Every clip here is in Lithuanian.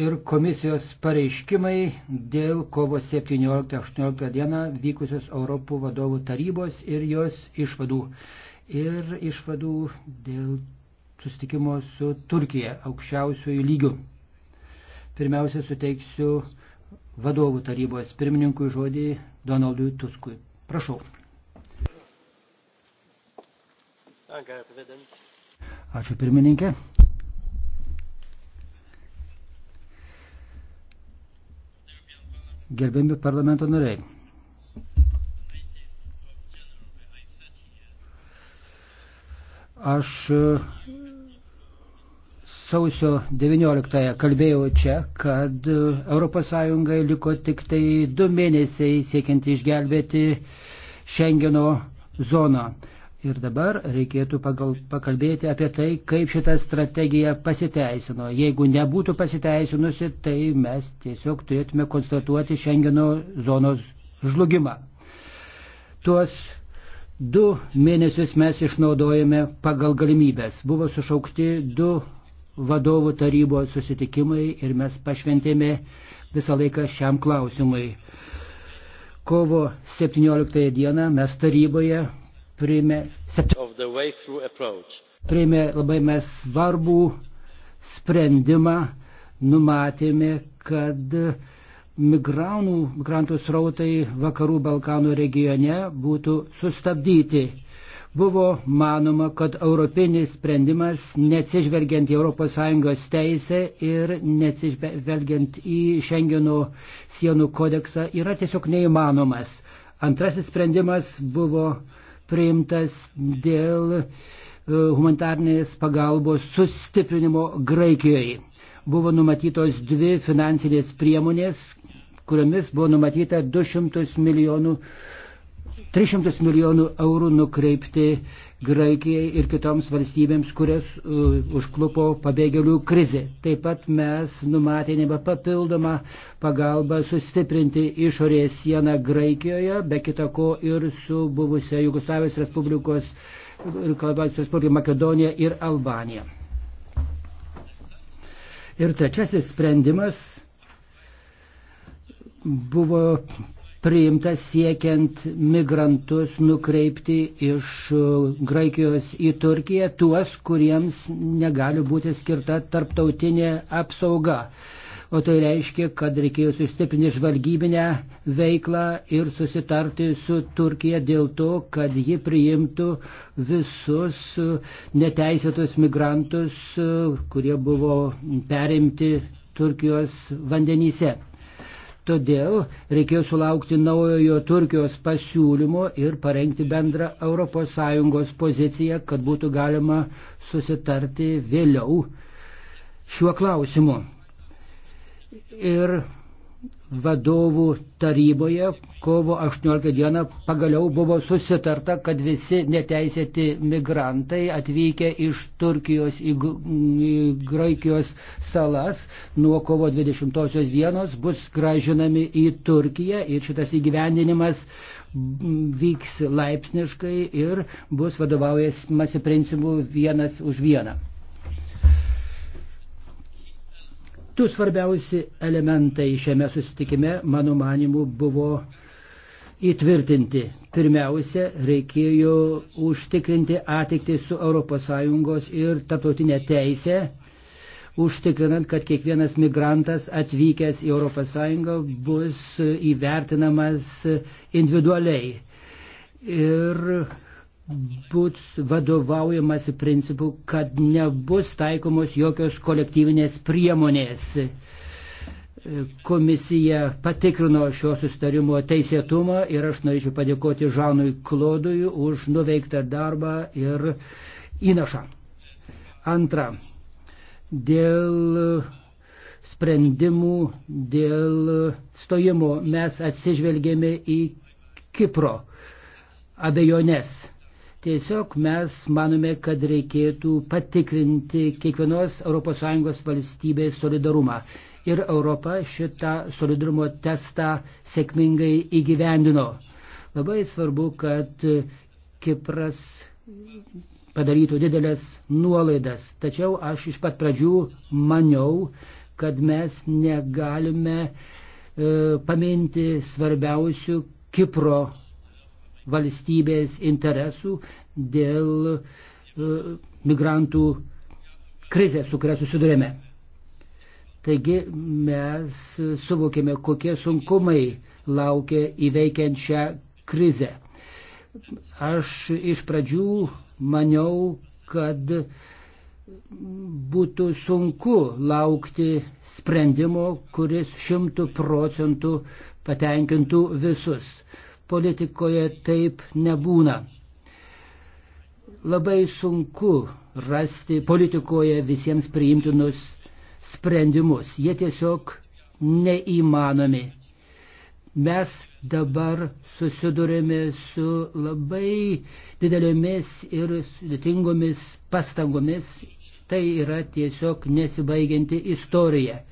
ir komisijos pareiškimai dėl kovo 17-18 dieną vykusios Europų vadovų tarybos ir jos išvadų. Ir išvadų dėl susitikimo su Turkija aukščiausiųjų lygių. Pirmiausia, suteiksiu vadovų tarybos pirmininkui žodį Donaldui Tuskui. Prašau. Ačiū pirmininkė. Gerbiami parlamento nariai. Aš e, sausio 19-ąją kalbėjau čia, kad ES liko tik tai du mėnesiai siekiant išgelbėti Šengeno zoną. Ir dabar reikėtų pagal, pakalbėti apie tai, kaip šita strategija pasiteisino. Jeigu nebūtų pasiteisinusi, tai mes tiesiog turėtume konstatuoti Šengeno zonos žlugimą. Tuos du mėnesius mes išnaudojame pagal galimybės. Buvo sušaukti du vadovų tarybos susitikimai ir mes pašventėme visą laiką šiam klausimui. Kovo 17 dieną mes taryboje priėmė Prieimė labai mes svarbų sprendimą, numatėme, kad migranų, migrantų srautai vakarų Balkanų regione būtų sustabdyti. Buvo manoma, kad europinis sprendimas, neatsižvelgiant į ES teisę ir neatsižvelgiant į Šengeno sienų kodeksą, yra tiesiog neįmanomas. Antrasis sprendimas buvo priimtas dėl e, humanitarnės pagalbos sustiprinimo Graikijoje. Buvo numatytos dvi finansinės priemonės, kuriomis buvo numatyta 200 milijonų, 300 milijonų eurų nukreipti Graikijai ir kitoms valstybėms, kurias uh, užklupo pabėgėlių krizė. Taip pat mes numatėme papildomą pagalbą sustiprinti išorės sieną Graikijoje, be kita ko ir su buvusia Jugoslavijos Respublikos ir Kalvacijos Respublika Makedonija ir Albanija. Ir trečiasis sprendimas buvo priimtas siekiant migrantus nukreipti iš e, Graikijos į Turkiją, tuos, kuriems negali būti skirta tarptautinė apsauga. O tai reiškia, kad reikėjo sustiprinti žvalgybinę veiklą ir susitarti su Turkija dėl to, kad ji priimtų visus e, neteisėtus migrantus, e, kurie buvo perimti Turkijos vandenyse. Todėl reikėjo sulaukti naujojo Turkijos pasiūlymo ir parengti bendrą ES poziciją, kad būtų galima susitarti vėliau šiuo klausimu. Ir vadovų taryboje kovo 18 dieną pagaliau buvo susitarta, kad visi neteisėti migrantai atvykę iš Turkijos į, į Graikijos salas nuo kovo 20 dienos bus gražinami į Turkiją ir šitas įgyvendinimas vyks laipsniškai ir bus vadovaujamasi principų vienas už vieną. Du svarbiausi elementai šiame susitikime, mano manimu, buvo įtvirtinti. Pirmiausia, reikėjo užtikrinti ateitį su ES ir tarptautinė teisė, užtikrinant, kad kiekvienas migrantas atvykęs į ES bus įvertinamas individualiai. Ir bus vadovaujamasi principu, kad nebus taikomos jokios kolektyvinės priemonės. Komisija patikrino šio sustarimo teisėtumą ir aš norėčiau padėkoti Žanui Klodui už nuveiktą darbą ir įnašą. Antra, dėl sprendimų, dėl stojimo mes atsižvelgėme į Kipro abejonės Tiesiog mes manome, kad reikėtų patikrinti kiekvienos ES valstybės solidarumą. Ir Europa šitą solidarumo testą sėkmingai įgyvendino. Labai svarbu, kad Kipras padarytų didelės nuolaidas. Tačiau aš iš pat pradžių maniau, kad mes negalime e, paminti svarbiausių Kipro valstybės interesų, dėl e, migrantų krizės, su kuria susidurėme. Taigi mes suvokėme, kokie sunkumai laukia įveikiant šią krizę. Aš iš pradžių maniau, kad būtų sunku laukti sprendimo, kuris šimtų procentų patenkintų visus politikoje taip nebūna. Labai sunku rasti politikoje visiems priimtinus sprendimus. Jie tiesiog neįmanomi. Mes dabar susidurėme su labai didelėmis ir sudėtingomis pastangomis. Tai yra tiesiog nesibaigianti istorija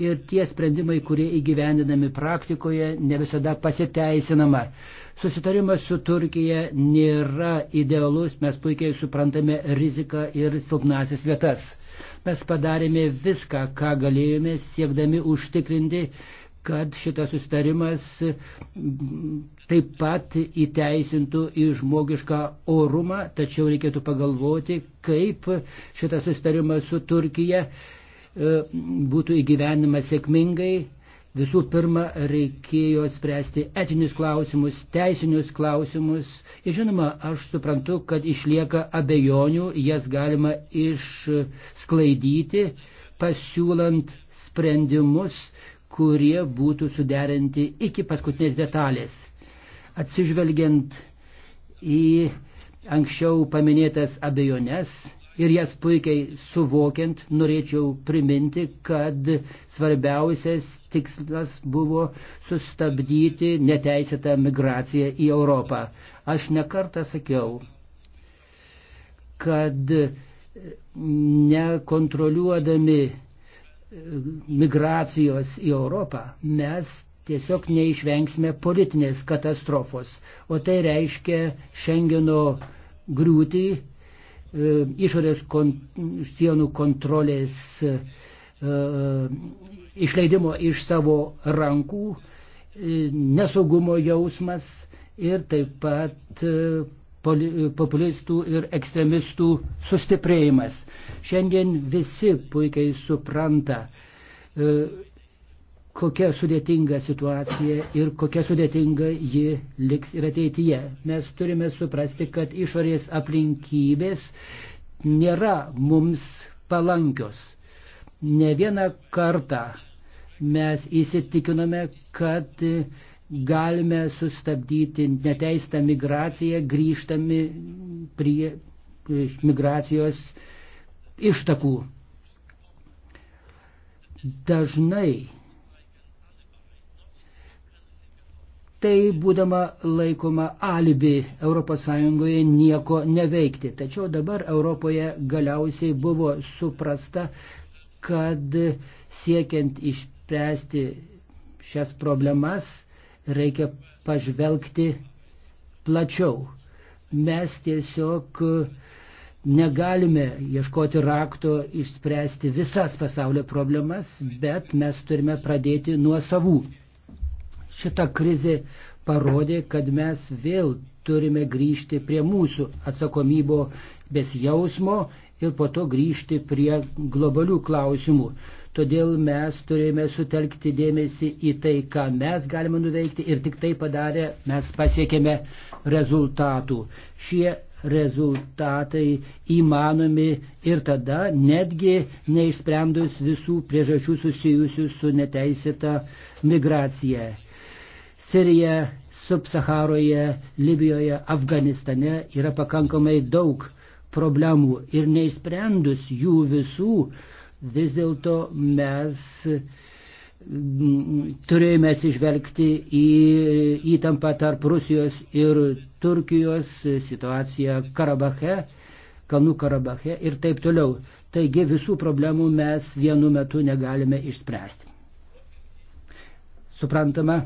ir tie sprendimai, kurie įgyvendinami praktikoje, ne visada pasiteisinama. Susitarimas su Turkija nėra idealus, mes puikiai suprantame riziką ir silpnasis vietas. Mes padarėme viską, ką galėjome, siekdami užtikrinti, kad šitas susitarimas taip pat įteisintų į žmogišką orumą, tačiau reikėtų pagalvoti, kaip šitas susitarimas su Turkija E, būtų įgyvenimas sėkmingai, visų pirma reikėjo spręsti etinius klausimus, teisinius klausimus. Ir žinoma, aš suprantu, kad išlieka abejonių, jas galima išsklaidyti, pasiūlant sprendimus, kurie būtų suderinti iki paskutinės detalės. Atsižvelgiant į anksčiau paminėtas abejonės, ir jas puikiai suvokiant norėčiau priminti, kad svarbiausias tikslas buvo sustabdyti neteisėtą migraciją į Europą. Aš nekartą sakiau, kad nekontroliuodami migracijos į Europą mes tiesiog neišvengsime politinės katastrofos, o tai reiškia Šengeno griūtį E, išorės kon, sienų kontrolės e, e, išleidimo iš savo rankų, e, nesaugumo jausmas ir taip pat e, populistų ir ekstremistų sustiprėjimas. Šiandien visi puikiai supranta e, kokia sudėtinga situacija ir kokia sudėtinga ji liks ir ateityje. Mes turime suprasti, kad išorės aplinkybės nėra mums palankios. Ne vieną kartą mes įsitikinome, kad galime sustabdyti neteistą migraciją, grįžtami prie migracijos ištakų. Dažnai tai būdama laikoma alibi ES nieko neveikti. Tačiau dabar Europoje galiausiai buvo suprasta, kad siekiant išspręsti šias problemas reikia pažvelgti plačiau. Mes tiesiog negalime ieškoti rakto išspręsti visas pasaulio problemas, bet mes turime pradėti nuo savų. Šita krizė parodė, kad mes vėl turime grįžti prie mūsų atsakomybo besjausmo ir po to grįžti prie globalių klausimų. Todėl mes turime sutelkti dėmesį į tai, ką mes galime nuveikti ir tik tai padarę mes pasiekėme rezultatų. Šie rezultatai įmanomi ir tada netgi neišsprendus visų priežasčių susijusių su neteisėta migracija. Sirijoje, Subsaharoje, Libijoje, Afganistane yra pakankamai daug problemų ir neįsprendus jų visų, vis dėlto mes mm, turėjome atsižvelgti į įtampą tarp Rusijos ir Turkijos situaciją Karabache, Kalnų Karabache ir taip toliau. Taigi visų problemų mes vienu metu negalime išspręsti. Suprantama,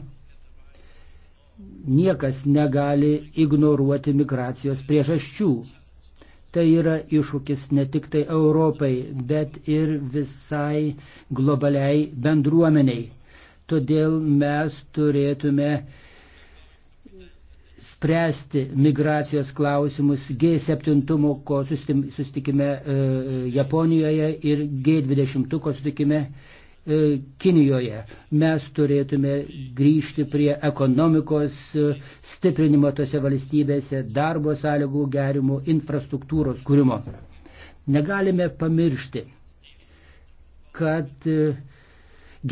niekas negali ignoruoti migracijos priežasčių. Tai yra iššūkis ne tik tai Europai, bet ir visai globaliai bendruomeniai. Todėl mes turėtume spręsti migracijos klausimus G7 ko sustikime e, e, Japonijoje ir G20 ko sustikime E, Kinijoje. Mes turėtume grįžti prie ekonomikos e, stiprinimo tose valstybėse, darbo sąlygų gerimų, infrastruktūros kūrimo. Negalime pamiršti, kad e,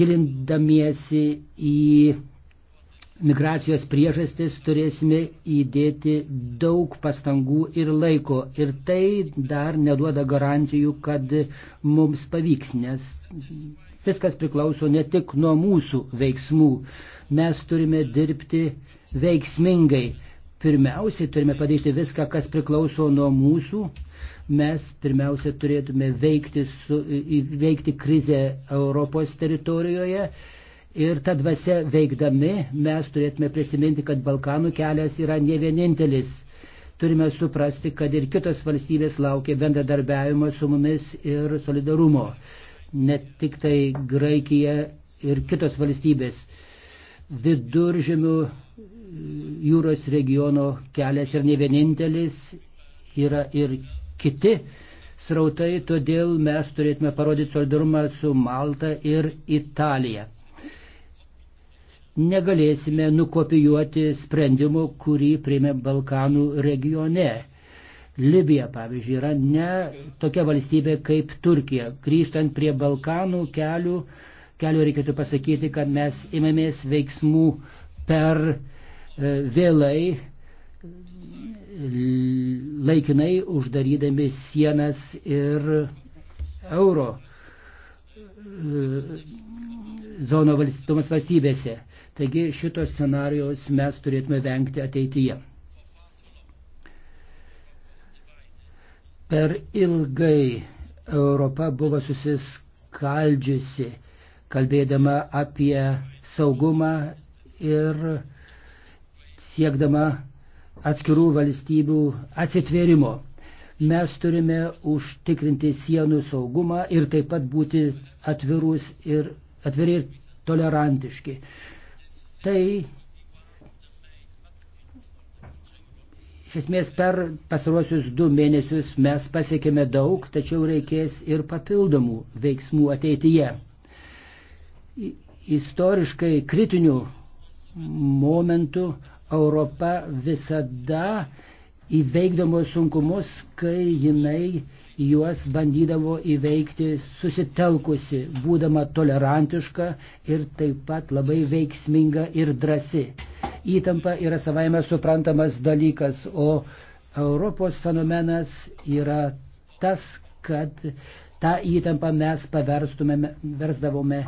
gilindamiesi į migracijos priežastis turėsime įdėti daug pastangų ir laiko. Ir tai dar neduoda garantijų, kad mums pavyks, nes Viskas priklauso ne tik nuo mūsų veiksmų. Mes turime dirbti veiksmingai. Pirmiausiai turime padaryti viską, kas priklauso nuo mūsų. Mes pirmiausia turėtume veikti, su, veikti krizę Europos teritorijoje. Ir ta dvasia veikdami mes turėtume prisiminti, kad Balkanų kelias yra ne vienintelis. Turime suprasti, kad ir kitos valstybės laukia bendradarbiavimo su mumis ir solidarumo ne tik tai Graikija ir kitos valstybės. Viduržemių e, jūros regiono kelias ir ne vienintelis yra ir kiti srautai, todėl mes turėtume parodyti solidarumą su Malta ir Italija. Negalėsime nukopijuoti sprendimų, kurį priėmė Balkanų regione. Libija, pavyzdžiui, yra ne tokia valstybė kaip Turkija. Grįžtant prie Balkanų kelių, kelių reikėtų pasakyti, kad mes imamės veiksmų per e, vėlai, laikinai uždarydami sienas ir euro e, zono valstybėse. Taigi šito scenarijos mes turėtume vengti ateityje. Per ilgai Europa buvo susiskaldžiusi, kalbėdama apie saugumą ir siekdama atskirų valstybių atsitvėrimo. Mes turime užtikrinti sienų saugumą ir taip pat būti atvirus ir atviri ir tolerantiški. Tai Iš esmės per pasaruosius du mėnesius mes pasiekėme daug, tačiau reikės ir papildomų veiksmų ateityje. Istoriškai kritinių momentų Europa visada įveikdavo sunkumus, kai jinai juos bandydavo įveikti susitelkusi, būdama tolerantiška ir taip pat labai veiksminga ir drasi įtampa yra savaime suprantamas dalykas, o Europos fenomenas yra tas, kad tą įtampą mes paversdavome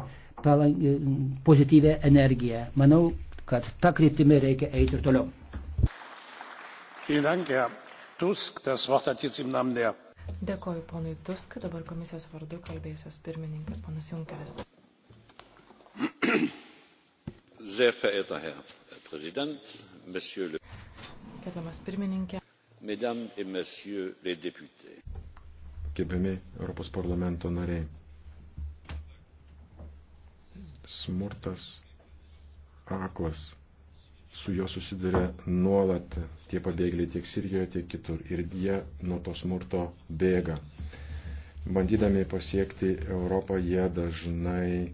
pozityvę energiją. Manau, kad tą kryptimį reikia eiti ir toliau. Dėkoju ponui Tusk, dabar komisijos vardu kalbėsios pirmininkas ponas Junkeris. Sehr verehrter Herr Gerbiamas pirmininkė. Gerbiami Europos parlamento nariai. Smurtas aklas. Su juo susiduria nuolat tie pabėgėliai tiek Sirijoje, tiek kitur. Ir jie nuo to smurto bėga. Bandydami pasiekti Europą, jie dažnai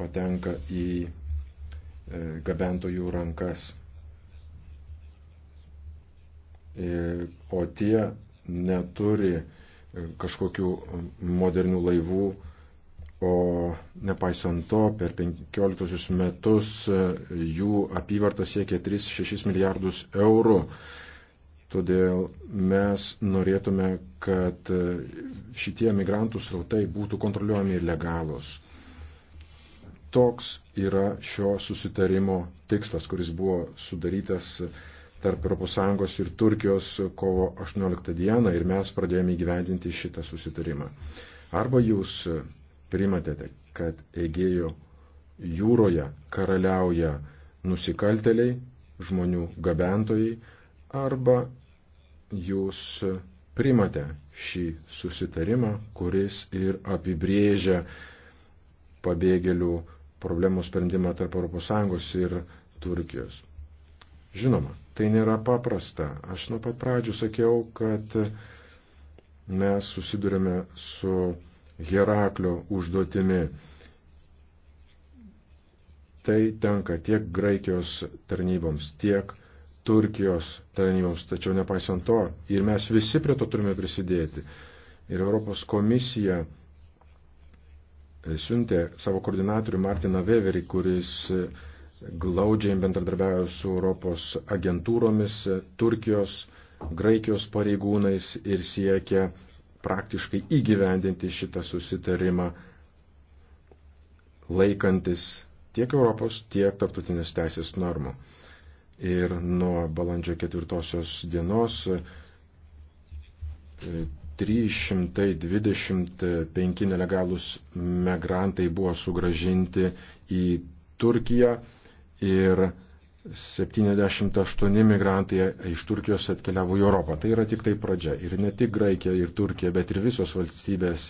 patenka į E, gabentojų rankas. E, o tie neturi e, kažkokių modernių laivų, o nepaisant to, per 15 metus jų apyvarta siekia 3-6 milijardus eurų. Todėl mes norėtume, kad šitie migrantų srautai būtų kontroliuojami ir legalus. Toks yra šio susitarimo tikslas, kuris buvo sudarytas tarp ES ir Turkijos kovo 18 dieną ir mes pradėjome įgyvendinti šitą susitarimą. Arba jūs primatėte, kad Egėjo jūroje karaliauja nusikalteliai, žmonių gabentojai, arba jūs primate šį susitarimą, kuris ir apibrėžia pabėgėlių problemų sprendimą tarp ES ir Turkijos. Žinoma, tai nėra paprasta. Aš nuo pat pradžių sakiau, kad mes susidurime su Heraklio užduotimi. Tai tenka tiek Graikijos tarnyboms, tiek Turkijos tarnyboms, tačiau nepaisant to, ir mes visi prie to turime prisidėti. Ir Europos komisija E, siuntė savo koordinatorių Martiną Weverį, kuris e, glaudžiai bendradarbiavo su Europos agentūromis, e, Turkijos, Graikijos pareigūnais ir siekia praktiškai įgyvendinti šitą susitarimą laikantis tiek Europos, tiek tarptautinės teisės normų. Ir nuo balandžio ketvirtosios dienos 325 nelegalus migrantai buvo sugražinti į Turkiją ir 78 migrantai iš Turkijos atkeliavo į Europą. Tai yra tik tai pradžia. Ir ne tik Graikija ir Turkija, bet ir visos valstybės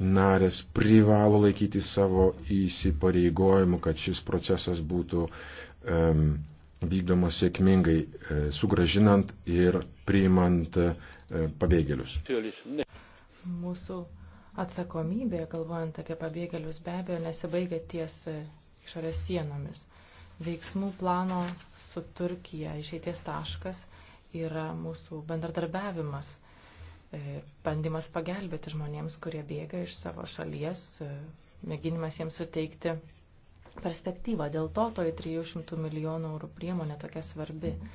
narės privalo laikyti savo įsipareigojimų, kad šis procesas būtų um, vykdomas sėkmingai, e, sugražinant ir priimant e, E, pabėgėlius. Mūsų atsakomybė, galvojant apie pabėgėlius, be abejo nesibaigia ties e, išorės sienomis. Veiksmų plano su Turkija išeities taškas yra mūsų bendradarbiavimas, e, bandymas pagelbėti žmonėms, kurie bėga iš savo šalies, mėginimas jiems suteikti perspektyvą. Dėl to toji 300 milijonų eurų priemonė tokia svarbi. Mm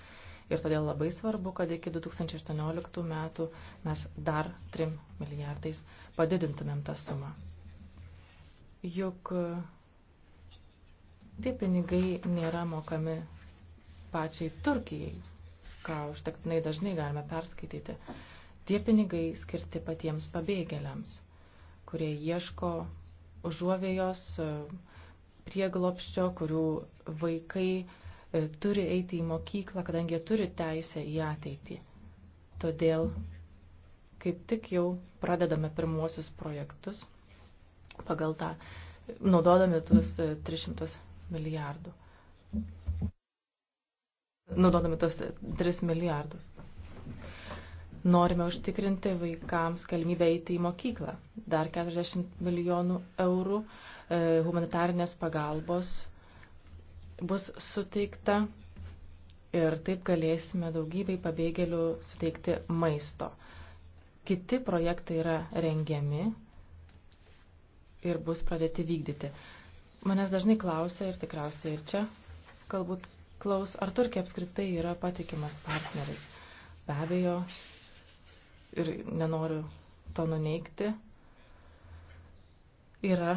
ir todėl labai svarbu, kad iki 2018 metų mes dar 3 milijardais padidintumėm tą sumą. Juk tie pinigai nėra mokami pačiai Turkijai, ką užtektinai dažnai galime perskaityti. Tie pinigai skirti patiems pabėgėliams, kurie ieško užuovėjos prieglopščio, kurių vaikai E, turi eiti į mokyklą, kadangi jie turi teisę į ateitį. Todėl kaip tik jau pradedame pirmuosius projektus pagal tą, naudodami tuos 300 e, milijardų. Naudodami tuos 3 e, milijardus. Norime užtikrinti vaikams galimybę eiti į mokyklą. Dar 40 milijonų eurų humanitarinės pagalbos bus suteikta ir taip galėsime daugybei pabėgėlių suteikti maisto. Kiti projektai yra rengiami ir bus pradėti vykdyti. Manęs dažnai klausia ir tikriausiai ir čia galbūt klaus, ar Turkija apskritai yra patikimas partneris. Be abejo, ir nenoriu to nuneikti, yra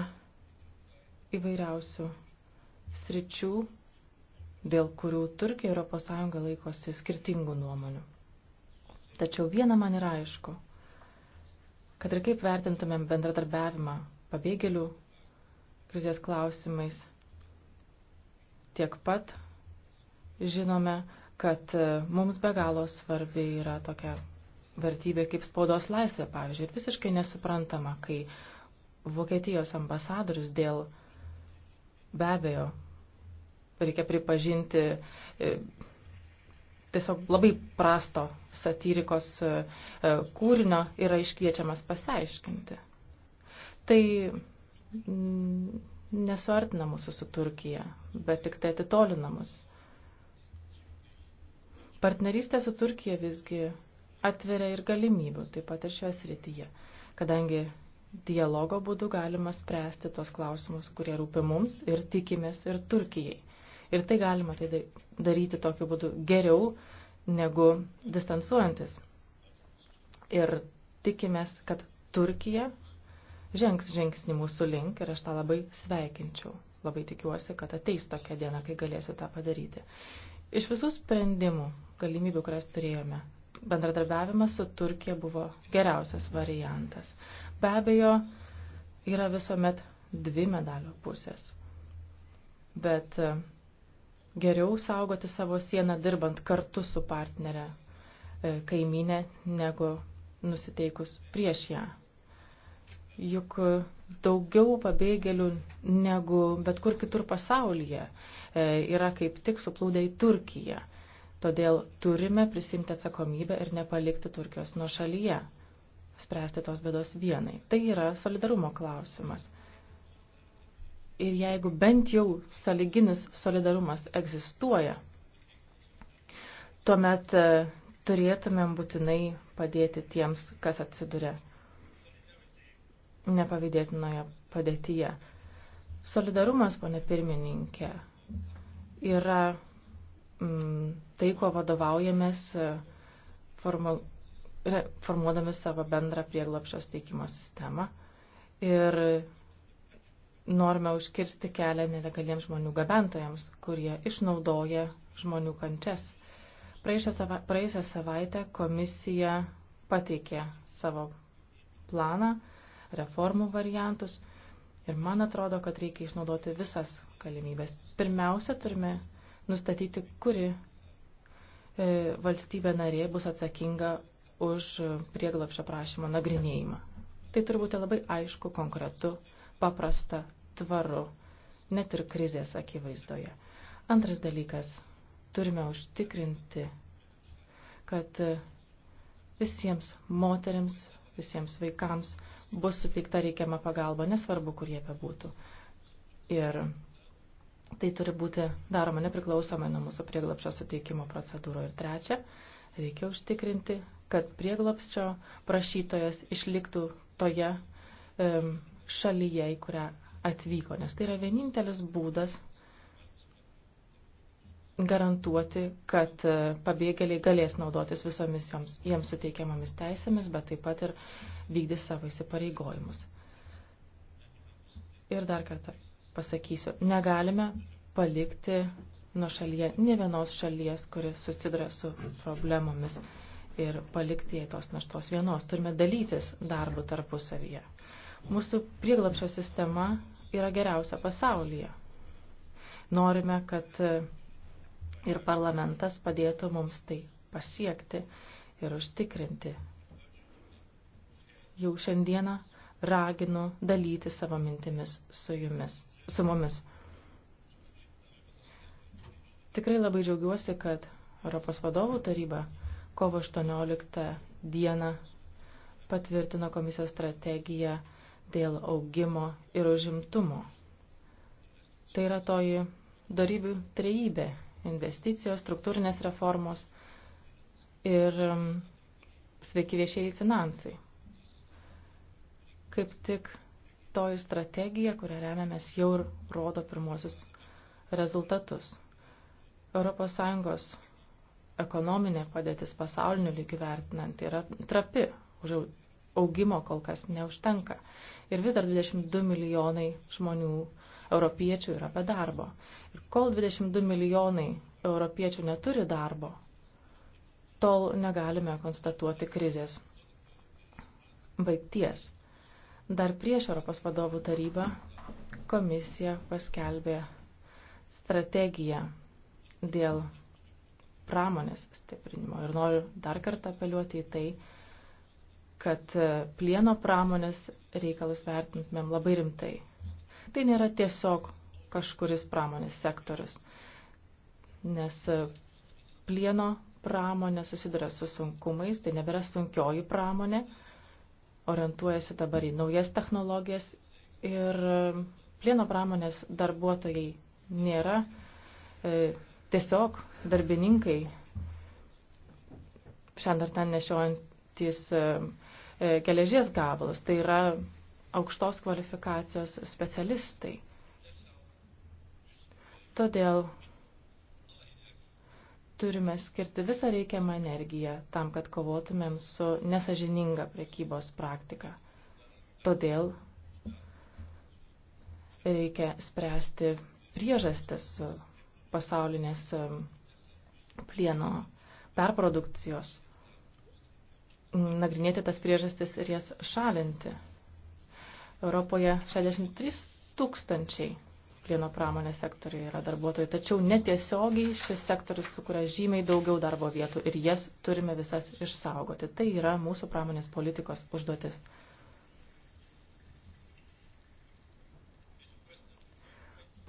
įvairiausių sričių, dėl kurių Turkija ir ES laikosi skirtingų nuomonių. Tačiau viena man yra aišku, kad ir kaip vertintumėm bendradarbiavimą pabėgėlių krizės klausimais, tiek pat žinome, kad e, mums be galo svarbi yra tokia vertybė kaip spaudos laisvė, pavyzdžiui, ir visiškai nesuprantama, kai Vokietijos ambasadorius dėl uh, Be abejo, reikia pripažinti e, tiesiog labai prasto satyrikos e, e, kūrinio yra iškviečiamas pasiaiškinti. Tai mm, nesuartina mūsų su Turkija, bet tik tai atitolina mus. Partnerystė su Turkija visgi atveria ir galimybių, taip pat ir šioje srityje, kadangi dialogo būdu galima spręsti tos klausimus, kurie rūpi mums ir tikimės ir Turkijai. Ir tai galima tai daryti tokiu būdu geriau negu distansuojantis. Ir tikimės, kad Turkija žengs žingsnį mūsų link ir aš tą labai sveikinčiau. Labai tikiuosi, kad ateis tokia diena, kai galėsiu tą padaryti. Iš visų sprendimų, galimybių, kurias turėjome, bendradarbiavimas su Turkija buvo geriausias variantas. Be abejo, yra visuomet dvi medalio pusės. Bet e, geriau saugoti savo sieną dirbant kartu su partnerė e, kaiminė, negu nusiteikus prieš ją. Juk daugiau pabėgėlių negu bet kur kitur pasaulyje e, yra kaip tik suplūdę į Turkiją. Todėl turime prisimti atsakomybę ir nepalikti Turkijos nuo šalyje spręsti tos bėdos vienai. Tai yra solidarumo klausimas. Ir jeigu bent jau saliginis solidarumas egzistuoja, tuomet e, turėtumėm būtinai padėti tiems, kas atsiduria nepavydėtinoje padėtyje. Solidarumas, ponė pirmininkė, yra mm, tai, kuo vadovaujamės e, formal, formuodami savo bendrą prieglopšio steikimo sistemą ir norime užkirsti kelią nelegaliems žmonių gabentojams, kurie išnaudoja žmonių kančias. Praėjusią savaitę komisija pateikė savo planą, reformų variantus ir man atrodo, kad reikia išnaudoti visas galimybės. Pirmiausia, turime nustatyti, kuri e, valstybė narė bus atsakinga už prieglapšio prašymo nagrinėjimą. Tai turi būti labai aišku, konkretu, paprasta, tvaru, net ir krizės akivaizdoje. Antras dalykas. Turime užtikrinti, kad visiems moteriams, visiems vaikams bus suteikta reikiama pagalba, nesvarbu, kur jie bebūtų. Ir tai turi būti daroma nepriklausomai nuo mūsų prieglapšio suteikimo procedūro. Ir trečia, reikia užtikrinti, kad prieglopščio prašytojas išliktų toje šalyje, į kurią atvyko, nes tai yra vienintelis būdas garantuoti, kad e, pabėgėliai galės naudotis visomis joms, jiems suteikiamomis teisėmis, bet taip pat ir vykdys savo įsipareigojimus. Ir dar kartą pasakysiu, negalime palikti nuo šalyje ne vienos šalies, kuris susidra su problemomis ir palikti jai tos naštos vienos. Turime dalytis darbu tarpusavyje. Mūsų prieglapšio sistema yra geriausia pasaulyje. Norime, kad ir parlamentas padėtų mums tai pasiekti ir užtikrinti. Jau šiandieną raginu dalyti savo mintimis su jumis, su mumis. Tikrai labai džiaugiuosi, kad Europos vadovų taryba kovo 18 dieną patvirtino komisijos strategiją dėl augimo ir užimtumo. Tai yra toji darybių trejybė - investicijos, struktūrinės reformos ir um, sveiki viešieji finansai. Kaip tik toji strategija, kurią remiamės, jau ir rodo pirmosius rezultatus. ES ekonominė padėtis pasauliniu lygiu vertinant yra trapi, už augimo kol kas neužtenka. Ir vis dar 22 milijonai žmonių, europiečių, yra be darbo. Ir kol 22 milijonai europiečių neturi darbo, tol negalime konstatuoti krizės baigties. Dar prieš Europos vadovų tarybą komisija paskelbė strategiją dėl pramonės stiprinimo. Ir noriu dar kartą apeliuoti į tai, kad e, plieno pramonės reikalus vertintumėm labai rimtai. Tai nėra tiesiog kažkuris pramonės sektorius, nes e, plieno pramonė susiduria su sunkumais, tai nebėra sunkioji pramonė, orientuojasi dabar į naujas technologijas ir e, plieno pramonės darbuotojai nėra e, tiesiog darbininkai šiandien ten nešiojantys e, e, geležies gabalus, tai yra aukštos kvalifikacijos specialistai. Todėl turime skirti visą reikiamą energiją tam, kad kovotumėm su nesažininga prekybos praktika. Todėl reikia spręsti priežastis pasaulinės e, plieno perprodukcijos, mm, nagrinėti tas priežastis ir jas šalinti. Europoje 63 tūkstančiai plieno pramonės sektoriai yra darbuotojai, tačiau netiesiogiai šis sektorius sukuria žymiai daugiau darbo vietų ir jas turime visas išsaugoti. Tai yra mūsų pramonės politikos užduotis.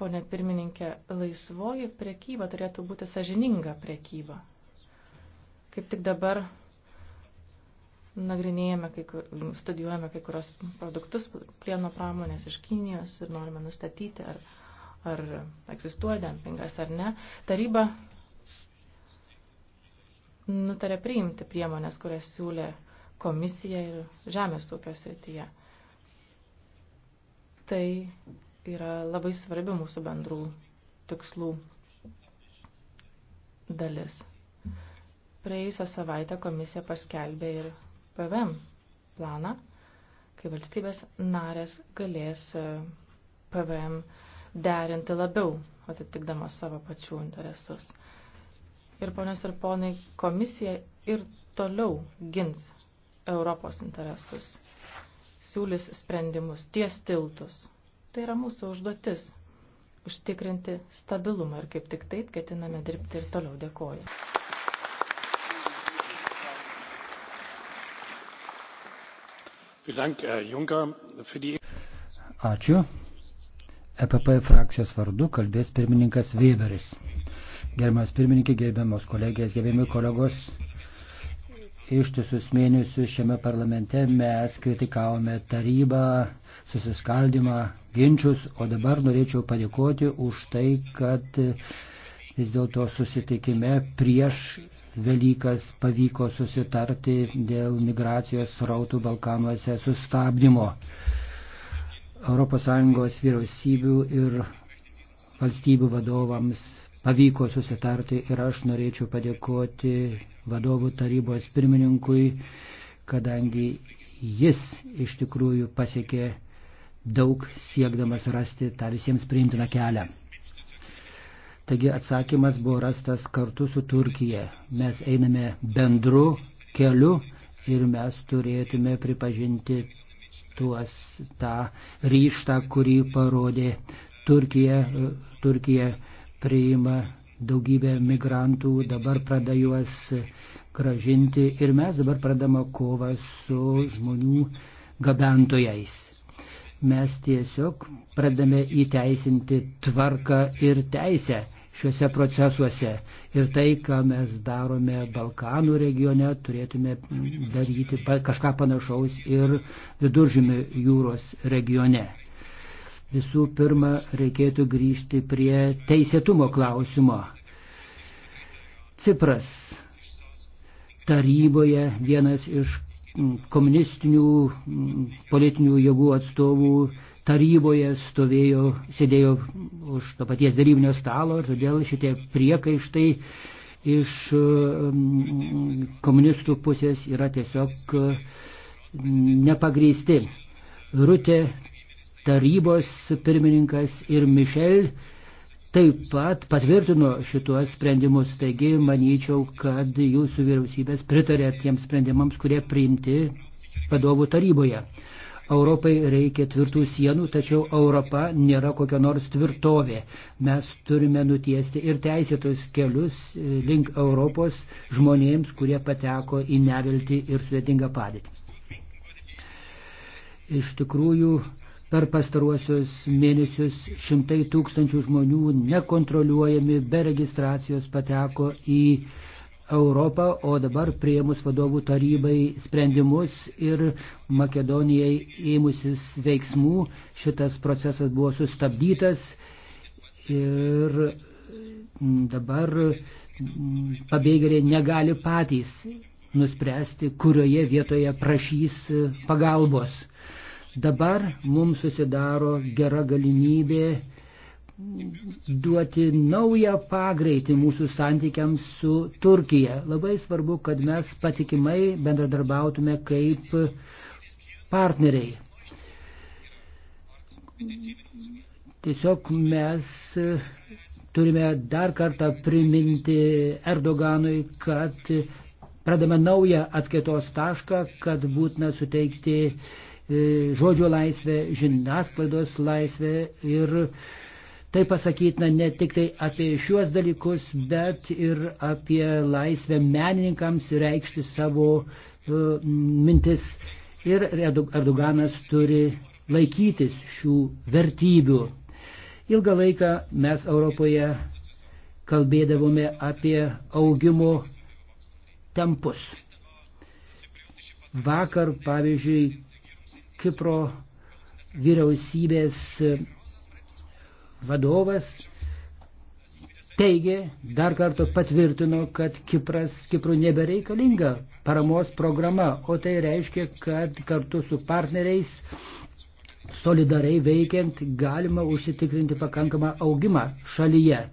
ponė pirmininkė, laisvoji prekyba turėtų būti sažininga prekyba. Kaip tik dabar nagrinėjame, kai, studijuojame kai kurios produktus plieno pramonės iš Kinijos ir norime nustatyti, ar, ar egzistuoja dempingas ar ne. Taryba nutarė priimti priemonės, kurias siūlė komisija ir žemės ūkio srityje. Tai yra labai svarbi mūsų bendrų tikslų dalis. Praėjusią savaitę komisija paskelbė ir PVM planą, kai valstybės narės galės e, PVM derinti labiau, atitikdamas savo pačių interesus. Ir ponios ir ponai, komisija ir toliau gins Europos interesus, siūlys sprendimus, ties tiltus Tai yra mūsų užduotis - užtikrinti stabilumą ir kaip tik taip ketiname dirbti ir toliau. Dėkoju. Ačiū. EPP frakcijos vardu kalbės pirmininkas Weberis. Gerbiamas pirmininkė, gerbiamos kolegės, gerbiami kolegos ištisus mėnesius šiame parlamente mes kritikavome tarybą, susiskaldimą, ginčius, o dabar norėčiau padėkoti už tai, kad vis dėlto susitikime prieš Velykas pavyko susitarti dėl migracijos srautų Balkanuose sustabdymo. ES vyriausybių ir valstybių vadovams pavyko susitarti ir aš norėčiau padėkoti vadovų tarybos pirmininkui, kadangi jis iš tikrųjų pasiekė daug siekdamas rasti tą visiems priimtiną kelią. Taigi atsakymas buvo rastas kartu su Turkija. Mes einame bendru keliu ir mes turėtume pripažinti tuos tą ryštą, kurį parodė Turkija. Turkija priima daugybė migrantų dabar pradeda juos gražinti ir mes dabar pradame kovą su žmonių gabentojais. Mes tiesiog pradame įteisinti tvarką ir teisę šiuose procesuose. Ir tai, ką mes darome Balkanų regione, turėtume daryti kažką panašaus ir viduržymio jūros regione. Visų pirma, reikėtų grįžti prie teisėtumo klausimo. Cipras taryboje vienas iš komunistinių politinių jėgų atstovų taryboje stovėjo, sėdėjo už to paties darybinio stalo ir todėl šitie priekaištai iš komunistų pusės yra tiesiog nepagrysti. Rutė tarybos pirmininkas ir Mišel taip pat patvirtino šituos sprendimus. Taigi, manyčiau, kad jūsų vyriausybės pritarė tiems sprendimams, kurie priimti vadovų taryboje. Europai reikia tvirtų sienų, tačiau Europa nėra kokia nors tvirtovė. Mes turime nutiesti ir teisėtus kelius e, link Europos žmonėms, kurie pateko į nevilti ir sudėtingą padėtį. Iš tikrųjų, Per pastaruosius mėnesius šimtai tūkstančių žmonių nekontroliuojami be registracijos pateko į Europą, o dabar prieimus vadovų tarybai sprendimus ir Makedonijai ėmusis veiksmų šitas procesas buvo sustabdytas ir dabar pabėgėliai negali patys nuspręsti, kurioje vietoje prašys pagalbos. Dabar mums susidaro gera galimybė duoti naują pagreitį mūsų santykiams su Turkija. Labai svarbu, kad mes patikimai bendradarbiautume kaip partneriai. Tiesiog mes turime dar kartą priminti Erdoganui, kad pradame naują atskaitos tašką, kad būtina suteikti uh, E, žodžio laisvę, žiniasklaidos laisvę ir tai pasakytina ne tik tai apie šiuos dalykus, bet ir apie laisvę menininkams reikšti savo e, mintis. Ir Erdoganas turi laikytis šių vertybių. Ilgą laiką mes Europoje kalbėdavome apie augimo tempus. Vakar, pavyzdžiui, Kipro vyriausybės vadovas teigė, dar kartą patvirtino, kad Kipras, Kiprų nebereikalinga paramos programa, o tai reiškia, kad kartu su partneriais solidariai veikiant galima užsitikrinti pakankamą augimą šalyje.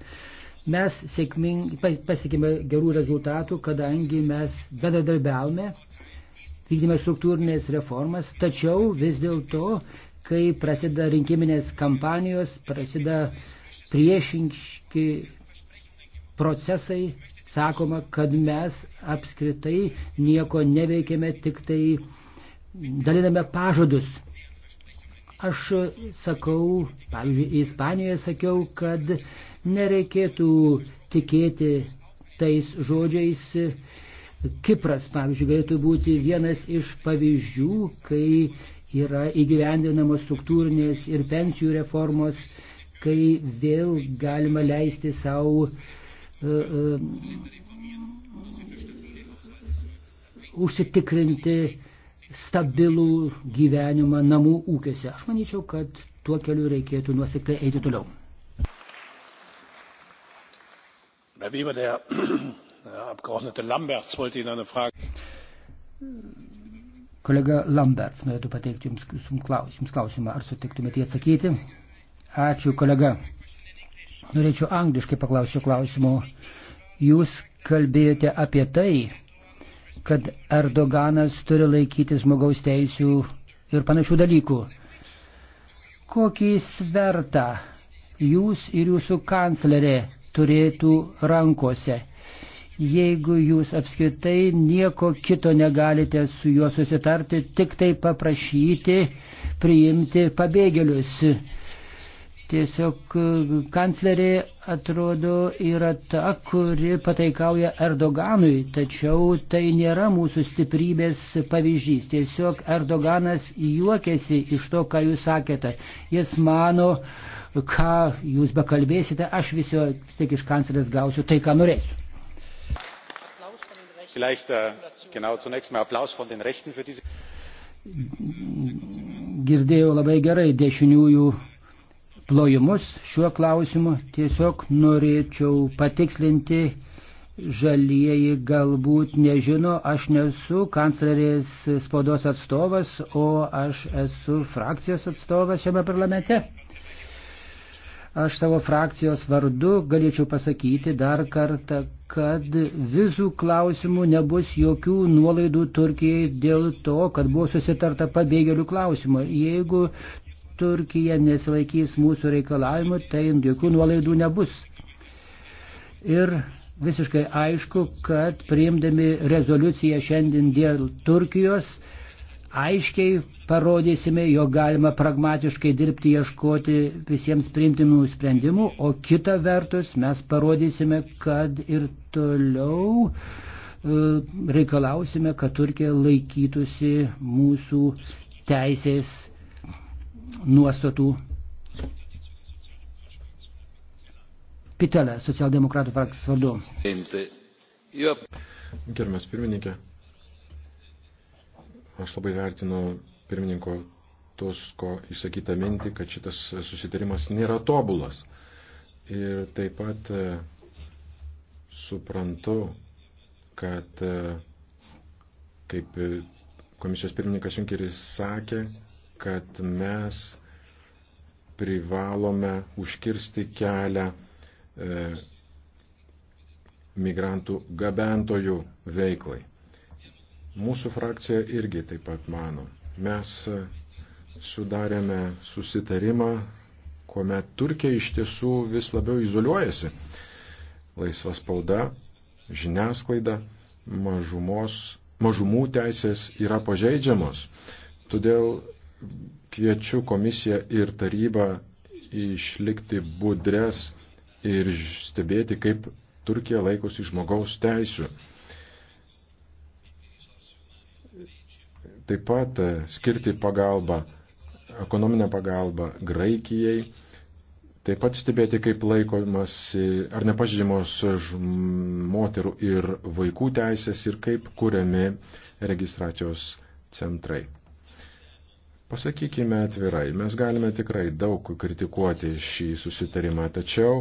Mes sėkmingai pasiekime gerų rezultatų, kadangi mes bedadarbiavome vykdėme struktūrinės reformas, tačiau vis dėlto, kai prasideda rinkiminės kampanijos, prasideda priešinki procesai, sakoma, kad mes apskritai nieko neveikėme, tik tai daliname pažadus. Aš sakau, pavyzdžiui, Ispanijoje sakiau, kad nereikėtų tikėti tais žodžiais, Kipras, pavyzdžiui, galėtų būti vienas iš pavyzdžių, kai yra įgyvendinamos struktūrinės ir pensijų reformos, kai vėl galima leisti savo uh, e, uh, e, užsitikrinti stabilų gyvenimą namų ūkiuose. Aš manyčiau, kad tuo keliu reikėtų nuosekliai eiti toliau. Be abejo, Äh, Abgeordnete Lamberts wollte Ihnen eine Frage. Kolega Lamberts norėtų pateikti Jums, jums klausimą. Ar sutiktumėte jį atsakyti? Ačiū, kolega. Norėčiau angliškai paklausti klausimo. Jūs kalbėjote apie tai, kad Erdoganas turi laikyti žmogaus teisių ir panašių dalykų. Kokį svertą jūs ir jūsų kanclerė turėtų rankose? jeigu jūs apskritai nieko kito negalite su juo susitarti, tik tai paprašyti priimti pabėgėlius. Tiesiog e, kanclerė atrodo yra ta, kuri pataikauja Erdoganui, tačiau tai nėra mūsų stiprybės pavyzdys. Tiesiog Erdoganas juokiasi iš to, ką jūs sakėte. Jis mano, ką jūs bekalbėsite, aš visio tiek iš kanclerės gausiu tai, ką norėsiu. Vielleicht äh, genau zunächst mal Applaus von den Rechten für diese. Girdėjau labai gerai dešiniųjų plojimus šiuo klausimu. Tiesiog norėčiau patikslinti, žalieji galbūt nežino, aš nesu kanclerės spaudos atstovas, o aš esu frakcijos atstovas šiame parlamente. Aš savo frakcijos vardu galėčiau pasakyti dar kartą, kad vizų klausimų nebus jokių nuolaidų Turkijai dėl to, kad buvo susitarta pabėgėlių klausimą. Jeigu Turkija nesilaikys mūsų reikalavimų, tai jokių nuolaidų nebus. Ir visiškai aišku, kad priimdami rezoliuciją šiandien dėl Turkijos, aiškiai parodysime, jo galima pragmatiškai dirbti, ieškoti visiems priimtinų sprendimų, o kita vertus mes parodysime, kad ir toliau e, reikalausime, kad Turkija laikytųsi mūsų teisės nuostatų. Pitelė, socialdemokratų frakcijos vardu. Gerbiamas pirmininkė, Aš labai vertinu pirmininko Tusko išsakytą mintį, kad šitas susitarimas nėra tobulas. Ir taip pat e, suprantu, kad e, kaip e, komisijos pirmininkas Junkeris sakė, kad mes privalome užkirsti kelią e, migrantų gabentojų veiklai. Mūsų frakcija irgi taip pat mano. Mes sudarėme susitarimą, kuomet Turkija iš tiesų vis labiau izoliuojasi. Laisva spauda, žiniasklaida, mažumos, mažumų teisės yra pažeidžiamos. Todėl kviečiu komisiją ir tarybą išlikti budres ir stebėti, kaip Turkija laikosi žmogaus teisų. taip pat e, skirti pagalbą, ekonominę pagalbą Graikijai, taip pat stebėti, kaip laikomas ar nepažymos moterų ir vaikų teisės ir kaip kuriami registracijos centrai. Pasakykime atvirai, mes galime tikrai daug kritikuoti šį susitarimą, tačiau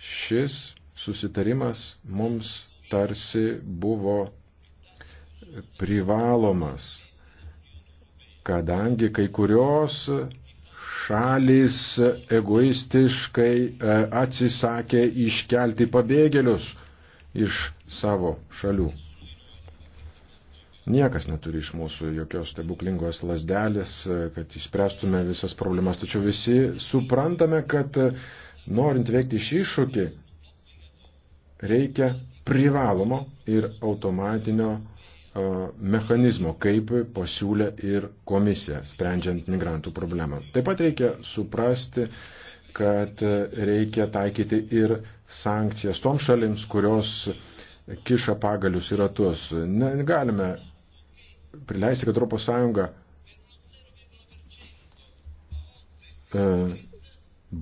šis susitarimas mums tarsi buvo privalomas, kadangi kai kurios šalis egoistiškai e, atsisakė iškelti pabėgėlius iš savo šalių. Niekas neturi iš mūsų jokios stebuklingos lasdelės, e, kad išspręstume visas problemas, tačiau visi suprantame, kad e, norint veikti šį iššūkį, reikia privalomo ir automatinio E, mechanizmo, kaip pasiūlė ir komisija, sprendžiant migrantų problemą. Taip pat reikia suprasti, kad reikia taikyti ir sankcijas tom šalims, kurios kiša pagalius į ratus. Negalime prileisti, kad Europos Sąjunga e,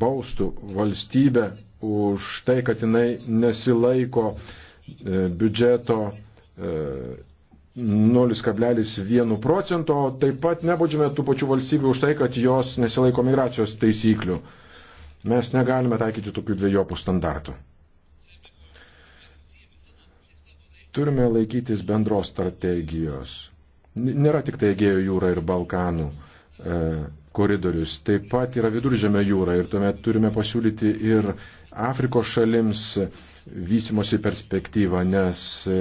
baustų valstybę už tai, kad jinai nesilaiko e, biudžeto 0,1 procento, o taip pat nebaudžiame tų pačių valstybių už tai, kad jos nesilaiko migracijos taisyklių. Mes negalime taikyti tokių dviejopų standartų. Turime laikytis bendros strategijos. Nėra tik tai Egėjo jūra ir Balkanų e, koridorius, taip pat yra viduržėme jūra ir tuomet turime pasiūlyti ir Afrikos šalims vystimosi perspektyvą, nes e,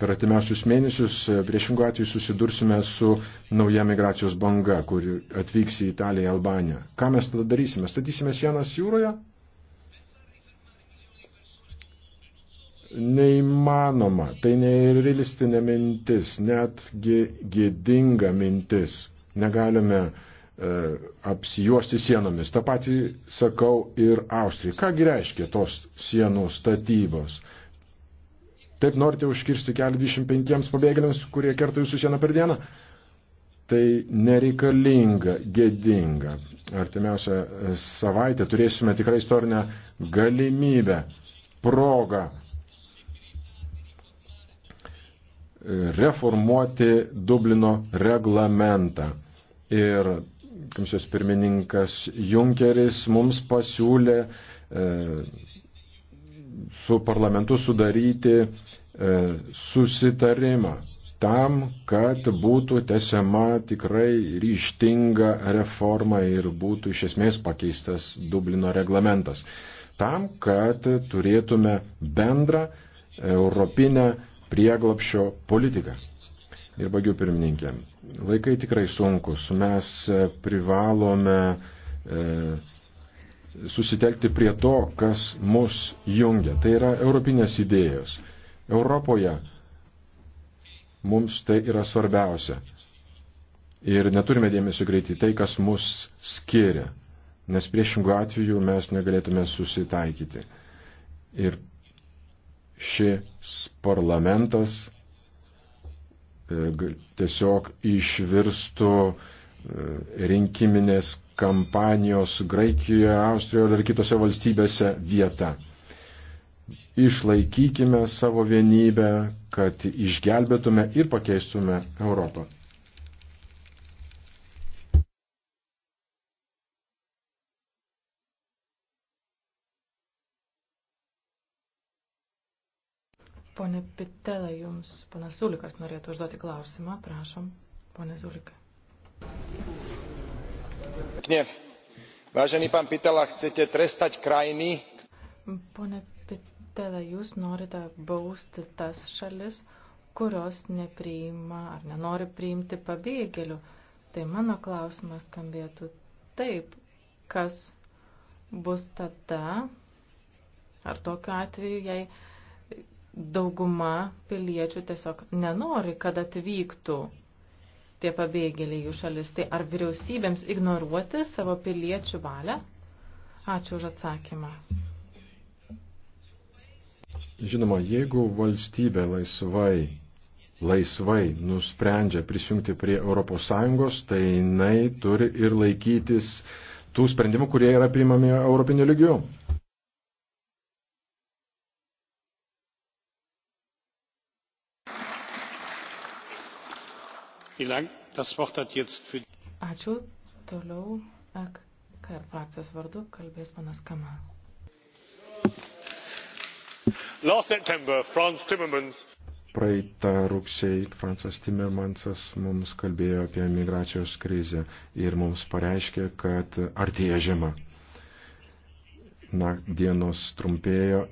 per atimiausius mėnesius priešingų atveju susidursime su nauja migracijos banga, kuri atvyks į Italiją, Albaniją. Ką mes tada darysime? Statysime sienas jūroje? Neįmanoma, tai nerealistinė mintis, netgi gėdinga mintis. Negalime e, apsijuosti sienomis. Ta pati sakau ir Austrijai. Kągi reiškia tos sienų statybos? E, Taip norite užkirsti kelią 25 pabėgėliams, kurie kerta jūsų sieną per dieną? Tai nereikalinga, gėdinga. Artimiausią e, savaitę turėsime tikrai istorinę galimybę, progą e, reformuoti Dublino reglamentą. Ir komisijos pirmininkas Junkeris mums pasiūlė e, su parlamentu sudaryti E, susitarimą tam, kad būtų tesiama tikrai ryštinga reforma ir būtų iš esmės pakeistas Dublino reglamentas. Tam, kad turėtume bendrą europinę prieglapšio politiką. Ir bagiu pirmininkė, laikai tikrai sunkus. Mes privalome e, susitelkti prie to, kas mus jungia. Tai yra europinės idėjos. Europoje. Mums tai yra svarbiausia. Ir neturime dėmesio greitai tai, kas mus skiria, nes priešingų atveju mes negalėtume susitaikyti. Ir šis parlamentas e, tiesiog išvirstų e, rinkiminės kampanijos Graikijoje, Austrijoje ar kitose valstybėse vieta išlaikykime savo vienybę, kad išgelbėtume ir pakeistume Europą. Pone Pitela, jums panas Ulikas norėtų užduoti klausimą. Prašom, pone Zulika. Vážený pán Pitela, chcete trestať krajiny? Pone tada jūs norite bausti tas šalis, kurios nepriima ar nenori priimti pabėgėlių. Tai mano klausimas skambėtų taip, kas bus tada, ar tokiu atveju, jei dauguma piliečių tiesiog nenori, kad atvyktų tie pabėgėliai jų šalis. Tai ar vyriausybėms ignoruoti savo piliečių valią? Ačiū už atsakymą. Žinoma, jeigu valstybė laisvai, laisvai nusprendžia prisijungti prie ES, tai jinai turi ir laikytis tų sprendimų, kurie yra priimami europiniu lygiu. Ačiū. Toliau EKR frakcijos vardu kalbės panas Kama. Praeitą rugsėjį Fransas Timmermansas mums kalbėjo apie migracijos krizę ir mums pareiškė, kad artėja žiema. Nak, dienos trumpėjo,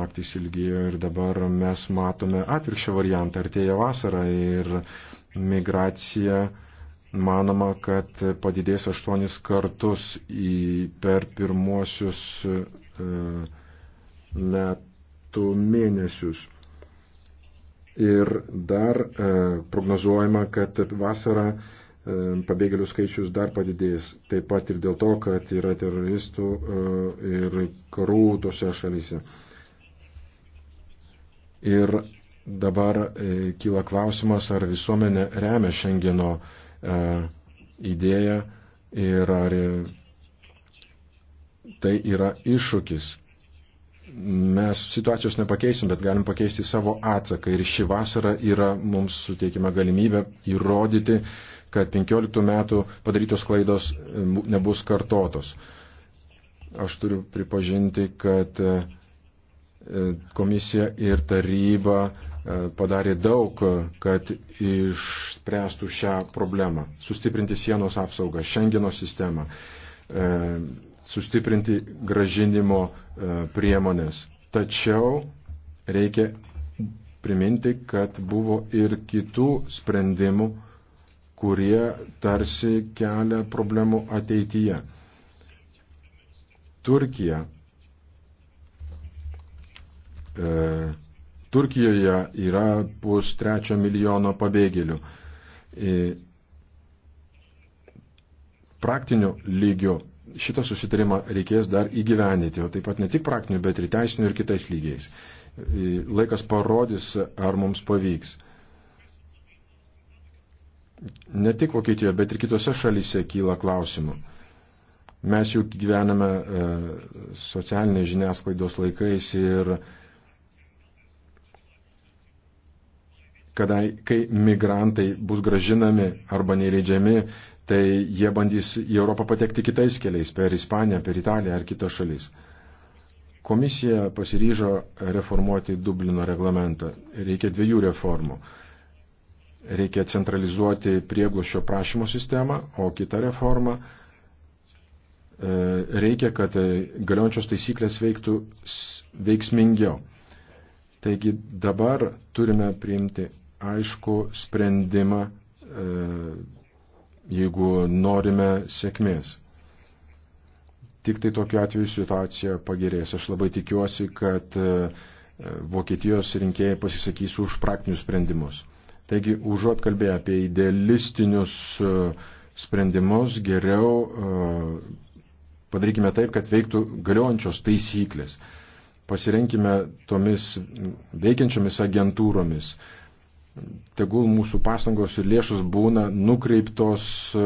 naktis ilgėjo ir dabar mes matome atvirkščią variantą. Artėja vasara ir migracija manoma, kad padidės aštuonis kartus į, per pirmuosius e, metus metų mėnesius. Ir dar e, prognozuojama, kad vasarą e, pabėgėlių skaičius dar padidės. Taip pat ir dėl to, kad yra teroristų e, ir karų tose šalyse. Ir dabar e, kyla klausimas, ar visuomenė remia Šengeno e, idėją ir ar e, tai yra iššūkis. Mes situacijos nepakeisim, bet galim pakeisti savo atsaką. Ir šį vasarą yra mums suteikima galimybė įrodyti, kad 15 metų padarytos klaidos e, nebus kartotos. Aš turiu pripažinti, kad e, e, komisija ir taryba padarė daug, kad išspręstų šią problemą. Sustiprinti sienos apsaugą, Šengeno sistemą sustiprinti gražinimo e, priemonės. Tačiau reikia priminti, kad buvo ir kitų sprendimų, kurie tarsi kelia problemų ateityje. Turkija. E, Turkijoje yra pus trečio milijono pabėgėlių. E, praktinio lygio šitą susitarimą reikės dar įgyvenyti, o taip pat ne tik praktiniu, bet ir teisiniu ir kitais lygiais. E, laikas parodys, ar mums pavyks. Ne tik Vokietijoje, bet ir kitose šalyse kyla klausimų. Mes juk gyvename e, socialinės žiniasklaidos laikais ir kadai, kai migrantai bus gražinami arba neįleidžiami, tai jie bandys į Europą patekti kitais keliais, per Ispaniją, per Italiją ar kitas šalis. Komisija pasiryžo reformuoti Dublino reglamentą. Reikia dviejų reformų. Reikia centralizuoti prieglošio prašymo sistemą, o kita reforma e, reikia, kad e, galiojančios taisyklės veiktų veiksmingiau. Taigi dabar turime priimti aišku sprendimą e, jeigu norime sėkmės. Tik tai tokiu atveju situacija pagerės. Aš labai tikiuosi, kad e, Vokietijos rinkėjai pasisakys už praktinius sprendimus. Taigi, užuot kalbėję apie idealistinius e, sprendimus, geriau e, padarykime taip, kad veiktų galiojančios taisyklės. Pasirenkime tomis veikiančiomis agentūromis, tegul mūsų pastangos ir lėšus būna nukreiptos e,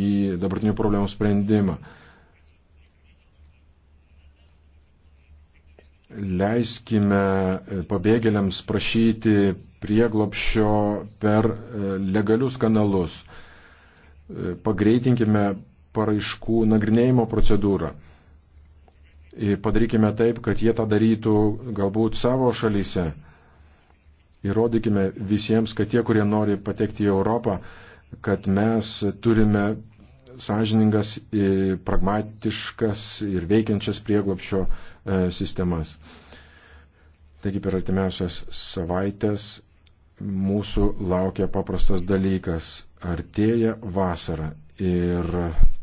į dabartinių problemų sprendimą. Leiskime e, pabėgėliams prašyti prieglopšio per e, legalius kanalus. Pagreitinkime paraiškų nagrinėjimo procedūrą. Padarykime taip, kad jie tą darytų galbūt savo šalyse Įrodykime visiems, kad tie, kurie nori patekti į Europą, kad mes turime sąžiningas, pragmatiškas ir veikiančias prieglopšio e, sistemas. Taigi per artimiausias savaitės mūsų laukia paprastas dalykas. Artėja vasara ir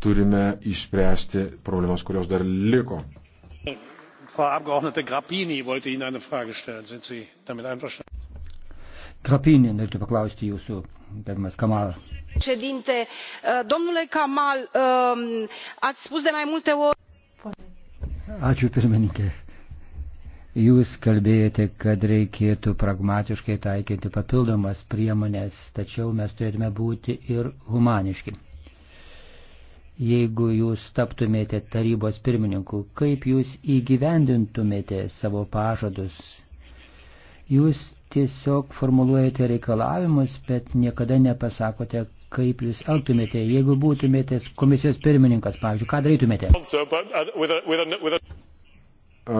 turime išspręsti problemas, kurios dar liko. Frau Abgeordnete Grappini wollte Ihnen eine Frage stellen. Sind Sie damit einverstanden? Trapinė, norėtų paklausti jūsų, gerbiamas Kamal. Šedinte, uh, domnule Kamal, um, ați spus de mai multe ori. Ačiū pirmininkė. Jūs kalbėjote, kad reikėtų pragmatiškai taikyti papildomas priemonės, tačiau mes turėtume būti ir humaniški. Jeigu jūs taptumėte tarybos pirmininku, kaip jūs įgyvendintumėte savo pažadus? Jūs tiesiog formuluojate reikalavimus, bet niekada nepasakote, kaip jūs elgtumėte, jeigu būtumėte komisijos pirmininkas, pavyzdžiui, ką darytumėte? Uh,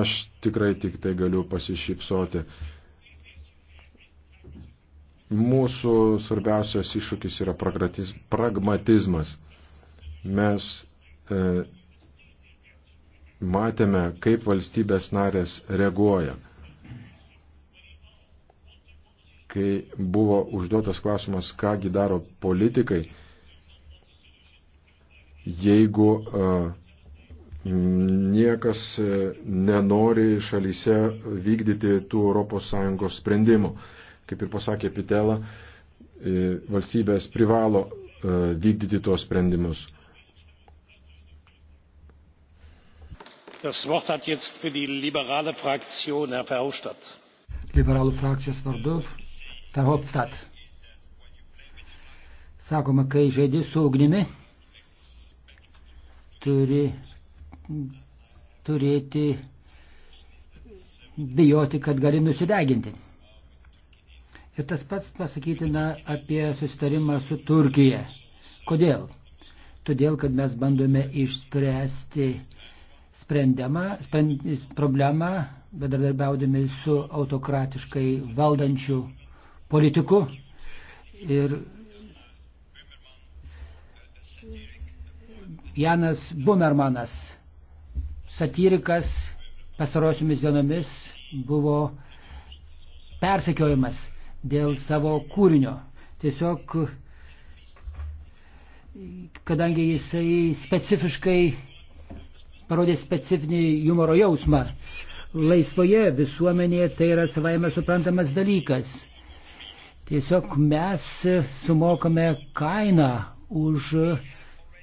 Aš tikrai tik tai galiu pasišypsoti. Mūsų svarbiausias iššūkis yra pragmatizmas. Mes e, matėme, kaip valstybės narės reaguoja kai buvo užduotas klausimas, kągi daro politikai, jeigu e, niekas e, nenori šalyse vykdyti tų ES sprendimų. Kaip ir pasakė Pitela, e, valstybės privalo vykdyti tuos sprendimus. Das Wort hat jetzt für die liberale Fraktion Herr Verhofstadt. Liberalų frakcijos vardu Verhofstadt. Sakoma, kai žaidži su ugnimi, turi turėti bijoti, kad gali nusideginti. Ir tas pats pasakytina apie susitarimą su Turkija. Kodėl? Todėl, kad mes bandome išspręsti sprendimą, sprend, problemą, bedarbiaudami su autokratiškai valdančių politiku. Ir Janas Bumermanas, satyrikas, pasarosiomis dienomis buvo persekiojimas dėl savo kūrinio. Tiesiog, kadangi jisai specifiškai parodė specifinį humoro jausmą, laisvoje visuomenėje tai yra savaime suprantamas dalykas. Tiesiog mes sumokame kainą už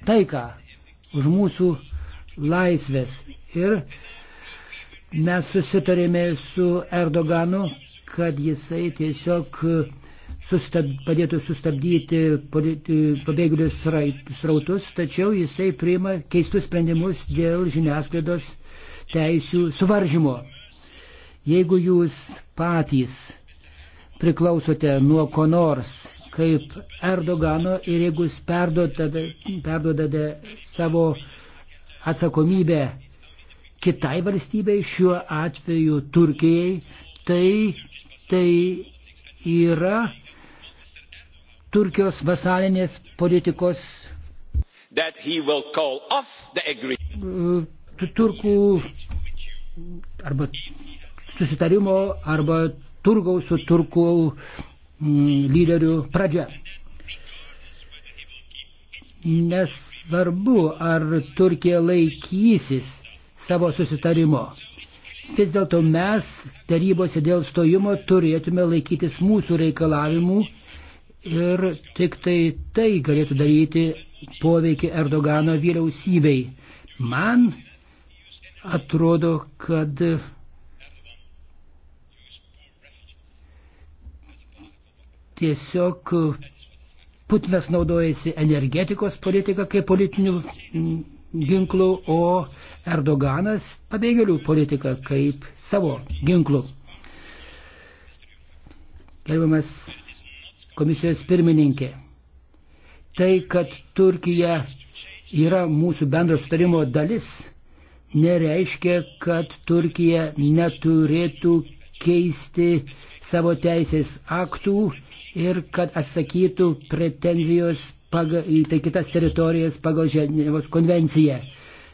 taiką, už mūsų laisvės. Ir mes susitarėme su Erdoganu, kad jisai tiesiog sustab, padėtų sustabdyti pabėgėlių srautus, tačiau jisai priima keistus sprendimus dėl žiniasklaidos teisių suvaržymo. Jeigu jūs patys priklausote nuo ko nors kaip Erdogano ir jeigu jūs perduodate savo atsakomybę kitai valstybei, šiuo atveju Turkijai, tai, tai yra Turkijos vasalinės politikos turkų arba susitarimo arba turgaus su turkų mm, lyderių pradžia. Nesvarbu, ar Turkija laikysis savo susitarimo. Vis dėlto mes tarybose dėl stojimo turėtume laikytis mūsų reikalavimų ir tik tai tai galėtų daryti poveikį Erdogano vyriausybei. Man atrodo, kad tiesiog e, Putinas naudojasi energetikos politiką kaip politinių ginklų, o Erdoganas pabėgėlių politiką kaip savo ginklų. Gerbiamas komisijos pirmininkė, tai, kad Turkija yra mūsų bendro sutarimo dalis, nereiškia, kad Turkija neturėtų keisti savo teisės aktų ir kad atsakytų pretenzijos pagal, į tai kitas teritorijas pagal Ženevos konvenciją.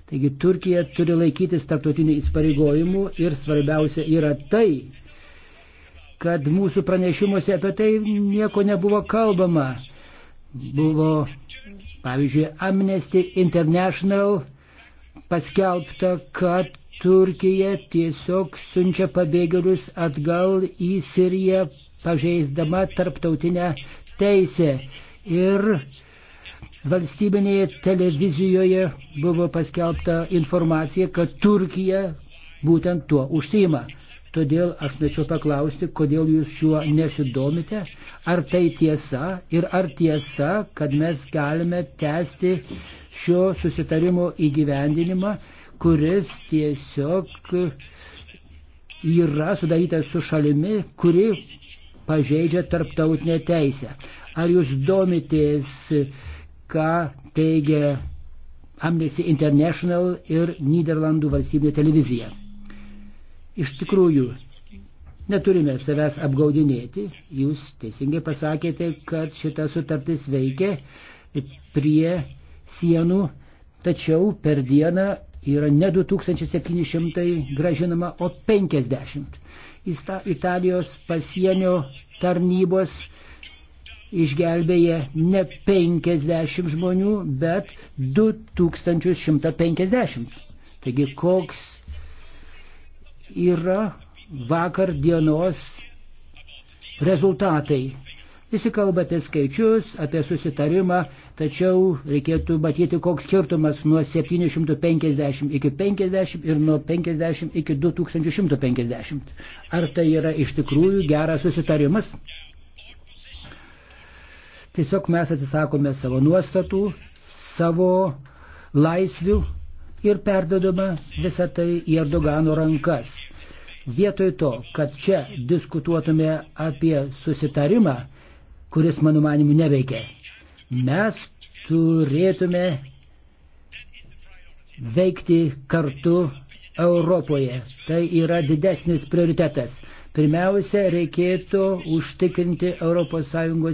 Taigi Turkija turi laikytis tarptautinių įsipareigojimų ir svarbiausia yra tai, kad mūsų pranešimuose apie tai nieko nebuvo kalbama. Buvo, pavyzdžiui, Amnesty International paskelbta, kad Turkija tiesiog siunčia pabėgėlius atgal į Siriją, pažeisdama tarptautinę teisę. Ir valstybinėje televizijoje buvo paskelbta informacija, kad Turkija būtent tuo užsima. Todėl aš norėčiau paklausti, kodėl jūs šiuo nesidomite, ar tai tiesa ir ar tiesa, kad mes galime tęsti šio susitarimo įgyvendinimą kuris tiesiog yra sudarytas su šalimi, kuri pažeidžia tarptautinę teisę. Ar jūs domitės, ką teigia Amnesty International ir Niderlandų valstybinė televizija? Iš tikrųjų, neturime savęs apgaudinėti. Jūs teisingai pasakėte, kad šita sutartis veikia prie sienų, tačiau per dieną yra ne 2700 gražinama, o 50. Italijos pasienio tarnybos išgelbėja ne 50 žmonių, bet 2150. Taigi koks yra vakar dienos rezultatai. Visi kalba apie skaičius, apie susitarimą, tačiau reikėtų matyti, koks skirtumas nuo 750 iki 50 ir nuo 50 iki 2150. Ar tai yra iš tikrųjų geras susitarimas? Tiesiog mes atsisakome savo nuostatų, savo laisvių ir perdodama visą tai į Erdogano rankas. Vietoj to, kad čia diskutuotume apie susitarimą, kuris, mano manimu, neveikia. Mes turėtume veikti kartu Europoje. Tai yra didesnis prioritetas. Pirmiausia, reikėtų užtikrinti ES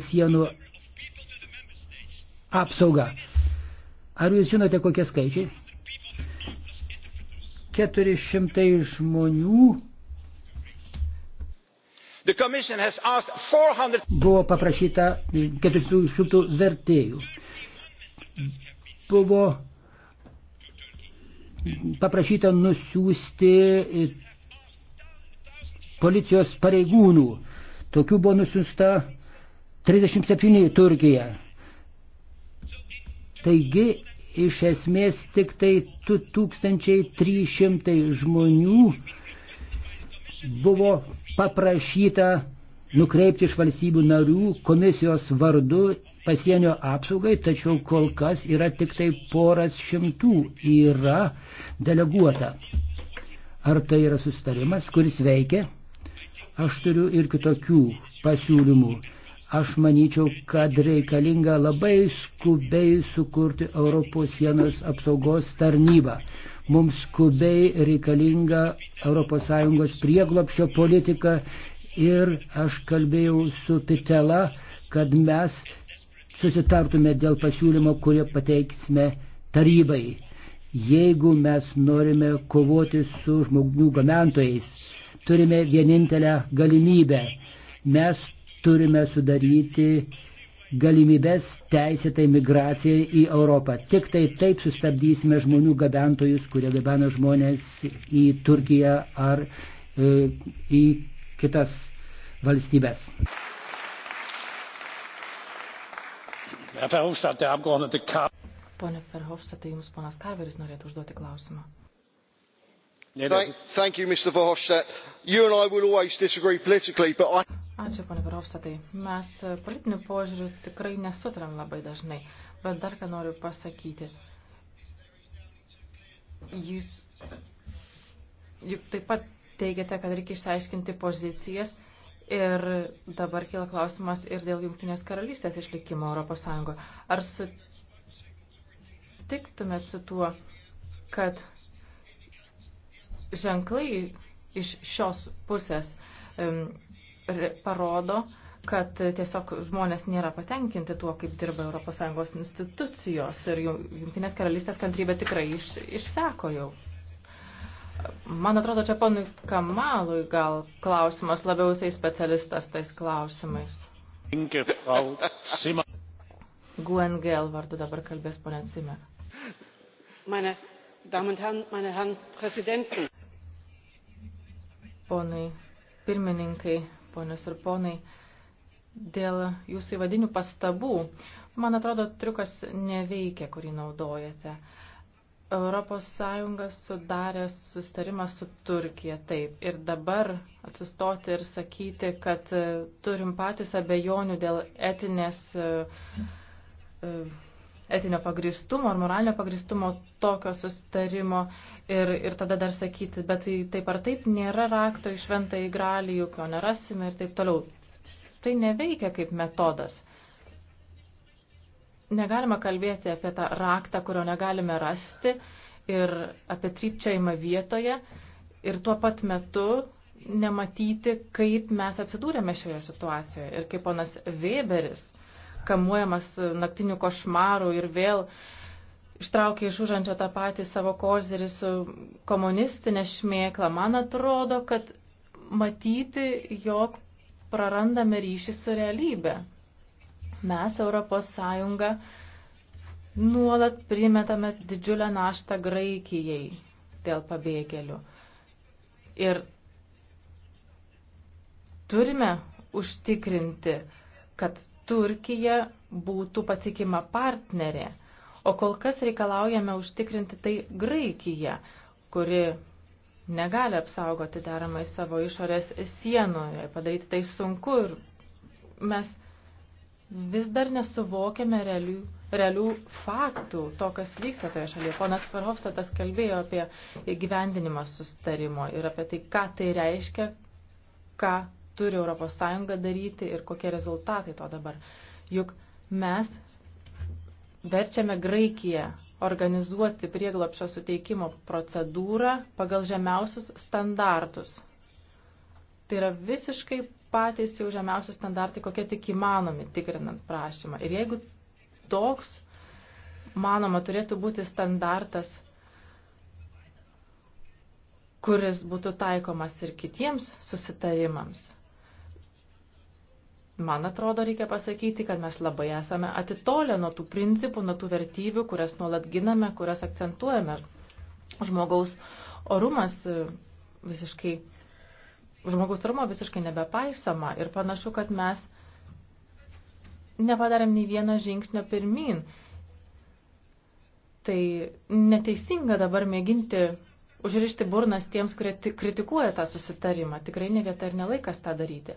sienų apsaugą. Ar jūs žinote, kokie skaičiai? 400 žmonių Buvo paprašyta 400 vertėjų. Buvo paprašyta nusiųsti e, policijos pareigūnų. Tokių buvo nusiųsta 37 į Turkiją. Taigi iš esmės tik tai 2300 žmonių buvo paprašyta nukreipti iš valstybių narių komisijos vardu pasienio apsaugai, tačiau kol kas yra tik tai poras šimtų yra deleguota. Ar tai yra sustarimas, kuris veikia? Aš turiu ir kitokių pasiūlymų. Aš manyčiau, kad reikalinga labai skubiai sukurti Europos sienos apsaugos tarnybą. Mums skubiai reikalinga ES prieglopšio politika ir aš kalbėjau su Pitela, kad mes susitartume dėl pasiūlymo, kurie pateiksime tarybai. Jeigu mes norime kovoti su žmonių gamentojais, turime vienintelę galimybę. Mes turime sudaryti galimybės teisėtai migracijai į Europą. Tik tai taip sustabdysime žmonių gabentojus, kurie gabena žmonės į Turkiją ar e, į kitas valstybės. Pone Verhofstadtai, jums ponas Kaveris norėtų užduoti klausimą. Thank, thank you, Mr. Verhofstadt. You and I will always disagree politically, but I... Ačiū, pane Verovsatai. Mes politinių požiūrių tikrai nesutram labai dažnai, bet dar ką noriu pasakyti. Jūs juk taip pat teigiate, kad reikia išsiaiškinti pozicijas ir dabar kyla klausimas ir dėl Jungtinės karalystės išlikimo Europos Sąjungoje. Ar sutiktumėt su tuo, kad ženklai iš šios pusės um, parodo, kad tiesiog žmonės nėra patenkinti tuo, kaip dirba ES institucijos ir Junktinės karalystės kantrybė tikrai iš, išseko jau. Man atrodo, čia ponui Kamalui gal klausimas labiau jisai specialistas tais klausimais. Guengel vardu dabar kalbės ponė Cimer. Meine Damen und Herren, meine Herren Präsidenten. Ponai pirmininkai, ponios ir ponai, dėl jūsų įvadinių pastabų. Man atrodo, triukas neveikia, kurį naudojate. Europos Sąjunga sudarė sustarimą su Turkija, taip. Ir dabar atsistoti ir sakyti, kad turim patys abejonių dėl etinės. Uh, uh, etinio pagristumo ar moralinio pagristumo tokio sustarimo ir, ir tada dar sakyti, bet tai taip ar taip nėra rakto į šventą į gralį, jokio nerasime ir taip toliau. Tai neveikia kaip metodas. Negalima kalbėti apie tą raktą, kurio negalime rasti ir apie trypčiajimą vietoje ir tuo pat metu nematyti, kaip mes atsidūrėme šioje situacijoje. Ir kaip ponas Weberis kamuojamas naktinių košmarų ir vėl ištraukė iš užančio tą patį savo kozerį su komunistinė šmėkla. Man atrodo, kad matyti, jog prarandame ryšį su realybė. Mes, Europos Sąjunga, nuolat primetame didžiulę naštą Graikijai dėl pabėgėlių. Ir turime užtikrinti, kad Turkija būtų patikima partnerė, o kol kas reikalaujame užtikrinti tai Graikiją, kuri negali apsaugoti deramai savo išorės sienoje, padaryti tai sunku ir mes vis dar nesuvokiame realių, realių faktų to, kas vyksta toje šalyje. Ponas Verhofstadtas kalbėjo apie gyvendinimą sustarimo ir apie tai, ką tai reiškia, ką turi ES daryti ir kokie rezultatai to dabar. Juk mes verčiame Graikiją organizuoti prieglapšio suteikimo procedūrą pagal žemiausius standartus. Tai yra visiškai patys jau žemiausi standartai, kokie tik įmanomi, tikrinant prašymą. Ir jeigu toks, manoma, turėtų būti standartas, kuris būtų taikomas ir kitiems susitarimams, Man atrodo, reikia pasakyti, kad mes labai esame atitolę nuo tų principų, nuo tų vertybių, kurias nuolat giname, kurias akcentuojame. Žmogaus orumas e, visiškai, žmogaus orumo visiškai nebepaisama ir panašu, kad mes nepadarėm nei vieno žingsnio pirmin. Tai neteisinga dabar mėginti užrišti burnas tiems, kurie kritikuoja tą susitarimą. Tikrai ne vieta ir nelaikas tą daryti.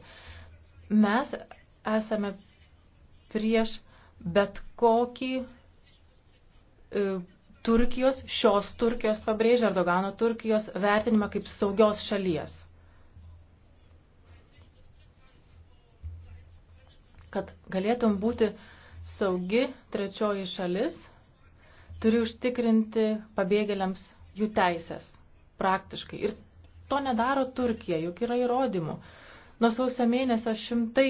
Mes esame prieš bet kokį e, Turkijos, šios Turkijos, pabrėžia Erdogano Turkijos vertinimą kaip saugios šalies. Kad galėtum būti saugi trečioji šalis, turi užtikrinti pabėgėliams jų teisės praktiškai. Ir to nedaro Turkija, juk yra įrodymų. E, Nuo sausio mėnesio šimtai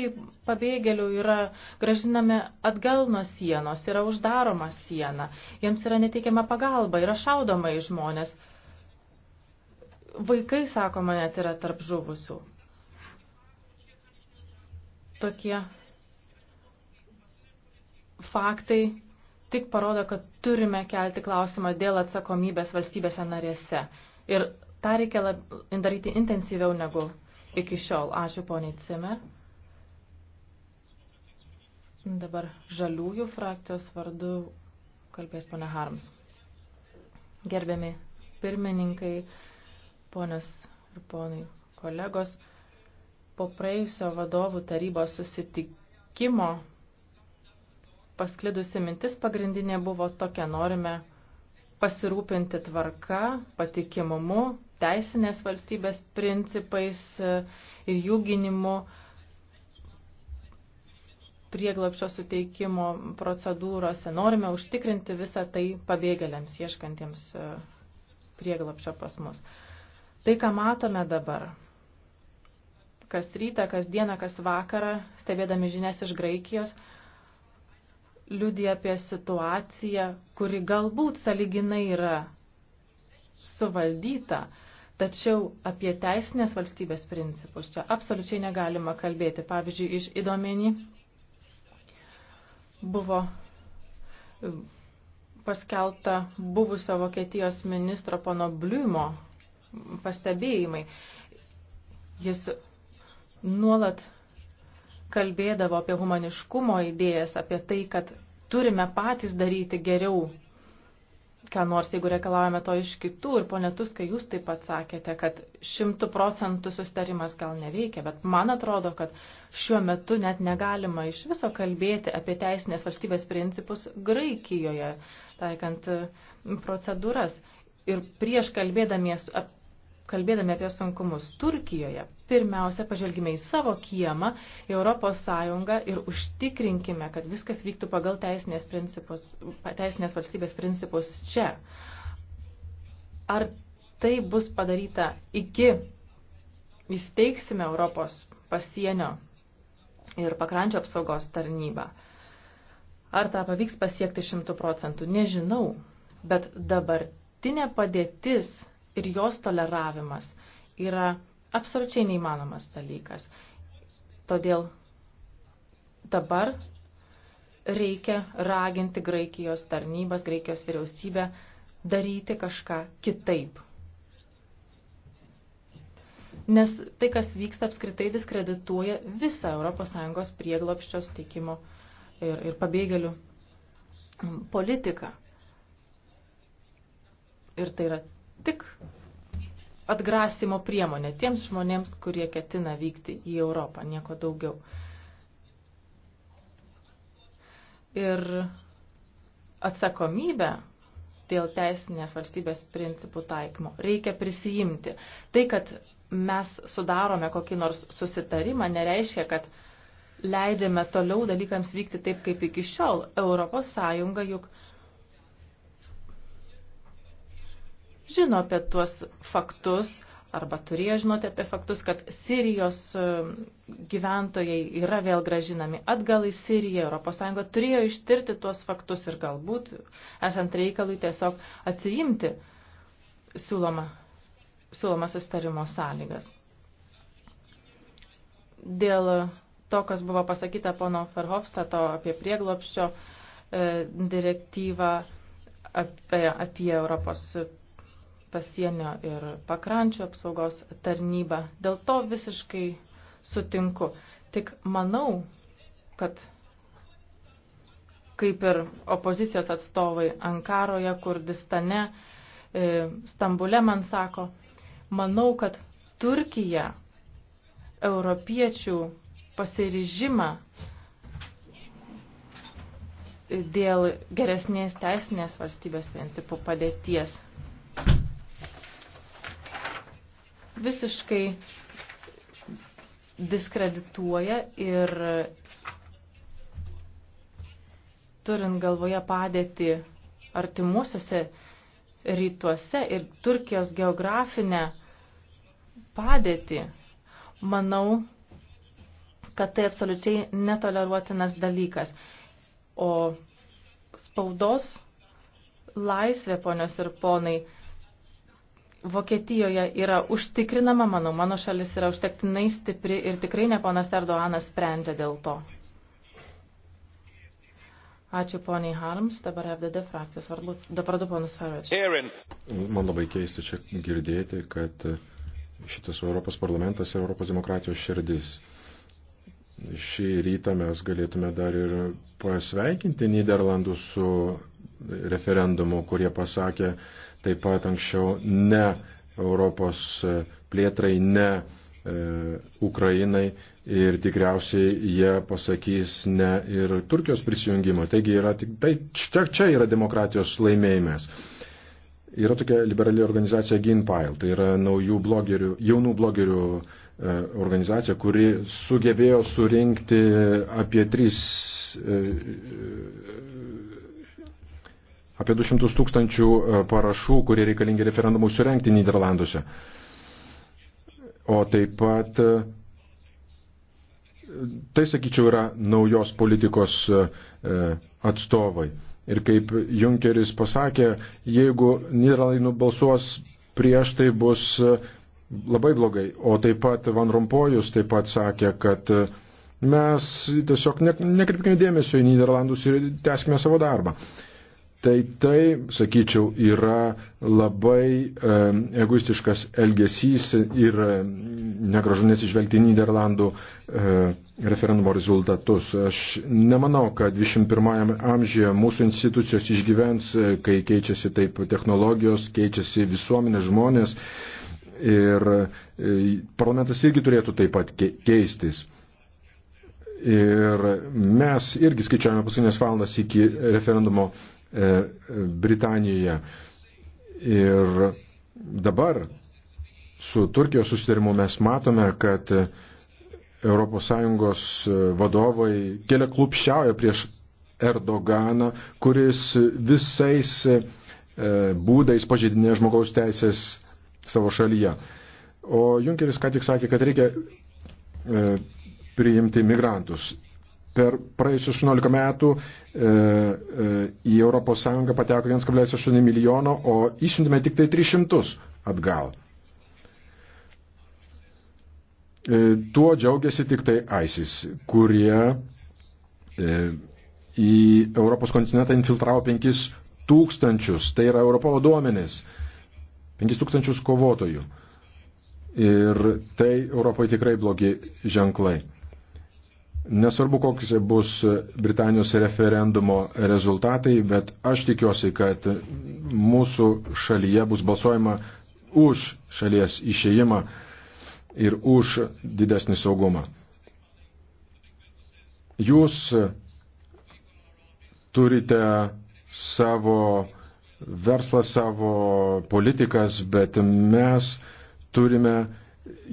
pabėgėlių yra gražinami atgal nuo sienos, yra uždaroma siena, jiems yra neteikiama pagalba, yra šaudoma į žmonės. Vaikai, sakoma, net yra tarp žuvusių. Tokie faktai tik parodo, kad turime kelti klausimą dėl atsakomybės valstybėse narėse. Ir tą reikia lab, daryti intensyviau negu iki šiol. Ačiū poniai Cimer. Dabar žaliųjų frakcijos vardu kalbės ponia Harms. Gerbiami pirmininkai, ponios ir ponai kolegos, po praėjusio vadovų tarybos susitikimo pasklidusi mintis pagrindinė buvo tokia, norime pasirūpinti tvarka, patikimumu, teisinės valstybės principais e, ir jų gynimu prieglapšio suteikimo procedūrose. Norime užtikrinti visą tai pabėgėliams, ieškantiems e, prieglapšio pas mus. Tai, ką matome dabar, kas rytą, kas dieną, kas vakarą, stebėdami žinias iš Graikijos, liudija apie situaciją, kuri galbūt saliginai yra suvaldyta, Tačiau apie teisinės valstybės principus čia absoliučiai negalima kalbėti. Pavyzdžiui, iš įdomenį buvo e, paskelbta buvusio Vokietijos ministro pono Bliumo pastebėjimai. Jis nuolat kalbėdavo apie humaniškumo idėjas, apie tai, kad turime patys daryti geriau ką nors, jeigu reikalavome to iš kitų. Ir ponė Tuska, jūs taip pat sakėte, kad šimtų procentų sustarimas gal neveikia, bet man atrodo, kad šiuo metu net negalima iš viso kalbėti apie teisinės valstybės principus Graikijoje, taikant procedūras. Ir prieš kalbėdami, kalbėdami apie sunkumus Turkijoje, pirmiausia, pažvelgime į savo kiemą, į Europos Sąjungą ir užtikrinkime, kad viskas vyktų pagal teisinės, teisinės valstybės principus čia. Ar tai bus padaryta iki įsteigsime Europos pasienio ir pakrančio apsaugos tarnybą? Ar tą pavyks pasiekti šimtų procentų, nežinau, bet dabartinė padėtis ir jos toleravimas yra absoliučiai neįmanomas dalykas. Todėl dabar reikia raginti Graikijos tarnybas, Graikijos vyriausybę daryti kažką kitaip. Nes tai, kas vyksta apskritai, diskredituoja visą ES prieglopščio steikimo ir, ir pabėgėlių mm, politiką. Ir tai yra tik atgrasimo priemonė tiems žmonėms, kurie ketina vykti į Europą, nieko daugiau. Ir atsakomybę dėl teisinės valstybės principų taikymo reikia prisijimti. Tai, kad mes sudarome kokį nors susitarimą, nereiškia, kad leidžiame toliau dalykams vykti taip, kaip iki šiol. Europos Sąjunga juk žino apie tuos faktus arba turėjo žinoti apie faktus, kad Sirijos e, gyventojai yra vėl gražinami atgal į Siriją. ES turėjo ištirti tuos faktus ir galbūt, esant reikalui, tiesiog atsiimti siūloma, siūloma sustarimo sąlygas. Dėl to, kas buvo pasakyta pono Ferhofstato apie prieglopščio e, direktyvą, apie, apie Europos pasienio ir pakrančio apsaugos tarnybą. Dėl to visiškai sutinku. Tik manau, kad kaip ir opozicijos atstovai Ankaroje, Kurdistane, e, Stambule man sako, manau, kad Turkija europiečių pasiryžimą dėl geresnės teisinės valstybės principų padėties visiškai diskredituoja ir turint galvoje padėti artimuosiuose rytuose ir Turkijos geografinę padėtį, manau, kad tai absoliučiai netoleruotinas dalykas. O spaudos laisvė, ponios ir ponai, Vokietijoje yra užtikrinama, manau, mano šalis yra užtektinai stipri ir tikrai ne ponas Erdoanas sprendžia dėl to. Ačiū poniai Harms, dabar FDD frakcijos vardu, dabar du ponas Farage. Man labai keista čia girdėti, kad šitas Europos parlamentas yra Europos demokratijos širdis. Šį rytą mes galėtume dar ir pasveikinti Niderlandus su referendumu, kurie pasakė, taip pat anksčiau ne Europos plėtrai, ne e, Ukrainai ir tikriausiai jie pasakys ne ir Turkijos prisijungimo. Taigi yra, tai čia, čia yra demokratijos laimėjimas. Yra tokia liberali organizacija Ginpile, tai yra naujų blogerių, jaunų blogerių e, organizacija, kuri sugebėjo surinkti apie 3 apie 200 tūkstančių e, parašų, kurie reikalingi referendumui surenkti Niderlanduose. O taip pat e, tai, sakyčiau, yra naujos politikos e, atstovai. Ir kaip Junkeris pasakė, jeigu Niderlandai nubalsuos prieš, tai bus labai blogai. O taip pat Van Rompojus taip pat sakė, kad mes tiesiog nekreipkime dėmesio į Niderlandus ir tęskime savo darbą. Tai tai, sakyčiau, yra labai e, egoistiškas elgesys ir e, negražu nesižvelgti Niderlandų e, referendumo rezultatus. Aš nemanau, kad 21 amžiuje mūsų institucijos išgyvens, e, kai keičiasi taip technologijos, keičiasi visuomenė žmonės ir e, parlamentas irgi turėtų taip pat keistis. Ir mes irgi skaičiavome paskutinės valandas iki referendumo E, Britanijoje. Ir dabar su Turkijos susitarimu mes matome, kad ES vadovai kelia klupščiauja prieš Erdoganą, kuris visais e, būdais pažeidinė žmogaus teisės savo šalyje. O Junkeris ką tik sakė, kad reikia e, priimti migrantus. Per praėjusius 16 metų e, e, į ES pateko 1,8 milijono, o išsiuntėme tik tai 300 atgal. E, tuo džiaugiasi tik tai ISIS, kurie e, į Europos kontinentą infiltravo 5 tūkstančius, tai yra Europolo duomenys, 5 tūkstančius kovotojų. Ir tai Europoje tikrai blogi ženklai. Nesvarbu, kokius bus Britanijos referendumo rezultatai, bet aš tikiuosi, kad mūsų šalyje bus balsuojama už šalies išėjimą ir už didesnį saugumą. Jūs turite savo verslą, savo politikas, bet mes turime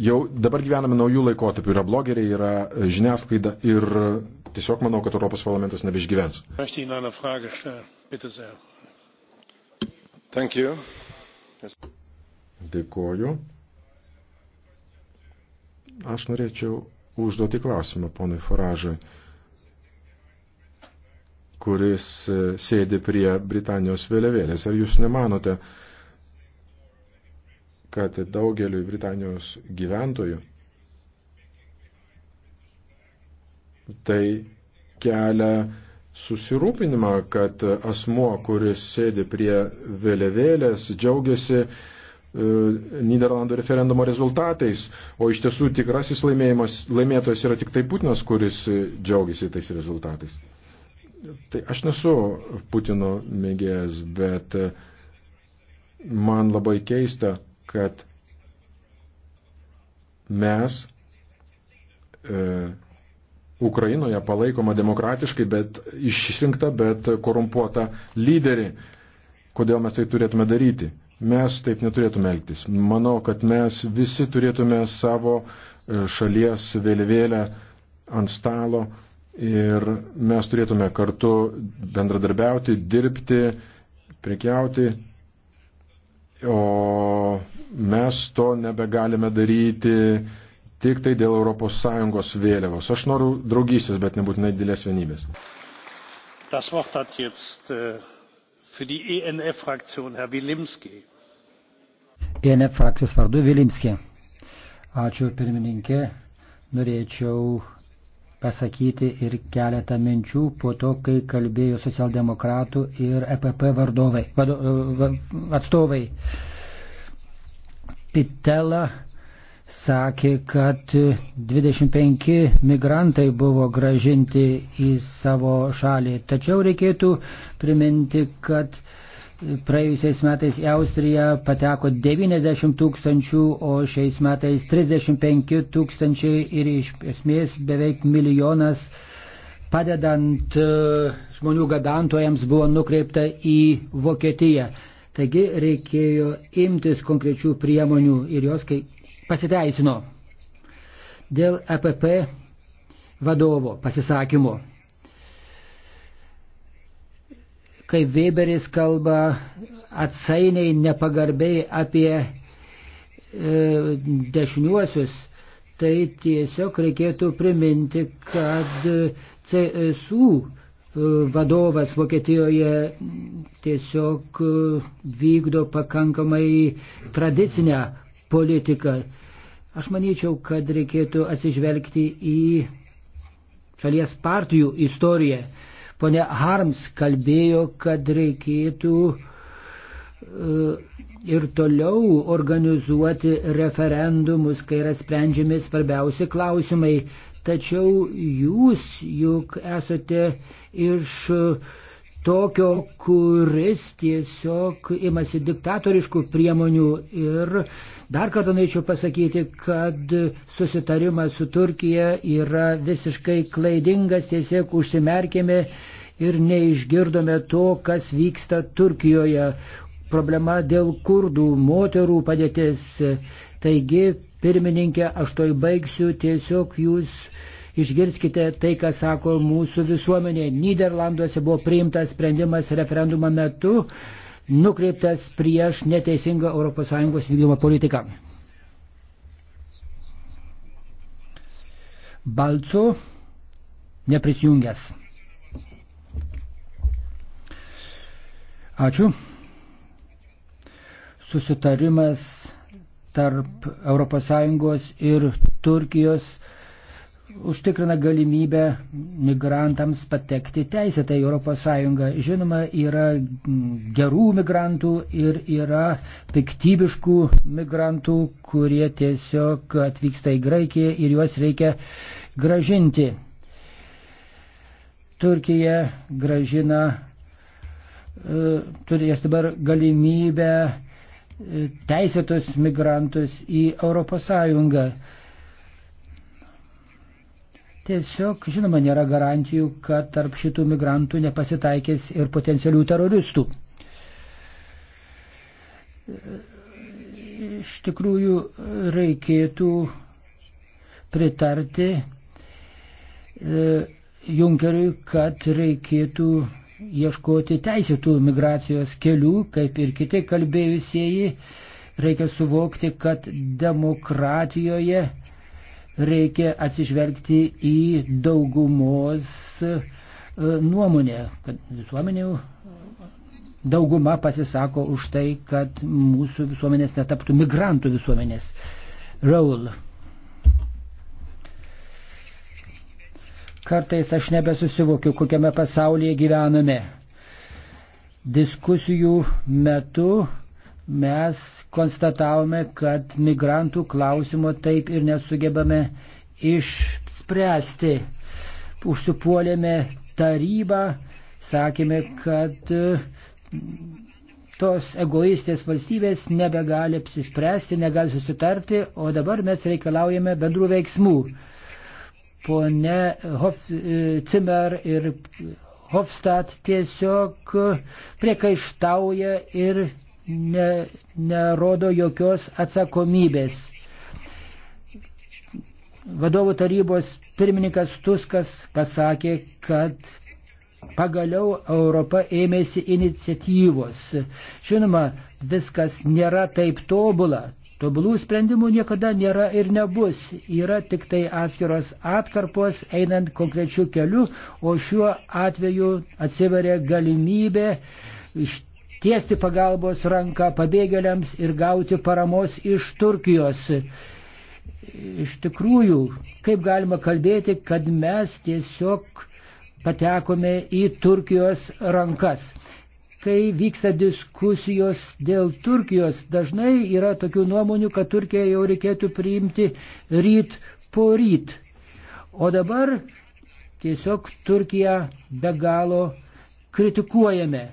Jau dabar gyvename naujų laikotarpių, yra blogeriai, yra žiniasklaida ir tiesiog manau, kad Europos parlamentas nebeišgyvens. Dėkuoju. Aš norėčiau užduoti klausimą ponui Faražui, kuris e, sėdi prie Britanijos vėliavėlės. Ar jūs nemanote, kad daugeliu Britanijos gyventojų tai kelia susirūpinimą, kad asmuo, kuris sėdi prie vėliavėlės, džiaugiasi e, Niderlandų referendumo rezultatais, o iš tiesų tikrasis laimėtojas yra tik tai Putinas, kuris džiaugiasi tais rezultatais. Tai aš nesu Putino mėgėjas, bet man labai keista, kad mes e, Ukrainoje palaikoma demokratiškai, bet išrinkta, bet korumpuota lyderį. Kodėl mes tai turėtume daryti? Mes taip neturėtume elgtis. Manau, kad mes visi turėtume savo e, šalies vėliavėlę ant stalo ir mes turėtume kartu bendradarbiauti, dirbti, prekiauti. O Mes to nebegalime daryti tik tai dėl ES vėliavos. Aš noriu draugystės, bet nebūtinai didelės vienybės. Das Wort hat jetzt äh, für die ENF-Fraktion Herr Wilimski. ENF frakcijos vardu Vilimski. Ačiū pirmininkė. Norėčiau pasakyti ir keletą minčių po to, kai kalbėjo socialdemokratų ir EPP vardovai, vado, atstovai. Pitela sakė, kad 25 migrantai buvo gražinti į savo šalį. Tačiau reikėtų priminti, kad praėjusiais metais į Austriją pateko 90 tūkstančių, o šiais metais 35 tūkstančiai ir iš esmės beveik milijonas padedant e, žmonių gabentojams buvo nukreipta į Vokietiją. Taigi reikėjo imtis konkrečių priemonių ir jos kai pasiteisino. Dėl EPP vadovo pasisakymo. Kai Weberis kalba atsainiai, nepagarbiai apie e, dešiniuosius, tai tiesiog reikėtų priminti, kad CSU vadovas Vokietijoje tiesiog e, vykdo pakankamai tradicinę politiką. Aš manyčiau, kad reikėtų atsižvelgti į šalies partijų istoriją. Pone Harms kalbėjo, kad reikėtų e, ir toliau organizuoti referendumus, kai yra sprendžiami svarbiausi klausimai tačiau jūs juk esate iš tokio, kuris tiesiog imasi diktatoriškų priemonių. Ir dar kartą norėčiau pasakyti, kad susitarimas su Turkija yra visiškai klaidingas, tiesiog užsimerkėme ir neišgirdome to, kas vyksta Turkijoje. Problema dėl kurdų, moterų padėtis, Taigi, pirmininkė, aš to įbaigsiu, tiesiog jūs išgirskite tai, ką sako mūsų visuomenė. Niderlanduose buvo priimtas sprendimas referendumo metu, nukreiptas prieš neteisingą ES vykdomą politiką. Balcu neprisijungęs. Ačiū. Susitarimas tarp ES ir Turkijos užtikrina galimybę migrantams patekti teisėtai ES. Žinoma, yra gerų migrantų ir yra piktybiškų migrantų, kurie tiesiog atvyksta į Graikiją ir juos reikia gražinti. Turkija gražina, e, turės dabar galimybę teisėtus migrantus į ES. Tiesiog, žinoma, nėra garantijų, kad tarp šitų migrantų nepasitaikės ir potencialių teroristų. Iš tikrųjų, reikėtų pritarti e, Junkeriui, kad reikėtų ieškoti teisėtų migracijos kelių, kaip ir kiti kalbėjusieji. Reikia suvokti, kad demokratijoje reikia atsižvelgti į daugumos e, nuomonę, kad visuomenių dauguma pasisako už tai, kad mūsų visuomenės netaptų migrantų visuomenės. Raul. Kartais aš nebesusivokiu, kokiame pasaulyje gyvename. Diskusijų metu mes konstatavome, kad migrantų klausimo taip ir nesugebame išspręsti. Užsipuolėme tarybą, sakėme, kad mm, tos egoistės valstybės nebegali apsispręsti, negali susitarti, o dabar mes reikalaujame bendrų veiksmų. Pone Hof, Cimer e, ir Hofstad tiesiog priekaištauja ir ne, nerodo jokios atsakomybės. Vadovų tarybos pirmininkas Tuskas pasakė, kad pagaliau Europa ėmėsi iniciatyvos. Žinoma, viskas nėra taip tobula, Tobulų sprendimų niekada nėra ir nebus. Yra tik tai atskiros atkarpos einant konkrečių kelių, o šiuo atveju atsiveria galimybė ištiesti pagalbos ranką pabėgėliams ir gauti paramos iš Turkijos. Iš tikrųjų, kaip galima kalbėti, kad mes tiesiog patekome į Turkijos rankas kai vyksta diskusijos dėl Turkijos, dažnai yra tokių nuomonių, kad Turkiją jau reikėtų priimti ryt po ryt. O dabar tiesiog Turkiją be galo kritikuojame.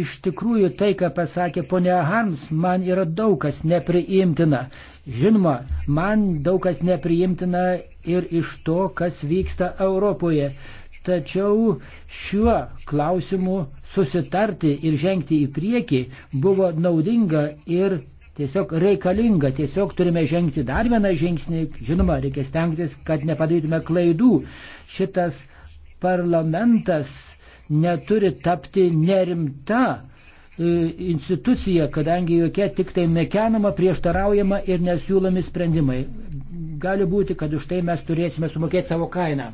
Iš tikrųjų tai, ką pasakė ponia Harms, man yra daug kas nepriimtina. Žinoma, man daug kas nepriimtina ir iš to, kas vyksta Europoje. Tačiau šiuo klausimu susitarti ir žengti į priekį buvo naudinga ir tiesiog reikalinga. Tiesiog turime žengti dar vieną žingsnį. Žinoma, reikia stengtis, kad nepadarytume klaidų. Šitas parlamentas neturi tapti nerimta e, institucija, kadangi jokia tik tai mekenama, prieštaraujama ir nesiūlomi sprendimai. Gali būti, kad už tai mes turėsime sumokėti savo kainą.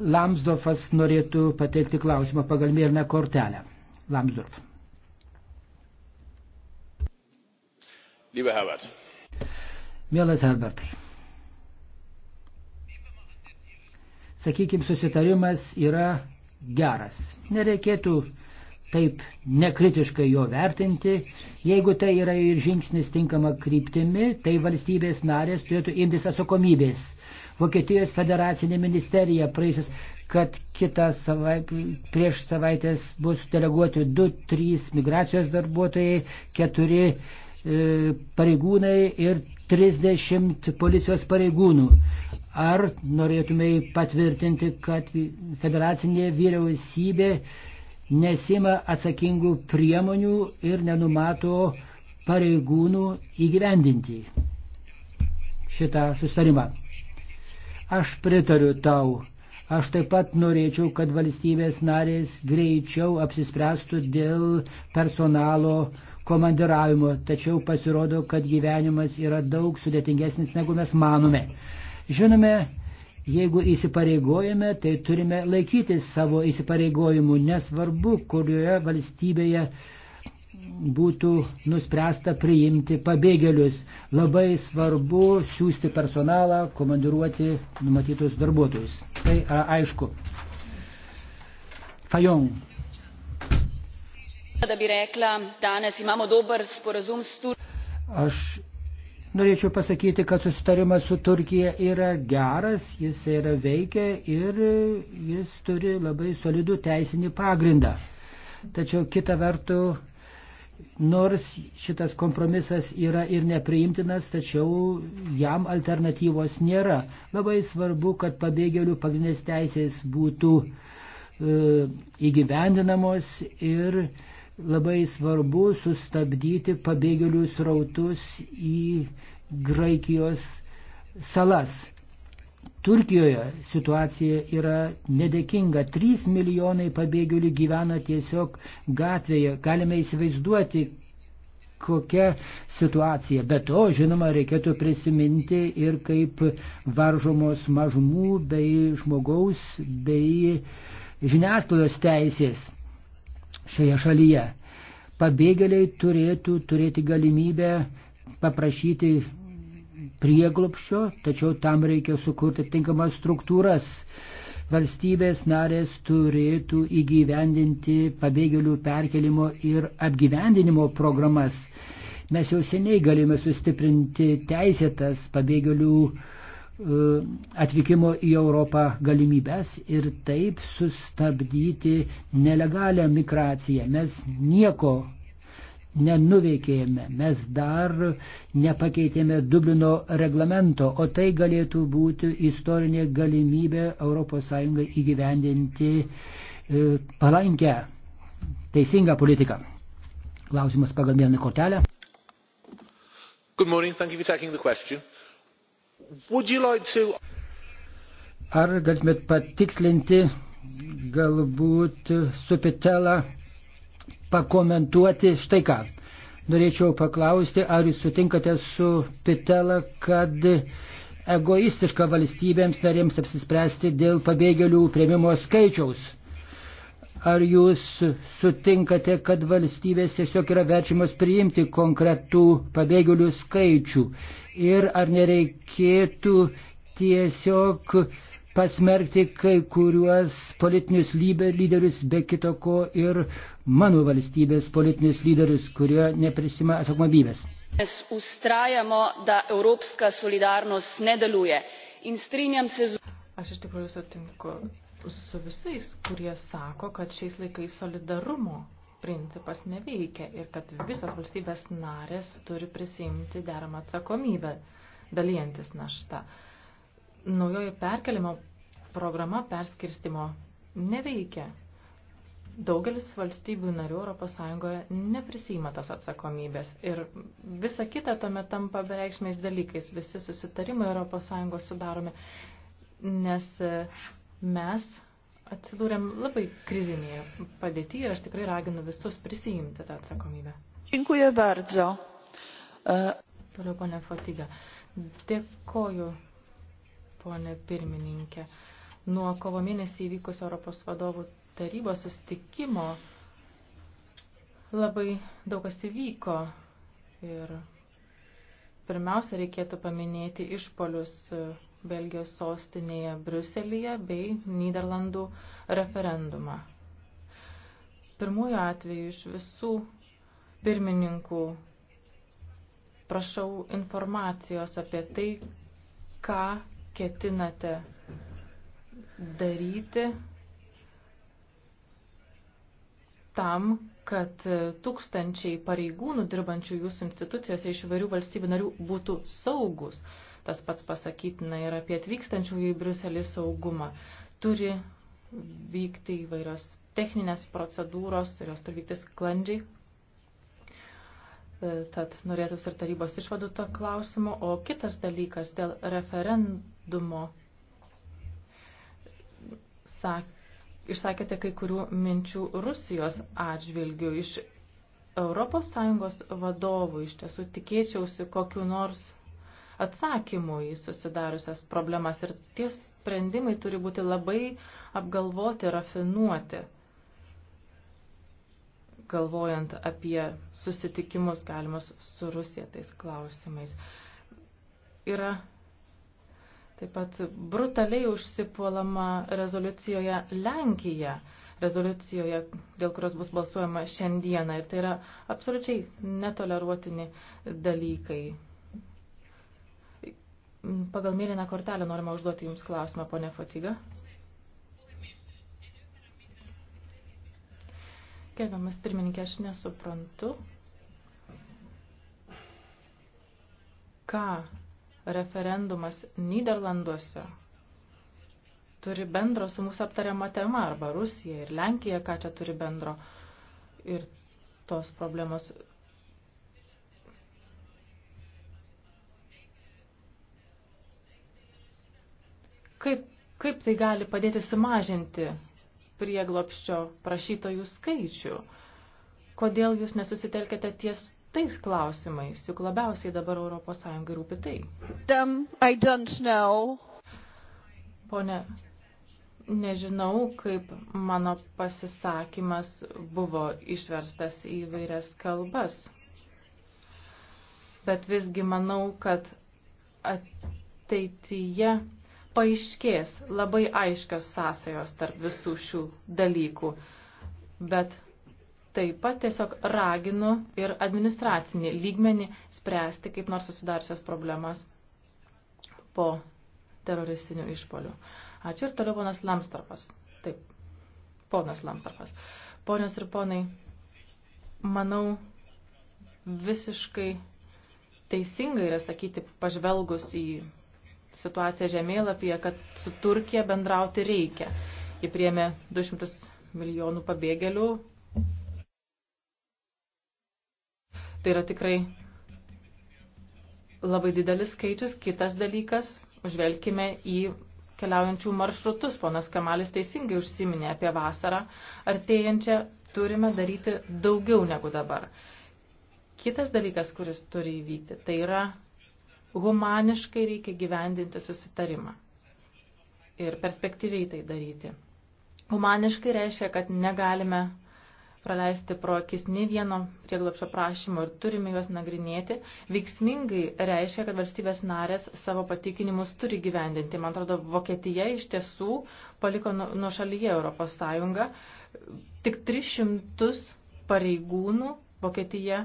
Lamsdorfas norėtų pateikti klausimą pagal mėlyną kortelę. Lamsdorf. Lieber Herbert. Mielas Herbertai. Sakykime, susitarimas yra geras. Nereikėtų taip nekritiškai jo vertinti. Jeigu tai yra ir žingsnis tinkama kryptimi, tai valstybės narės turėtų imtis atsakomybės Vokietijos federacinė ministerija praeisis, kad kitą savaitę, prieš savaitės bus deleguoti 2-3 migracijos darbuotojai, 4 e, pareigūnai ir 30 policijos pareigūnų. Ar norėtumai patvirtinti, kad federacinė vyriausybė nesima atsakingų priemonių ir nenumato pareigūnų įgyvendinti šitą sustarimą? Aš pritariu tau. Aš taip pat norėčiau, kad valstybės narės greičiau apsispręstų dėl personalo komandiravimo, tačiau pasirodo, kad gyvenimas yra daug sudėtingesnis, negu mes manome. Žinome, jeigu įsipareigojame, tai turime laikytis savo įsipareigojimų, nesvarbu, kurioje valstybėje būtų nuspręsta priimti pabėgėlius. Labai svarbu siūsti personalą, komandiruoti numatytus darbuotojus. Tai yra aišku. Fajon. Aš Norėčiau pasakyti, kad susitarimas su Turkija yra geras, jis yra veikia ir jis turi labai solidų teisinį pagrindą. Tačiau kita vertų Nors šitas kompromisas yra ir nepriimtinas, tačiau jam alternatyvos nėra. Labai svarbu, kad pabėgėlių pagrindinės teisės būtų e, įgyvendinamos ir labai svarbu sustabdyti pabėgėlių srautus į Graikijos salas. Turkijoje situacija yra nedėkinga. 3 milijonai pabėgėlių gyvena tiesiog gatvėje. Galime įsivaizduoti, kokia situacija. Bet to, žinoma, reikėtų prisiminti ir kaip varžomos mažumų bei žmogaus bei žiniasklaidos teisės šioje šalyje. Pabėgėliai turėtų turėti galimybę paprašyti prieglopščio, tačiau tam reikia sukurti tinkamas struktūras. Valstybės narės turėtų įgyvendinti pabėgėlių perkelimo ir apgyvendinimo programas. Mes jau seniai galime sustiprinti teisėtas pabėgėlių e, atvykimo į Europą galimybės ir taip sustabdyti nelegalią migraciją. Mes nieko nenuveikėme, mes dar nepakeitėme Dublino reglamento, o tai galėtų būti istorinė galimybė ES įgyvendinti e, palankę, teisingą politiką. Klausimas pagal vieną kortelę. Good morning, thank you for taking the question. Would you like to... Ar galėtumėt patikslinti galbūt su Pitela pakomentuoti štai ką. Norėčiau paklausti, ar jūs sutinkate su Pitela, kad egoistiška valstybėms narėms apsispręsti dėl pabėgėlių prieimimo skaičiaus. Ar jūs sutinkate, kad valstybės tiesiog yra verčiamos priimti konkretų pabėgėlių skaičių? Ir ar nereikėtų tiesiog pasmerkti kai kuriuos politinius lyderius, be kito ko ir mano valstybės politinius lyderius, kurie neprisima atsakomybės. Mes ustrajamo, da europska solidarnost nedeluje. In strinjam se z. Aš iš tikrųjų sutinku su visais, kurie sako, kad šiais laikais solidarumo principas neveikia ir kad visos valstybės narės turi prisimti deramą atsakomybę dalyjantis naštą naujoji perkelimo programa perskirstimo neveikia. Daugelis valstybių narių ES neprisima tas atsakomybės ir visa kita tuomet tampa bereikšmiais dalykais. Visi susitarimai ES sudaromi, nes e, mes atsidūrėm labai krizinėje padėtyje ir aš tikrai raginu visus prisijimti tą atsakomybę. Dziękuję bardzo. E, Toliau, ponia Fotiga. Dėkoju ponė pirmininkė. Nuo kovo mėnesį įvykus Europos vadovų tarybos sustikimo labai daug kas įvyko ir pirmiausia reikėtų paminėti išpolius Belgijos sostinėje Briuselyje bei Niderlandų referendumą. Pirmuoju atveju iš visų pirmininkų prašau informacijos apie tai, ką ketinate daryti tam, kad tūkstančiai pareigūnų dirbančių jūsų institucijose iš įvairių valstybių narių būtų saugus. Tas pats pasakytina ir apie atvykstančių į Briuselį saugumą. Turi vykti įvairios techninės procedūros ir jos turi vykti sklandžiai. E, tad norėtųsi ir tarybos išvadų to klausimo. O kitas dalykas dėl referen, dumo. Sak, išsakėte kai kurių minčių Rusijos atžvilgių. Iš ES vadovų iš tiesų tikėčiausi kokiu nors atsakymu į susidariusias problemas ir tie sprendimai turi būti labai apgalvoti, rafinuoti. Galvojant apie susitikimus galimus su Rusija tais klausimais. Yra Taip pat brutaliai užsipuolama rezoliucijoje Lenkija, rezoliucijoje, dėl kurios bus balsuojama šiandieną. Ir tai yra absoliučiai netoleruotini dalykai. Pagal mėlyną kortelę norime užduoti Jums klausimą, ponė Fatiga. Gerbiamas pirmininkė, aš nesuprantu, ką referendumas Niderlanduose turi bendro su mūsų aptariama tema, arba Rusija ir Lenkija, ką čia turi bendro. Ir tos problemos kaip, kaip tai gali padėti sumažinti prieglopščio prašytojų skaičių? Kodėl jūs nesusitelkite ties tais klausimais, juk labiausiai dabar ES rūpi tai. Um, Pone, nežinau, kaip mano pasisakymas buvo išverstas į vairias kalbas, bet visgi manau, kad ateityje paaiškės labai aiškios sąsajos tarp visų šių dalykų, bet taip pat tiesiog raginu ir administracinį lygmenį spręsti kaip nors susidariusias problemas po teroristinių išpolių. Ačiū ir toliau ponas Lamstarpas. Taip, ponas Lamstarpas. Ponios ir ponai, manau, visiškai teisinga yra sakyti, pažvelgus į situaciją žemėlapyje, kad su Turkija bendrauti reikia. Jie priėmė 200 milijonų pabėgėlių, Tai yra tikrai labai didelis skaičius. Kitas dalykas, žvelkime į keliaujančių maršrutus. Ponas Kamalis teisingai užsiminė apie vasarą artėjančią. Turime daryti daugiau negu dabar. Kitas dalykas, kuris turi įvykti, tai yra humaniškai reikia gyvendinti susitarimą ir perspektyviai tai daryti. Humaniškai reiškia, kad negalime praleisti pro akis ne vieno prieglapšio prašymo ir turime juos nagrinėti, veiksmingai reiškia, kad valstybės narės savo patikinimus turi gyvendinti. Man atrodo, Vokietija iš tiesų paliko nu, nuo šalyje Europos Sąjungą. Tik 300 pareigūnų Vokietija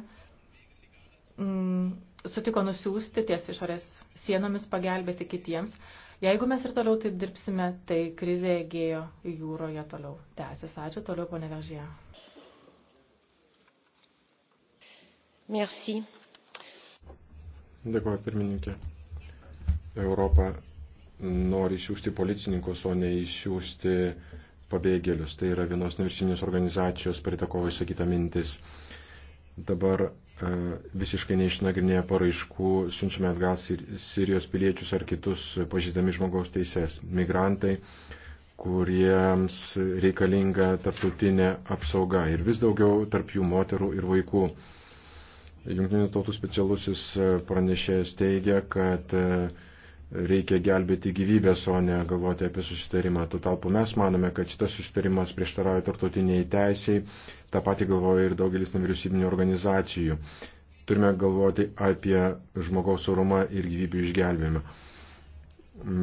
mm, sutiko nusiųsti ties išorės sienomis pagelbėti kitiems. Jeigu mes ir toliau taip dirbsime, tai krizė Egėjo jūroje toliau tęsis. Ačiū, toliau ponevežėje. Merci. Dėkuoju, pirmininkė. Europa nori išsiųsti policininkus, o ne išsiųsti pabėgėlius. Tai yra vienos neviršinės organizacijos pritakovo išsakyta mintis. Dabar e, visiškai neišnagrinėję paraiškų siunčiame atgal Sirijos piliečius ar kitus pažydami žmogaus teises. Migrantai, kuriems reikalinga tarptautinė apsauga ir vis daugiau tarp jų moterų ir vaikų. Junktinių tautų specialusis e, pranešėjas teigia, kad e, reikia gelbėti gyvybės, o ne galvoti apie susitarimą. Tuo talpu mes manome, kad šitas susitarimas prieštarauja tartutiniai teisiai, tą patį galvoja ir daugelis nevyriausybinių organizacijų. Turime galvoti apie žmogaus orumą ir gyvybių išgelbėjimą.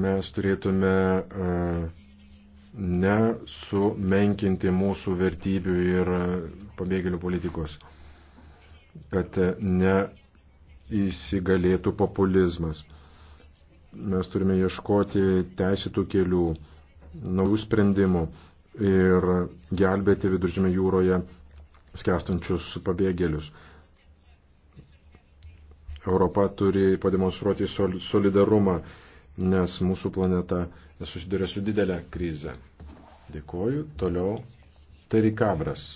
Mes turėtume e, nesumenkinti mūsų vertybių ir pabėgėlių politikos kad e, neįsigalėtų populizmas. Mes turime ieškoti teisėtų kelių, naujų sprendimų ir gelbėti viduržėme jūroje skęstančius pabėgėlius. Europa turi pademonstruoti solidarumą, nes mūsų planeta susiduria su didelė krize. Dėkoju. Toliau Terikabras.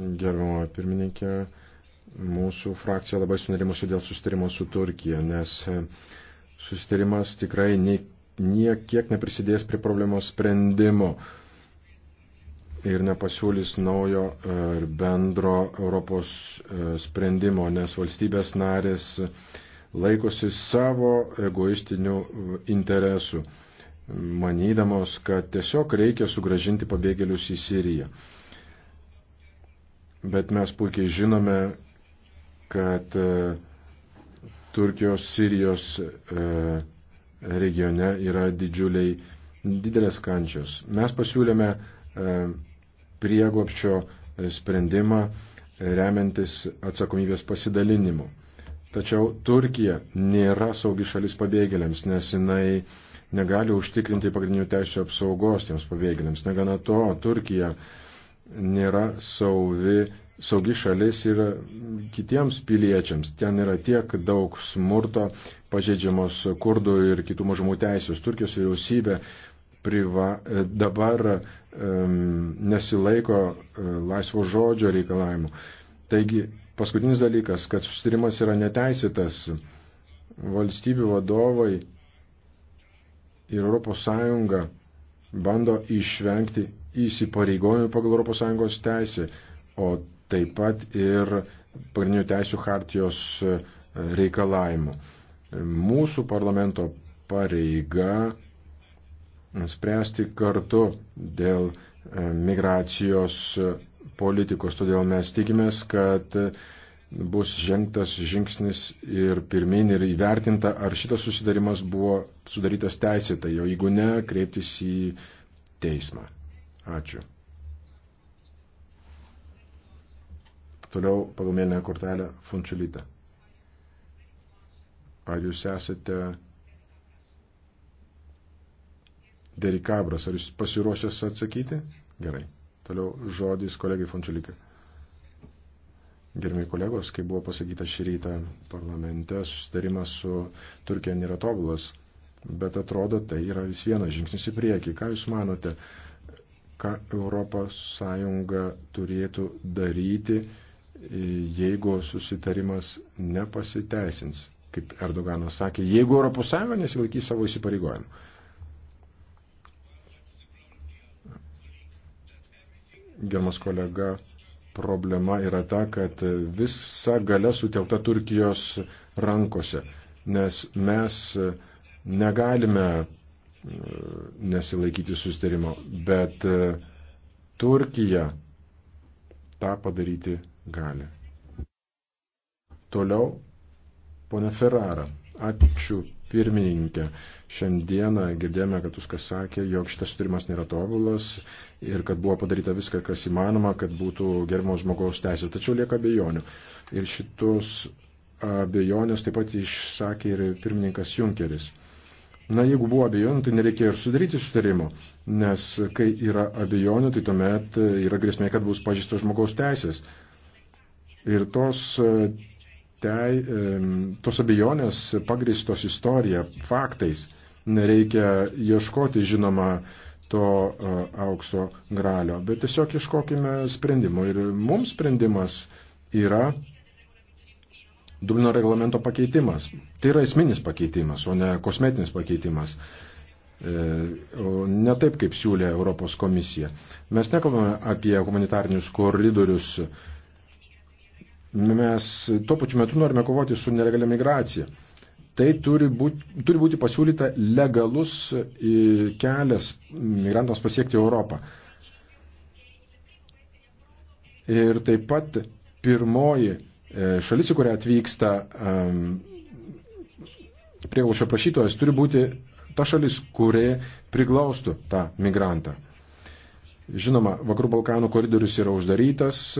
Gerbama pirmininkė, mūsų frakcija labai sunerimusi dėl susitarimo su Turkija, nes e, susitarimas tikrai niekiek neprisidės prie problemos sprendimo ir nepasiūlys naujo ir e, bendro Europos e, sprendimo, nes valstybės narės laikosi savo egoistinių interesų, manydamos, kad tiesiog reikia sugražinti pabėgėlius į Siriją bet mes puikiai žinome, kad e, Turkijos, Sirijos e, regione yra didžiuliai, didelės kančios. Mes pasiūlėme e, prieglopščio sprendimą remiantis atsakomybės pasidalinimu. Tačiau Turkija nėra saugi šalis pabėgėliams, nes jinai negali užtikrinti pagrindinių teisų apsaugos tiems pabėgėliams. Negana to, Turkija uh, nėra sauvi, saugi šalis ir kitiems piliečiams. Ten yra tiek daug smurto, pažeidžiamos kurdų ir kitų mažumų teisės. Turkijos vyriausybė priva, dabar um, nesilaiko uh, laisvo žodžio reikalavimų. Taigi, paskutinis dalykas, kad susitarimas yra neteisėtas. Valstybių vadovai ir ES bando išvengti įsipareigojimai pagal ES teisę, o taip pat ir pagrindinių teisų hartijos e, reikalavimų. Mūsų parlamento pareiga spręsti kartu dėl e, migracijos politikos, todėl mes tikimės, kad bus žengtas žingsnis ir pirmin ir įvertinta, ar šitas susidarimas buvo sudarytas teisėtai, o jeigu ne, kreiptis į teismą. Ačiū. Toliau pagal mėlyną kortelę Funčelytė. Ar jūs esate Derikabras, ar jūs pasiruošęs atsakyti? Gerai. Toliau žodis kolegai Funčelytė. Gerbimi kolegos, kaip buvo pasakyta šį rytą parlamente, susitarimas su Turkija nėra tobulas, bet atrodo, tai yra vis vienas žingsnis į priekį. Ką Jūs manote, ką ES turėtų daryti, jeigu susitarimas nepasiteisins. Kaip Erdoganas sakė, jeigu ES nesilaikys savo įsipareigojimų. Germas kolega, problema yra ta, kad visa gale sutelta Turkijos rankose, nes mes negalime nesilaikyti susitarimo, bet e, Turkija tą padaryti gali. Toliau, ponė Ferrara, ačiū pirmininkė. Šiandieną girdėjome, kad Tuskas sakė, jog šitas sutarimas nėra tobulas ir kad buvo padaryta viską, kas įmanoma, kad būtų gerimo žmogaus teisės. Tačiau lieka abejonių. Ir šitus abejonės taip pat išsakė ir pirmininkas Junkeris. Na, jeigu buvo abejonių, tai nereikėjo ir sudaryti sutarimo, nes kai yra abejonių, tai tuomet e, yra grėsmė, kad bus pažįstos žmogaus teisės. Ir tos, e, tei, e, tos abejonės pagristos istorija, faktais, nereikia ieškoti, žinoma, to aukso gralio, bet tiesiog ieškokime sprendimo. Ir mums sprendimas yra Dublino reglamento pakeitimas. Tai yra esminis pakeitimas, o ne kosmetinis pakeitimas. E, ne taip, kaip siūlė Europos komisija. Mes nekalbame apie humanitarnius koridorius. Mes tuo pačiu metu norime kovoti su nelegalia migracija. Tai turi būti, turi būti pasiūlyta legalus e, kelias migrantams pasiekti Europą. Ir taip pat pirmoji E, šalis, į kurią atvyksta prieglaušio prašytojas, turi būti ta šalis, kurie priglaustų tą migrantą. Žinoma, Vakarų Balkanų koridorius yra uždarytas, e,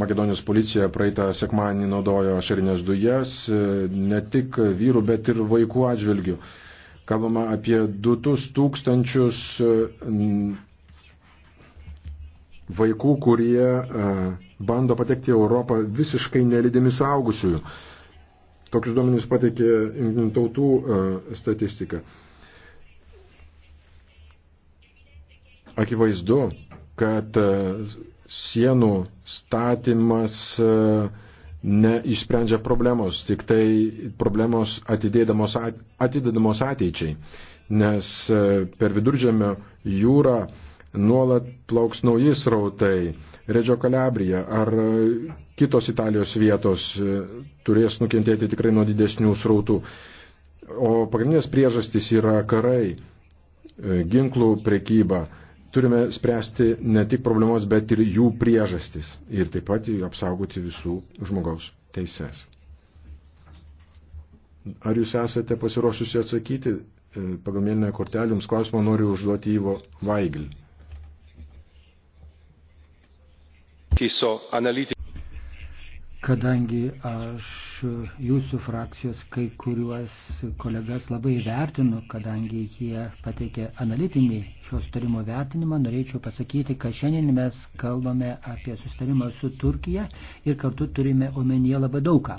Makedonijos policija praeitą sekmanį naudojo šarinės dujas, e, ne tik vyrų, bet ir vaikų atžvilgių. Kalbama apie 2000 vaikų, kurie e, bando patekti į Europą visiškai nelydimi suaugusiųjų. Tokius duomenys pateikė jungtinių tautų e, statistika. Akivaizdu, kad e, sienų statymas neišsprendžia problemos, tik tai problemos atidėdamos, atidedamos ateičiai, nes per viduržėmio jūrą nuolat plauks nauji srautai. Redžio Kalabrija ar e, kitos Italijos vietos e, turės nukentėti tikrai nuo didesnių srautų. O pagrindinės priežastys yra karai, e, ginklų prekyba. Turime spręsti ne tik problemos, bet ir jų priežastys. Ir taip pat apsaugoti visų žmogaus teises. Ar jūs esate pasiruošusi atsakyti pagal mėlyną kortelį? Jums klausimą noriu užduoti Ivo Vaigl. Kadangi aš jūsų frakcijos kai kuriuos kolegas labai vertinu, kadangi jie pateikė analitinį šio sutarimo vertinimą, norėčiau pasakyti, kad šiandien mes kalbame apie sustarimą su Turkija ir kartu turime omenyje labai daugą.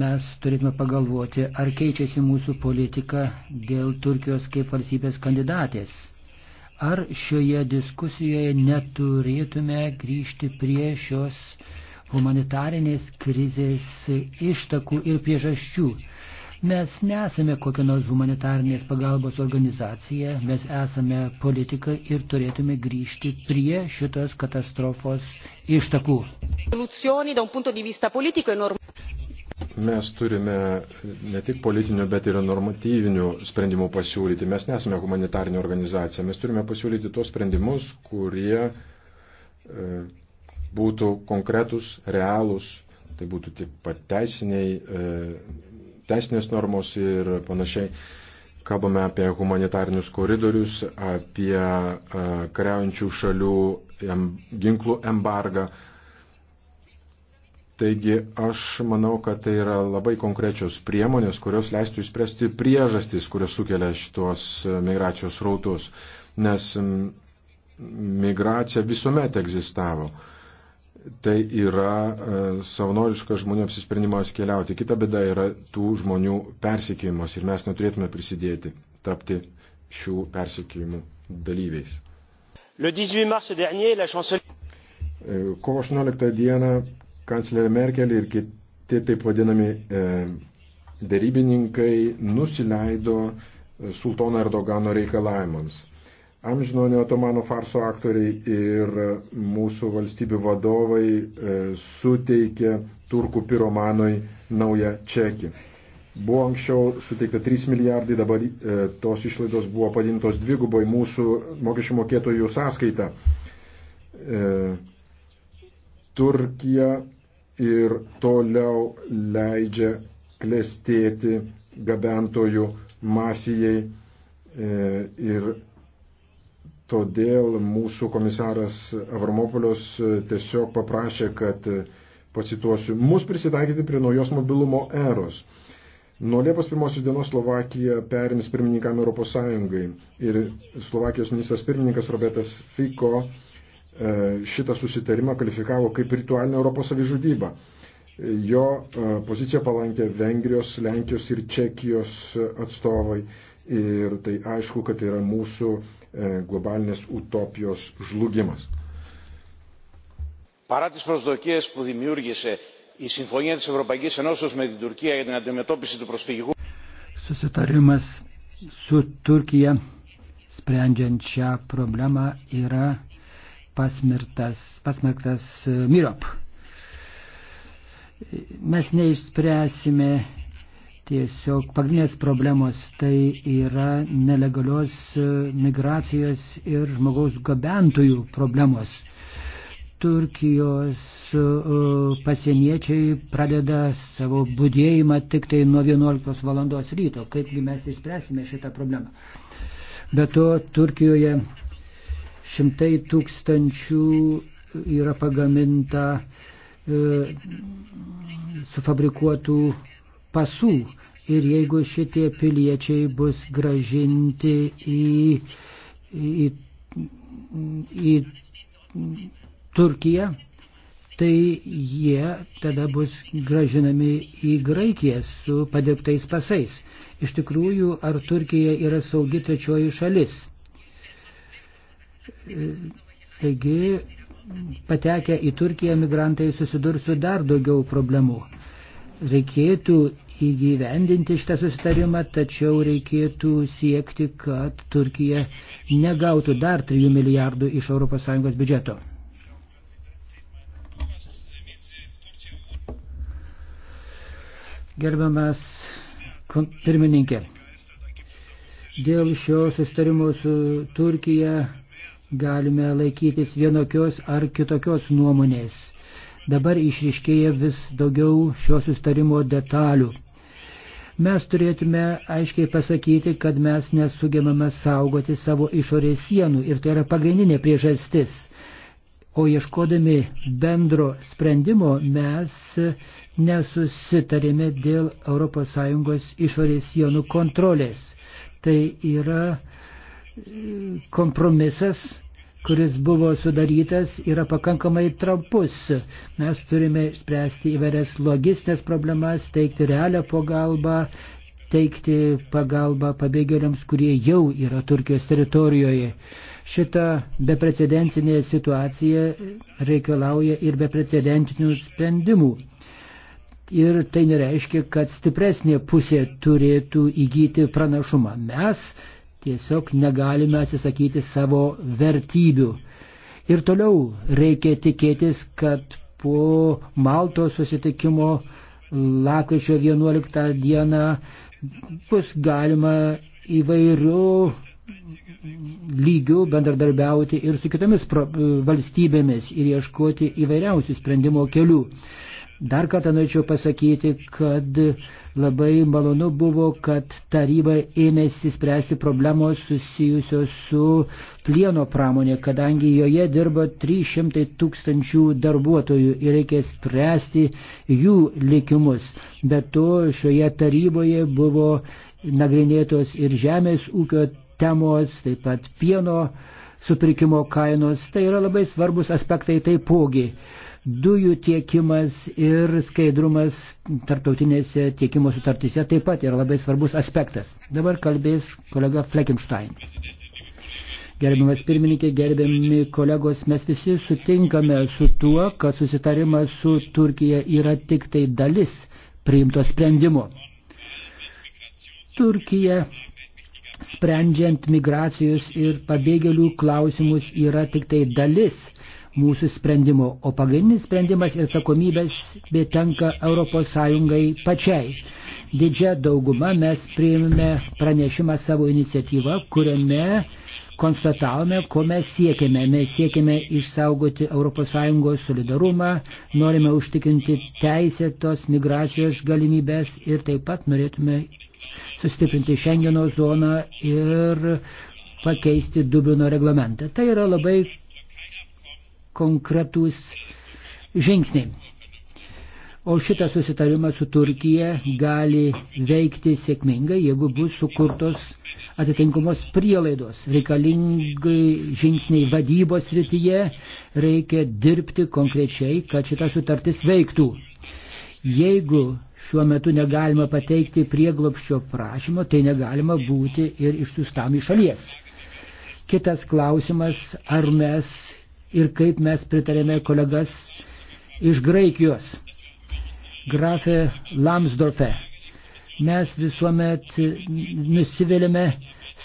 mes turėtume pagalvoti, ar keičiasi mūsų politika dėl Turkijos kaip valstybės kandidatės. Ar šioje diskusijoje neturėtume grįžti prie šios humanitarinės krizės ištakų ir priežasčių. Mes nesame kokia nors humanitarinės pagalbos organizacija, mes esame politika ir turėtume grįžti prie šitos katastrofos ištakų mes turime ne tik politinių, bet ir normatyvinių sprendimų pasiūlyti. Mes nesame humanitarinė organizacija. Mes turime pasiūlyti tos sprendimus, kurie e, būtų konkretus, realūs. Tai būtų tik pat teisiniai, e, teisinės normos ir panašiai. Kalbame apie humanitarinius koridorius, apie e, kariaujančių šalių em, ginklų embargą. E, Taigi aš manau, kad tai yra labai konkrečios priemonės, kurios leistų išspręsti priežastis, kurios sukelia šitos e, migracijos rautus, nes migracija visuomet egzistavo. Tai yra e, savanoriškas žmonių apsisprendimas keliauti. Kita bėda yra tų žmonių persikėjimas ir mes neturėtume prisidėti tapti šių persikėjimų dalyviais. E, kovo 18 dieną kanclerė Merkel ir kiti taip vadinami e, darybininkai nusileido sultono Erdogano reikalavimams. Amžino neotomano farso aktoriai ir mūsų valstybių vadovai e, suteikė turkų piromanui naują čekį. Buvo anksčiau suteikta 3 milijardai, dabar e, tos išlaidos buvo padintos dvigubai mūsų mokesčių mokėtojų sąskaita. E, Turkija ir toliau leidžia klestėti gabentojų mafijai e, ir todėl mūsų komisaras Avramopolios tiesiog paprašė, kad pacituosiu, mus prisitaikyti prie naujos mobilumo eros. Nuo Liepos pirmosios dienos Slovakija perims pirmininkam Europos Sąjungai ir Slovakijos ministras pirmininkas Robertas Fiko E, šitą susitarimą kvalifikavo kaip ritualinę Europos savižudybą. Jo e, poziciją palankė Vengrijos, Lenkijos ir Čekijos atstovai ir tai aišku, kad tai yra mūsų e, globalinės utopijos žlugimas. Παρά τις προσδοκίες που δημιούργησε η Συμφωνία της Ευρωπαϊκής Ενώσεως με την Τουρκία για την αντιμετώπιση του προσφυγικού. Susitarimas su Turkija sprendžiant šią problemą yra pasmirtas, pasmirtas e, mirop. Mes neišspręsime tiesiog pagrindinės problemos, tai yra nelegalios e, migracijos ir žmogaus gabentojų problemos. Turkijos e, pasieniečiai pradeda savo būdėjimą tik tai nuo 11 valandos ryto. Kaipgi mes išspręsime šitą problemą? Be to, Turkijoje Šimtai tūkstančių yra pagaminta e, sufabrikuotų pasų. Ir jeigu šitie piliečiai bus gražinti į, į, į, į Turkiją, tai jie tada bus gražinami į Graikiją su padirbtais pasais. Iš tikrųjų, ar Turkija yra saugi trečioji šalis? Taigi, patekę į Turkiją migrantai susidurs su dar daugiau problemų. Reikėtų įgyvendinti šitą susitarimą, tačiau reikėtų siekti, kad Turkija negautų dar 3 milijardų iš ES biudžeto. Gerbiamas pirmininkė, dėl šio susitarimo su Turkija galime laikytis vienokios ar kitokios nuomonės. Dabar išriškėja vis daugiau šio sustarimo detalių. Mes turėtume aiškiai pasakyti, kad mes nesugebame saugoti savo išorės sienų ir tai yra pagrindinė priežastis. O ieškodami bendro sprendimo mes nesusitarėme dėl ES išorės sienų kontrolės. Tai yra e, kompromisas, kuris buvo sudarytas, yra pakankamai trampus. Mes turime spręsti įvairias logistinės problemas, teikti realią pagalbą, teikti pagalbą pabėgėliams, kurie jau yra Turkijos teritorijoje. Šita beprecedentinė situacija reikalauja ir beprecedentinių sprendimų. Ir tai nereiškia, kad stipresnė pusė turėtų įgyti pranašumą. Mes Tiesiog negalime atsisakyti savo vertybių. Ir toliau reikia tikėtis, kad po Malto susitikimo lakryčio 11 dieną bus galima įvairių lygių bendradarbiauti ir su kitomis valstybėmis ir ieškoti įvairiausių sprendimo kelių. Dar kartą norėčiau pasakyti, kad Labai malonu buvo, kad taryba ėmėsi spręsti problemos susijusios su plieno pramonė, kadangi joje dirba 300 tūkstančių darbuotojų ir reikia spręsti jų likimus. Be to, šioje taryboje buvo nagrinėtos ir žemės ūkio temos, taip pat pieno supirkimo kainos. Tai yra labai svarbus aspektai taipogi dujų tiekimas ir skaidrumas tarptautinėse tiekimo sutartyse taip pat yra labai svarbus aspektas. Dabar kalbės kolega Fleckenstein. Gerbiamas pirmininkė, gerbiami kolegos, mes visi sutinkame su tuo, kad susitarimas su Turkija yra tik tai dalis priimto sprendimo. Turkija sprendžiant migracijos ir pabėgėlių klausimus yra tik tai dalis mūsų sprendimo, o pagrindinis sprendimas ir atsakomybės betenka ES pačiai. Didžia dauguma mes priėmėme pranešimą savo iniciatyvą, kuriame konstatavome, ko mes siekime. Mes siekime išsaugoti ES solidarumą, norime užtikrinti teisėtos migracijos galimybės ir taip pat norėtume sustiprinti Šengeno zoną ir pakeisti Dublino reglamentą. Tai yra labai konkretūs žingsniai. O šitas susitarimas su Turkija gali veikti sėkmingai, jeigu bus sukurtos atitinkamos prielaidos. Reikalingai žingsniai vadybos rytyje reikia dirbti konkrečiai, kad šita sutartis veiktų. Jeigu šiuo metu negalima pateikti prieglopščio prašymo, tai negalima būti ir išsiustam iš šalies. Kitas klausimas, ar mes ir kaip mes pritarėme kolegas iš Graikijos. Grafė Lamsdorfe. Mes visuomet nusivėlėme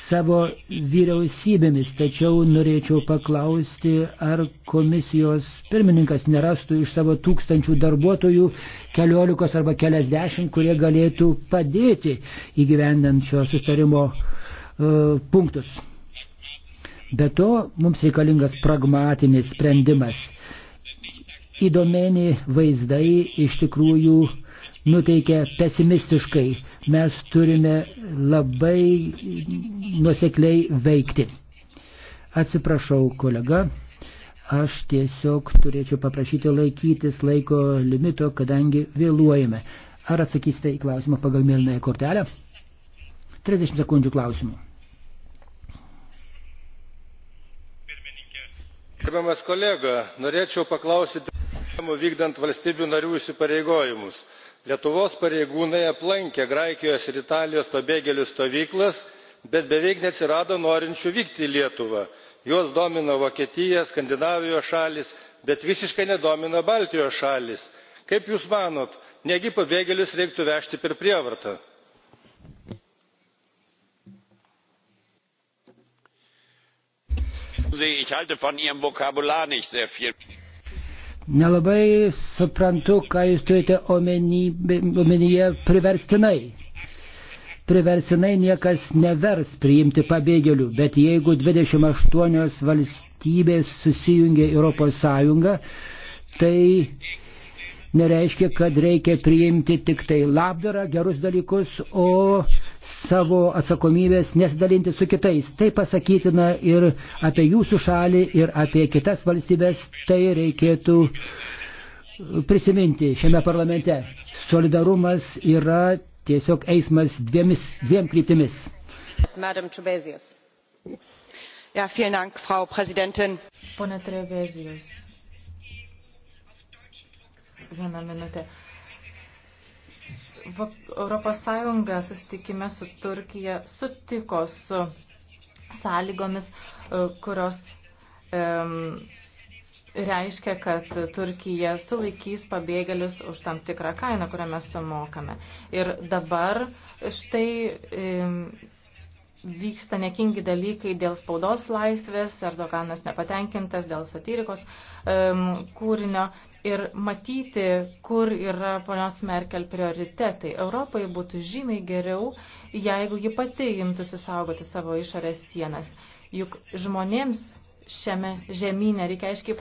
savo vyriausybėmis, tačiau norėčiau paklausti, ar komisijos pirmininkas nerastų iš savo tūkstančių darbuotojų keliolikos arba keliasdešimt, kurie galėtų padėti įgyvendant šio sustarimo uh, e, punktus. Be to, mums reikalingas pragmatinis sprendimas. Įdomeni vaizdai iš tikrųjų nuteikia pesimistiškai. Mes turime labai nusekliai veikti. Atsiprašau, kolega. Aš tiesiog turėčiau paprašyti laikytis laiko limito, kadangi vėluojame. Ar atsakysite į klausimą pagal mėlynąją kortelę? 30 sekundžių klausimų. gerbiamas kolega norėčiau paklausti dėl reikalavimų vykdant valstybių narių įsipareigojimus. lietuvos pareigūnai aplankė graikijos ir italijos pabėgėlių stovyklas bet beveik neatsirado norinčių vykti į lietuvą. juos domina vokietija skandinavijos šalys bet visiškai nedomina baltijos šalys. kaip jūs manote negi pabėgėlius reiktų vežti per prievartą? Nelabai suprantu, ką jūs turite omenyje, omenyje priverstinai. Priversinai niekas nevers priimti pabėgėlių, bet jeigu 28 valstybės susijungia Europos Sąjungą, tai nereiškia, kad reikia priimti tik tai labdarą, gerus dalykus, o savo atsakomybės nesidalinti su kitais. Tai pasakytina ir apie jūsų šalį, ir apie kitas valstybės. Tai reikėtų prisiminti šiame parlamente. Solidarumas yra tiesiog eismas dviemis, dviem kryptimis. Ja, Dank, Frau Pone Trebezijus, vieną minutę. Europos Sąjunga susitikime su Turkija sutiko su sąlygomis, e, kurios um, reiškia, kad Turkija sulaikys pabėgėlius už tam tikrą kainą, kurią mes sumokame. Ir dabar štai um, vyksta nekingi dalykai dėl spaudos laisvės, Erdoganas nepatenkintas dėl satirikos um, kūrinio ir matyti, kur yra ponios Merkel prioritetai. Europai būtų žymiai geriau, jeigu ji pati imtųsi saugoti savo išorės sienas. Juk žmonėms šiame žemynė reikia aiškiai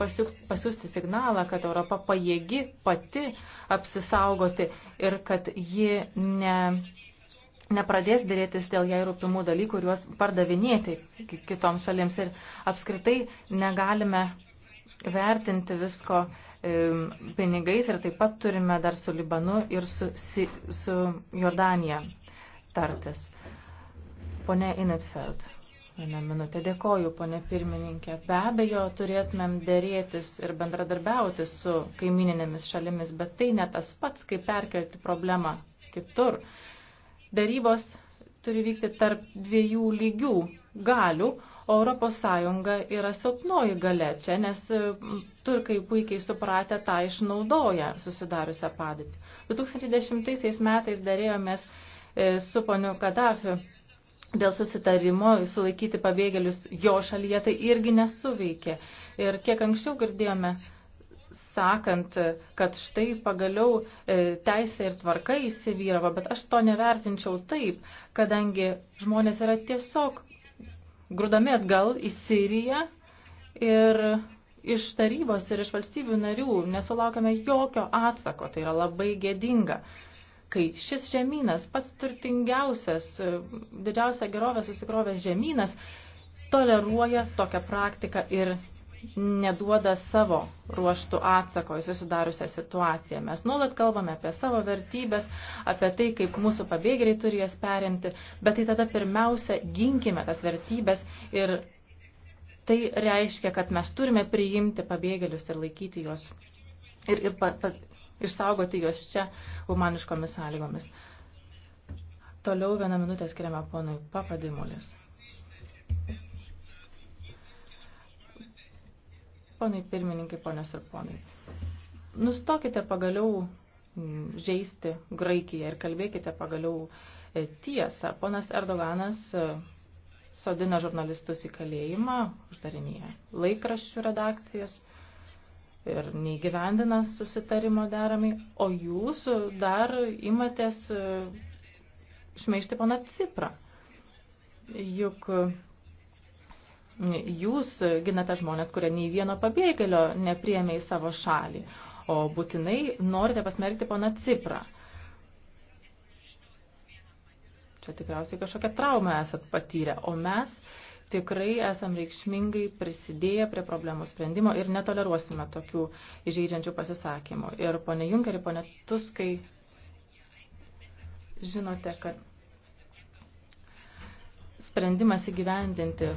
pasiūsti signalą, kad Europa pajėgi pati apsisaugoti ir kad ji ne, nepradės dėrėtis dėl jai rūpimų dalykų ir juos pardavinėti kitoms šalims. Ir apskritai negalime vertinti visko uh, pinigais ir taip pat turime dar su Libanu ir su, su Jordanija tartis. Pone Inetfeld, vieną minutę dėkoju, pone pirmininkė. Be abejo, turėtumėm dėrėtis ir bendradarbiauti su kaimininėmis šalimis, bet tai ne tas pats, kaip perkelti problemą kitur. Darybos turi vykti tarp dviejų lygių galių, o ES yra silpnoji gale čia, nes turkai puikiai supratę tą išnaudoja susidariusią padėtį. 2010 metais dėrėjomės e, su poniu Kadafiu dėl susitarimo sulaikyti pabėgėlius jo šalyje, tai irgi nesuveikė. Ir kiek anksčiau girdėjome, sakant, kad štai pagaliau e, teisė ir tvarka įsivyravo, bet aš to nevertinčiau taip, kadangi žmonės yra tiesiog grūdami atgal į Siriją ir iš tarybos ir iš valstybių narių nesulaukame jokio atsako. Tai yra labai gėdinga, kai šis žemynas, pats turtingiausias, didžiausia gerovė susikrovęs žemynas, toleruoja tokią praktiką ir neduoda savo ruoštų atsako į susidariusią situaciją. Mes nuolat kalbame apie savo vertybės, apie tai, kaip mūsų pabėgėliai turi jas perimti, bet tai tada pirmiausia ginkime tas vertybės ir tai reiškia, kad mes turime priimti pabėgėlius ir laikyti juos ir, ir pa, pa, išsaugoti juos čia humaniškomis sąlygomis. Toliau vieną minutę skiriame ponui Papadimulis. Ponai pirmininkai, ponios ir ponai, nustokite pagaliau mm, žaisti Graikiją ir kalbėkite pagaliau e, tiesą. Ponas Erdoganas e, sodina žurnalistus į kalėjimą, uždarinėja laikraščių redakcijas ir neįgyvendina susitarimo deramai, o jūs dar imatės e, šmeišti pana Ciprą. Juk jūs e, ginate žmonės, kurie nei vieno pabėgėlio nepriemė į savo šalį, o būtinai norite pasmerkti pana Ciprą. Čia tikriausiai kažkokią traumą esat patyrę, o mes tikrai esam reikšmingai prisidėję prie problemų sprendimo ir netoleruosime tokių įžeidžiančių pasisakymų. Ir ponė Junkeri, ponė Tuskai, žinote, kad sprendimas įgyvendinti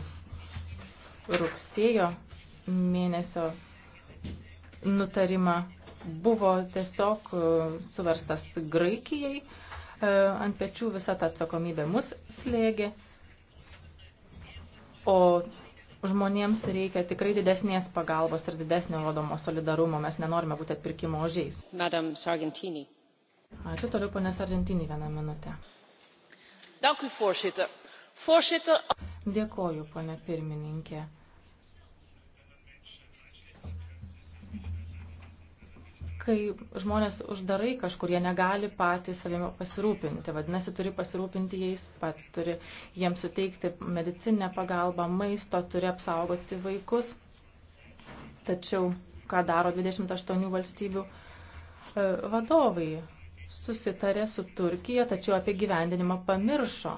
rugsėjo mėnesio nutarimą buvo tiesiog e, suverstas Graikijai, e, ant pečių visa ta atsakomybė mus slėgė, o žmonėms reikia tikrai didesnės pagalbos ir didesnio rodomo solidarumo, mes nenorime būti atpirkimo ožiais. Madam Sargentini. Ačiū toliau, ponė Sargentini, vieną minutę. Dank u, voorzitter. Voorzitter. Dėkoju, ponė pirmininkė. kai žmonės uždarai kažkur, jie negali patys savimi pasirūpinti. Tai vadinasi, turi pasirūpinti jais pats, turi jiems suteikti medicinę pagalbą, maisto, turi apsaugoti vaikus. Tačiau, ką daro 28 valstybių e, vadovai, susitarė su Turkija, tačiau apie gyvendinimą pamiršo.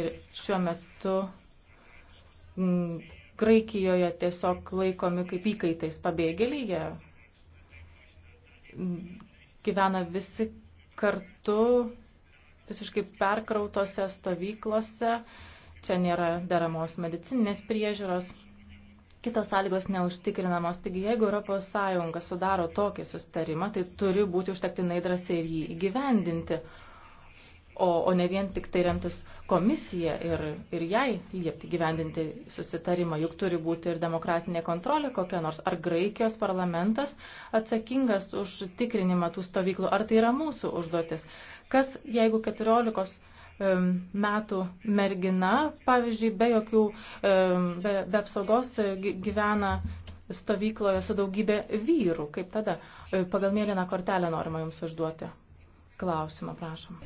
Ir šiuo metu m, mm, Graikijoje tiesiog laikomi kaip įkaitais pabėgėliai, jie gyvena visi kartu visiškai perkrautose stovyklose, čia nėra deramos medicininės priežiūros, kitos sąlygos neužtikrinamos. Taigi, jeigu ES sudaro tokį sustarimą, tai turi būti užtektinai drąsiai ir jį įgyvendinti o, o ne vien tik tai remtis komisiją ir, ir jai liepti gyvendinti susitarimą, juk turi būti ir demokratinė kontrolė kokia nors. Ar Graikijos parlamentas atsakingas už tikrinimą tų stovyklų, ar tai yra mūsų užduotis? Kas, jeigu 14 metų mergina, pavyzdžiui, be jokių, be, be apsaugos gyvena stovykloje su daugybė vyrų, kaip tada e, pagal mėlyną kortelę norima jums užduoti klausimą, prašom.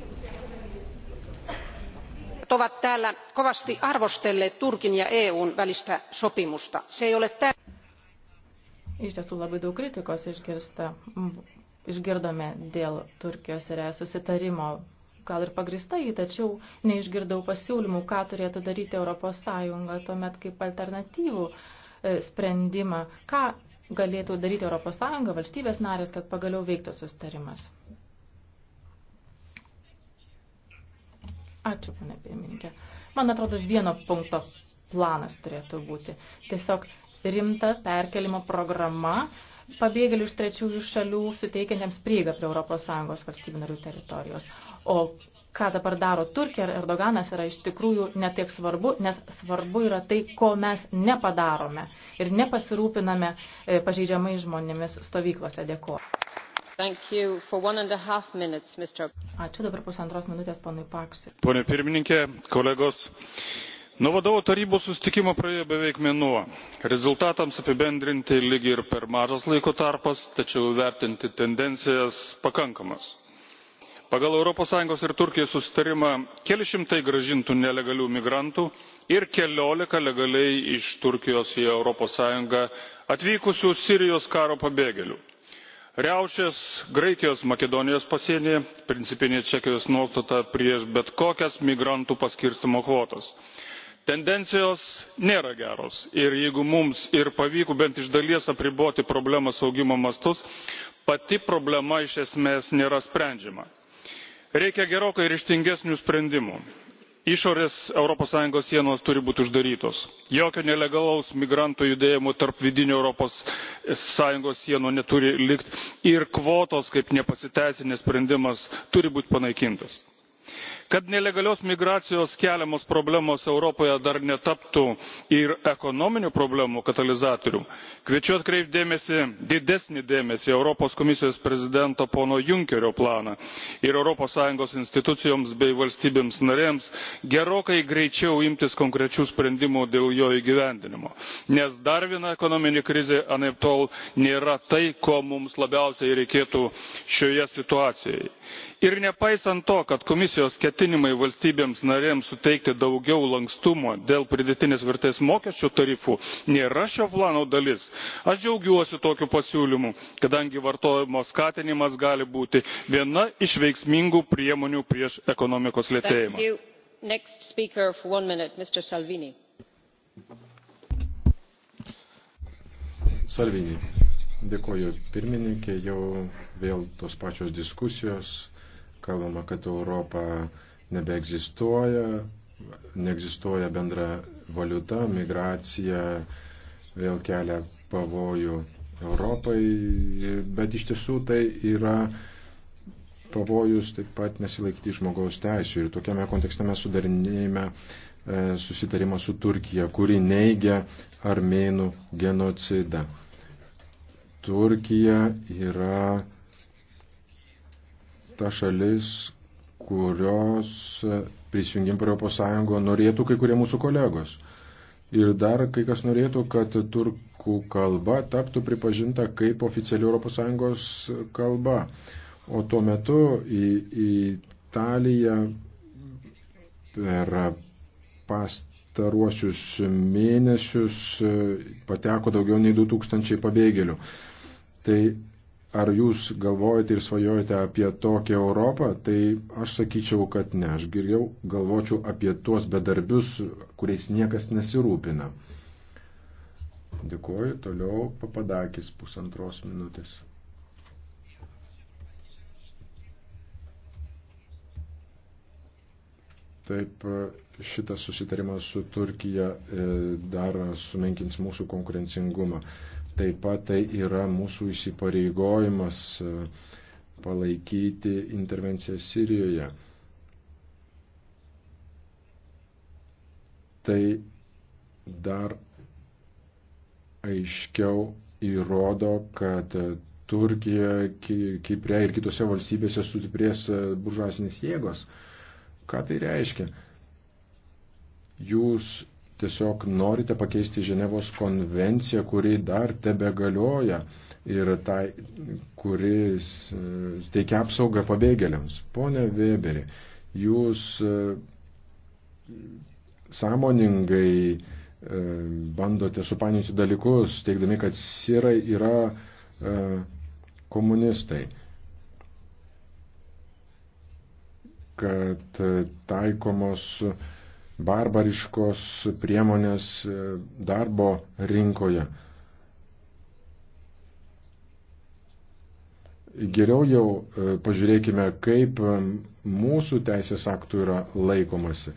ovat täällä kovasti arvostelleet Turkin ja EUn välistä sopimusta. Se ei ole tä- Iš tiesų labai daug kritikos išgirsta, išgirdome dėl Turkijos ir susitarimo, gal ir pagristai, tačiau neišgirdau pasiūlymų, ką turėtų daryti ES tuomet kaip alternatyvų e, sprendimą, ką galėtų daryti ES valstybės narės, kad pagaliau veiktų sustarimas. Ačiū, pane pirmininkė. Man atrodo, vieno punkto planas turėtų būti. Tiesiog rimta perkelimo programa pabėgėlių iš trečiųjų šalių suteikiantiems prieigą prie ES valstybių narių teritorijos. O ką dabar daro Turkija ir Erdoganas yra iš tikrųjų netiek svarbu, nes svarbu yra tai, ko mes nepadarome ir nepasirūpiname e, pažeidžiamai žmonėmis stovyklose. Dėkuoju. Minutes, Ačiū dabar pusantros minutės ponui Paksui. Pone pirmininkė, kolegos, nuo vadovo tarybos sustikimo praėjo beveik mėnuo. Rezultatams apibendrinti lyg ir per mažas laiko tarpas, tačiau vertinti tendencijas pakankamas. Pagal ES ir Turkijos susitarimą keli šimtai gražintų nelegalių migrantų ir keliolika legaliai iš Turkijos į ES atvykusių Sirijos karo pabėgėlių riaušės graikijos makedonijos pasienyje principinė čekijos nuostata prieš bet kokias migrantų paskirstymo kvotas. tendencijos nėra geros ir jeigu mums ir pavyko bent iš dalies apriboti problemos augimo mastus pati problema iš esmės nėra sprendžiama. reikia gerokai ryžtingesnių sprendimų išorės europos sąjungos sienos turi būti uždarytos jokio nelegalaus migrantų judėjimo tarp vidinių europos sąjungos sienų neturi likti ir kvotos kaip nepasiteisinęs sprendimas turi būti panaikintos kad nelegalios migracijos keliamos problemos europoje dar netaptų ir ekonominių problemų katalizatoriumi kviečiu atkreipti didesnį dėmesį į europos komisijos prezidento pono junkerio planą ir europos sąjungos institucijoms bei valstybėms narėms gerokai greičiau imtis konkrečių sprendimų dėl jo įgyvendinimo nes dar viena ekonominė krizė anaiptol nėra tai ko mums labiausiai reikėtų šioje situacijoje. ir nepaisant to kad komisijos ketinimai valstybėms narėms suteikti daugiau lankstumo dėl pridėtinės vertės mokesčio tarifų nėra šio plano dalis. aš džiaugiuosi tokiu pasiūlymu kadangi vartojimo skatinimas gali būti viena iš veiksmingų priemonių prieš ekonomikos lėtėjimą. Salvini, dėkoju pirmininkė, jau vėl tos pačios diskusijos, kalbama, kad Europa nebeegzistuoja, neegzistuoja bendra valiuta, migracija vėl kelia pavojų Europai, bet iš tiesų tai yra pavojus taip pat nesilaikyti žmogaus teisų. Ir tokiame kontekste mes sudarinėjame e, susitarimą su Turkija, kuri neigia armėnų genocidą. Turkija yra ta šalis, kurios prisijungim prie Europos Sąjungo norėtų kai kurie mūsų kolegos. Ir dar kai kas norėtų, kad turkų kalba taptų pripažinta kaip oficiali Europos Sąjungos kalba. O tuo metu į, į Italiją per pastaruosius mėnesius pateko daugiau nei 2000 pabėgėlių. Tai ar jūs galvojate ir svajojate apie tokią Europą, tai aš sakyčiau, kad ne, aš geriau galvočiau apie tuos bedarbius, kuriais niekas nesirūpina. Dėkuoju, toliau papadakis pusantros minutės. Taip, šitas susitarimas su Turkija e, dar sumenkins mūsų konkurencingumą. Taip pat tai yra mūsų įsipareigojimas e, palaikyti intervenciją Sirijoje. Tai dar aiškiau įrodo, kad Turkija, Kiprė ir kitose valstybėse sustiprės e, buržuasinės jėgos. Ką tai reiškia? Jūs tiesiog norite pakeisti Ženevos konvenciją, kuri dar tebe galioja ir tai, kuris teikia apsaugą pabėgėliams. Pone Weberi, jūs e, sąmoningai e, bandote supainioti dalykus, teikdami, kad sirai yra e, komunistai, kad taikomos uh, barbariškos priemonės e, darbo rinkoje. Geriau jau e, pažiūrėkime, kaip e, mūsų teisės aktų yra laikomasi.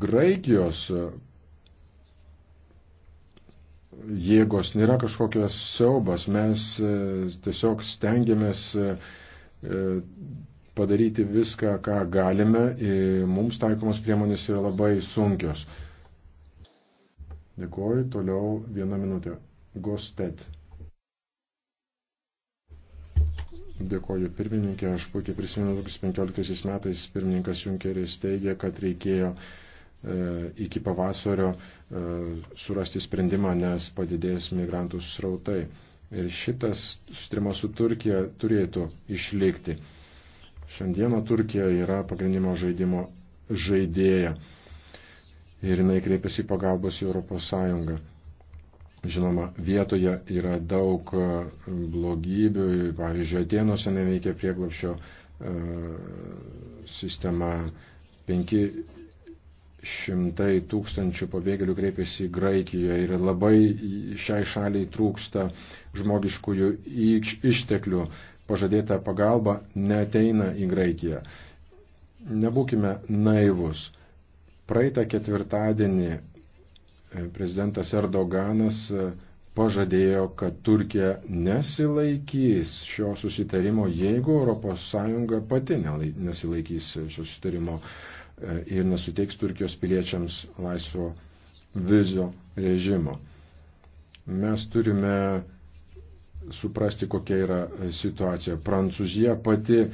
Graikijos jėgos nėra kažkokios siaubas, mes tiesiog stengiamės padaryti viską, ką galime. Mums taikomos priemonės yra labai sunkios. Dėkuoju, toliau vieną minutę. Gostet. Dėkoju pirmininkė, aš puikiai prisimenu, 2015 metais pirmininkas Junkeris teigė, kad reikėjo e, iki pavasario e, surasti sprendimą, nes padidės migrantų srautai. Ir šitas sutrimas su Turkija turėtų išlikti. Šiandieną Turkija yra pagrindimo žaidimo žaidėja ir jinai kreipiasi pagalbos į Europos Sąjungą. Žinoma, vietoje yra daug e, blogybių, pavyzdžiui, Atenose neveikia prieglapšio e, sistema. 500 tūkstančių pabėgėlių kreipiasi į Graikiją ir labai šiai šaliai trūksta žmogiškųjų išteklių pažadėta pagalba neteina į Graikiją. Nebūkime naivus. Praeitą ketvirtadienį e, prezidentas Erdoganas e, pažadėjo, kad Turkija nesilaikys šio susitarimo, jeigu ES pati nesilaikys susitarimo e, ir nesuteiks Turkijos piliečiams laisvo vizio režimo. Mes turime suprasti, kokia yra e, situacija. Prancūzija pati e,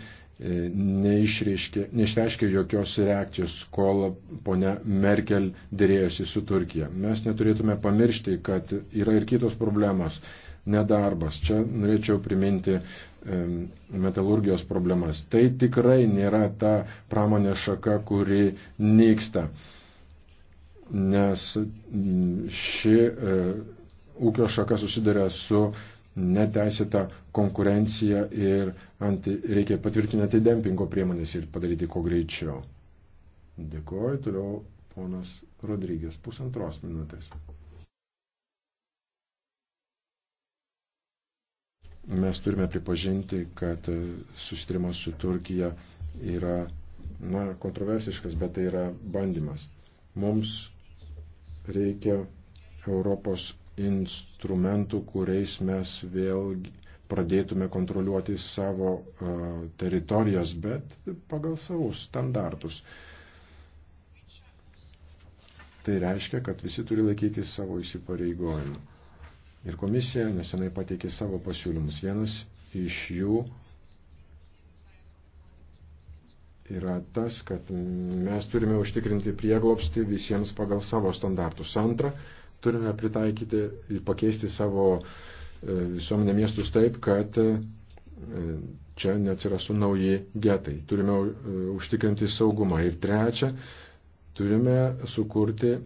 neišreiškė jokios reakcijos, kol ponia Merkel dėrėjosi su Turkija. Mes neturėtume pamiršti, kad yra ir kitos problemos. Nedarbas. Čia norėčiau priminti e, metalurgijos problemas. Tai tikrai nėra ta pramonė šaka, kuri nyksta. Nes ši ūkio šaka susiduria su neteisėtą konkurenciją ir anti, reikia patvirtinti dempingo priemonės ir padaryti kuo greičiau. Dėkuoju, toliau ponas Rodrygės pusantros minutės. Mes turime pripažinti, kad susitrimas su Turkija yra na, kontroversiškas, bet tai yra bandymas. Mums reikia Europos instrumentų, kuriais mes vėl pradėtume kontroliuoti savo teritorijas, bet pagal savus standartus. Tai reiškia, kad visi turi laikyti savo įsipareigojimų. Ir komisija nesenai pateikė savo pasiūlymus. Vienas iš jų yra tas, kad mes turime užtikrinti prieglopsti visiems pagal savo standartus. Antra, turime pritaikyti ir pakeisti savo e, visuomenę miestus taip, kad e, čia neatsirastų nauji getai. Turime e, užtikrinti saugumą. Ir trečia, turime sukurti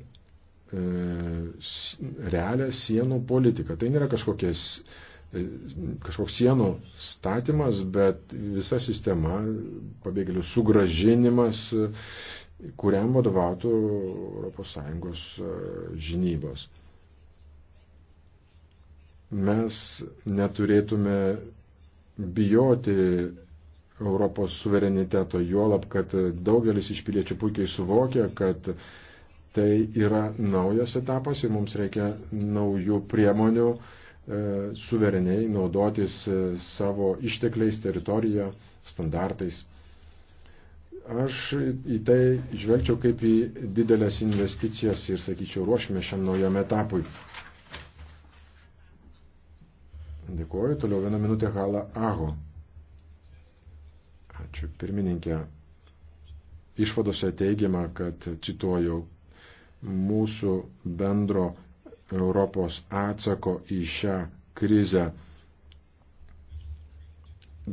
realią sienų politiką. Tai nėra kažkokies kažkoks sienų statymas, bet visa sistema, pabėgėlių sugražinimas, kuriam vadovautų ES e, žinybos. Mes neturėtume bijoti Europos suvereniteto, juolab, kad daugelis iš piliečių puikiai suvokia, kad tai yra naujas etapas ir mums reikia naujų priemonių e, suvereniai naudotis e, savo ištekliais, teritoriją, standartais. Aš į tai žvelgčiau kaip į didelės investicijas ir, sakyčiau, ruošime šiam naujam etapui. Dėkuoju, toliau vieną minutę Hala Aho. Ačiū, pirmininkė. Išvadose teigiama, kad, cituoju, mūsų bendro Europos atsako į šią krizę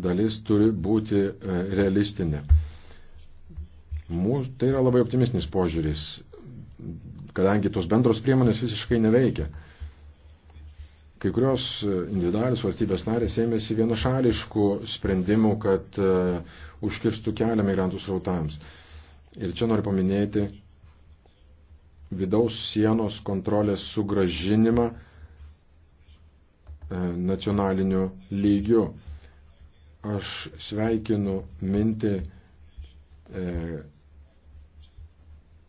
dalis turi būti e, realistinė Mūsų, tai yra labai optimistinis požiūris, kadangi tos bendros priemonės visiškai neveikia. Kai kurios e, individualius valstybės narės ėmėsi vienašališkų sprendimų, kad uh, užkirstų kelią migrantų srautams. Ir čia noriu paminėti vidaus sienos kontrolės sugražinimą e, nacionaliniu lygiu. Aš sveikinu mintį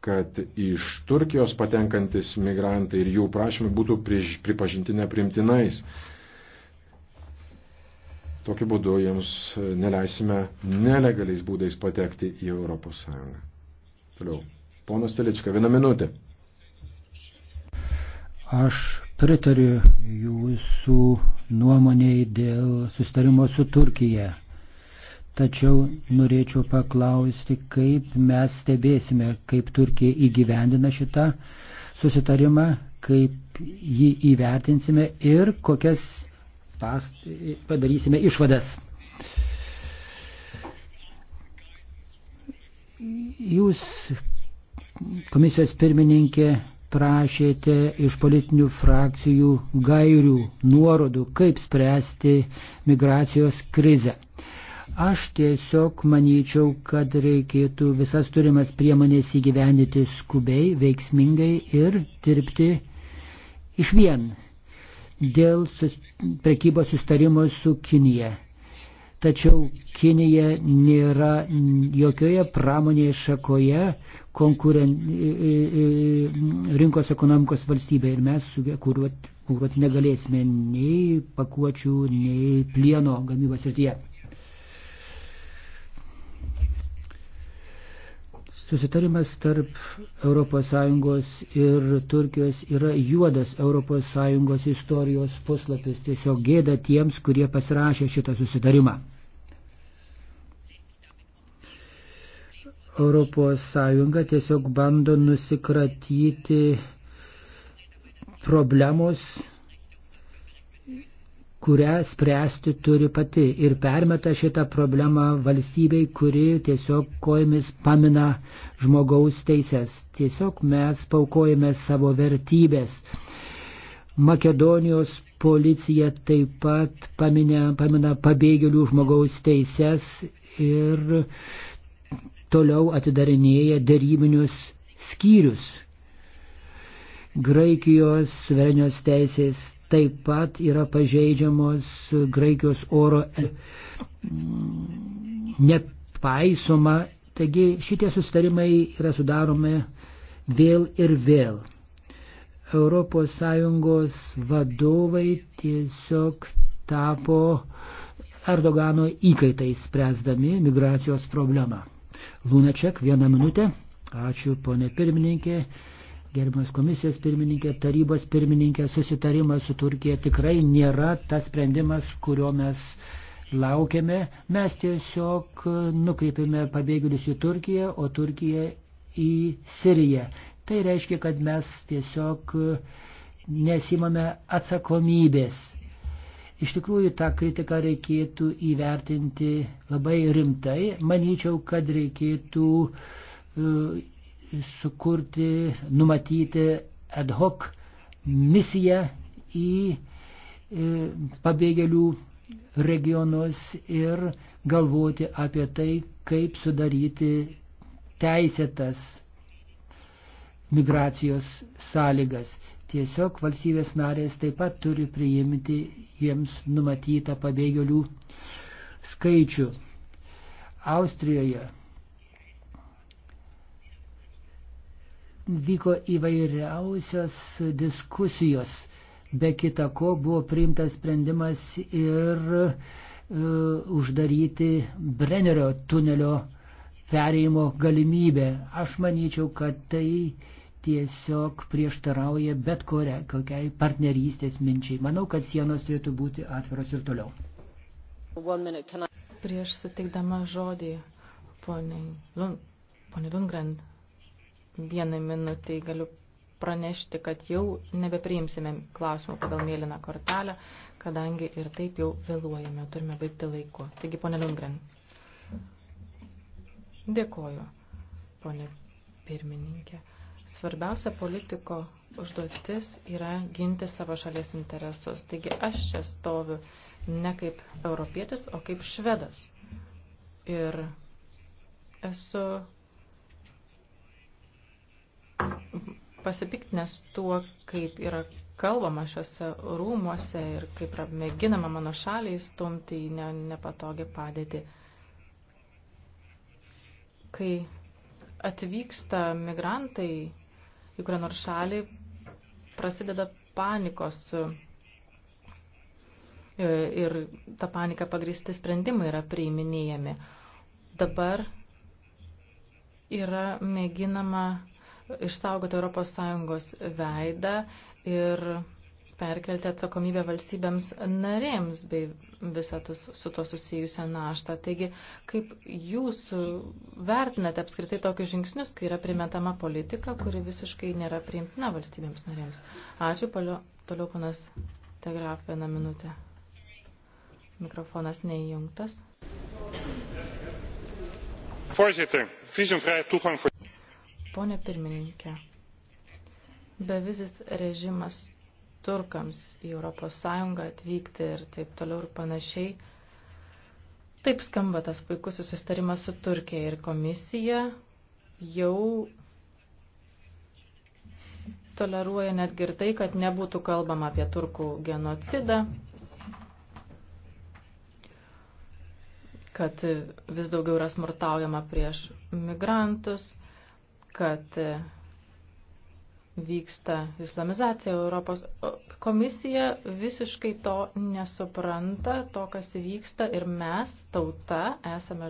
kad iš Turkijos patenkantis migrantai ir jų prašymai būtų pripažinti neprimtinais. Tokiu būdu jiems neleisime nelegaliais būdais patekti į Europos Sąjungą. Toliau. Ponas Telička, vieną minutę. Aš pritariu jūsų nuomonėjai dėl sustarimo su Turkija. Tačiau norėčiau paklausti, kaip mes stebėsime, kaip Turkija įgyvendina šitą susitarimą, kaip jį įvertinsime ir kokias past... padarysime išvadas. Jūs, komisijos pirmininkė, prašėte iš politinių frakcijų gairių, nuorodų, kaip spręsti migracijos krizę. Aš tiesiog manyčiau, kad reikėtų visas turimas priemonės įgyvenyti skubiai, veiksmingai ir dirbti iš vien dėl sus, prekybos sustarimo su Kinija. Tačiau Kinija nėra jokioje pramonėje šakoje konkuren, rinkos ekonomikos valstybė ir mes kūruot, kūruot negalėsime nei pakuočių, nei plieno gamybos srityje. Susitarimas tarp ES ir Turkijos yra juodas ES istorijos puslapis. Tiesiog gėda tiems, kurie pasirašė šitą susitarimą. ES tiesiog bando nusikratyti problemos kurią spręsti turi pati ir permeta šitą problemą valstybei, kuri tiesiog kojomis pamina žmogaus teises. Tiesiog mes paukojame savo vertybės. Makedonijos policija taip pat paminė, pamina pabėgėlių žmogaus teises ir toliau atidarinėja darybinius skyrius. Graikijos suverenios teisės Taip pat yra pažeidžiamos Graikijos oro e, nepaisoma. Taigi šitie sustarimai yra sudaromi vėl ir vėl. ES vadovai tiesiog tapo Erdogano įkaitai spręsdami migracijos problemą. Lunaček, vieną minutę. Ačiū, ponė pirmininkė gerbiamas komisijos pirmininkė, tarybos pirmininkė, susitarimas su Turkija tikrai nėra tas sprendimas, kurio mes laukiame. Mes tiesiog nukreipėme pabėgėlius į Turkiją, o Turkiją į Siriją. Tai reiškia, kad mes tiesiog nesimame atsakomybės. Iš tikrųjų, tą kritiką reikėtų įvertinti labai rimtai. Manyčiau, kad reikėtų uh, sukurti, numatyti ad hoc misiją į e, pabėgėlių regionus ir galvoti apie tai, kaip sudaryti teisėtas migracijos sąlygas. Tiesiog valstybės narės taip pat turi priimti jiems numatytą pabėgėlių skaičių. Austrijoje vyko įvairiausios diskusijos. Be kita ko buvo priimtas sprendimas ir e, uždaryti Brennerio tunelio perėjimo galimybę. Aš manyčiau, kad tai tiesiog prieštarauja bet kuria, kokiai partnerystės minčiai. Manau, kad sienos turėtų būti atviros ir toliau. Prieš sutikdama žodį, ponė Lundgren, vienai minutai galiu pranešti, kad jau nebepriimsime klausimų pagal mėlyną kortelę, kadangi ir taip jau vėluojame, turime baigti laiku. Taigi, ponė Lundgren. Dėkoju, ponė pirmininkė. Svarbiausia politiko užduotis yra ginti savo šalies interesus. Taigi aš čia stoviu ne kaip europietis, o kaip švedas. Ir esu pasipiktinęs tuo, kaip yra kalbama šiuose rūmuose ir kaip yra mėginama mano šaliai stumti į ne, nepatogią padėtį. Kai atvyksta migrantai į kurią nors šalį, prasideda panikos e, ir ta panika pagristi sprendimai yra priiminėjami. Dabar yra mėginama išsaugoti ES veidą ir perkelti atsakomybę valstybėms narėms bei visą su to susijusią naštą. Taigi, kaip jūs vertinate apskritai tokius žingsnius, kai yra primetama politika, kuri visiškai nėra priimtina valstybėms narėms? Ačiū, palio, toliau ponas Tegraf, vieną minutę. Mikrofonas neįjungtas. Voorzitter, visumvrije toegang voor Pone pirmininkė, bevizis režimas turkams į Europos Sąjungą atvykti ir taip toliau ir panašiai. Taip skamba tas puikus susitarimas su Turkija ir komisija jau toleruoja netgi ir tai, kad nebūtų kalbama apie turkų genocidą, kad vis daugiau yra smurtaujama prieš migrantus – kad e, vyksta islamizacija Europos. Komisija visiškai to nesupranta, to, kas vyksta ir mes, tauta, esame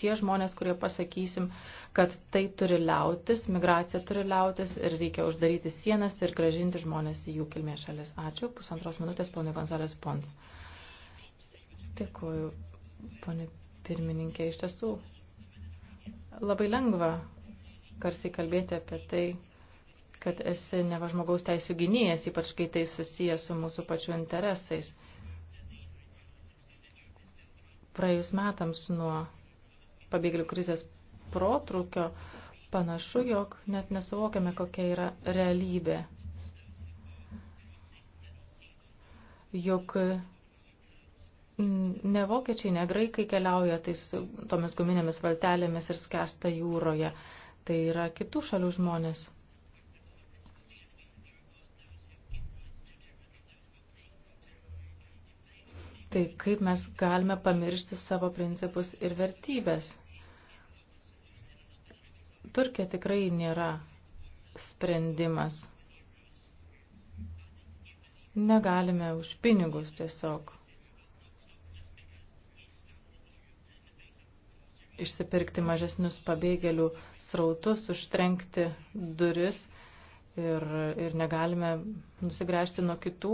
tie žmonės, kurie pasakysim, kad tai turi liautis, migracija turi liautis ir reikia uždaryti sienas ir gražinti žmonės į jų kilmės šalis. Ačiū. Pusantros minutės, ponė Gonzalės Pons. Dėkuoju, ponė pirmininkė, iš tiesų. Labai lengva garsiai kalbėti apie tai, kad esi neva žmogaus teisų gynėjas, ypač kai tai susijęs su mūsų pačių interesais. Praėjus metams nuo pabėgėlių krizės protrukio panašu, jog net nesuvokiame, kokia yra realybė. Juk ne vokiečiai, ne graikai keliauja tais, tomis guminėmis valtelėmis ir skęsta jūroje tai yra kitų šalių žmonės. Tai kaip mes galime pamiršti savo principus ir vertybės? Turkija tikrai nėra sprendimas. Negalime už pinigus tiesiog išsipirkti mažesnius pabėgėlių srautus, užtrenkti duris ir, ir negalime nusigręžti nuo kitų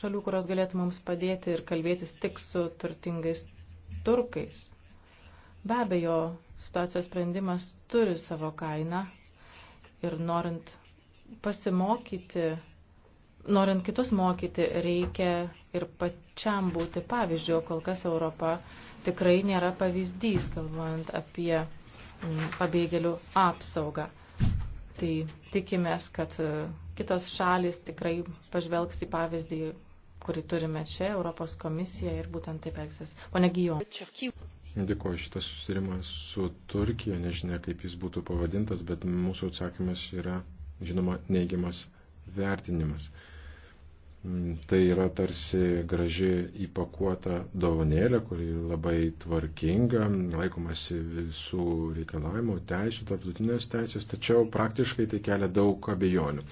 šalių, kurios galėtų mums padėti ir kalbėtis tik su turtingais turkais. Be abejo, situacijos sprendimas turi savo kainą ir norint pasimokyti norint kitus mokyti, reikia ir pačiam būti pavyzdžių, kol kas Europa tikrai nėra pavyzdys, kalbant apie mm, pabėgėlių apsaugą. Tai tikimės, kad e, kitos šalis tikrai pažvelgs į pavyzdį, kurį turime čia, Europos komisija ir būtent taip elgsis. Pone Gijo. Dėkuoju, šitas susirimas su Turkija, nežinia kaip jis būtų pavadintas, bet mūsų atsakymas yra, žinoma, neigiamas vertinimas. Mm, tai yra tarsi graži įpakuota dovanėlė, kuri labai tvarkinga, laikomasi visų reikalavimų, teisų, tarptautinės teisės, tačiau praktiškai tai kelia daug abejonių.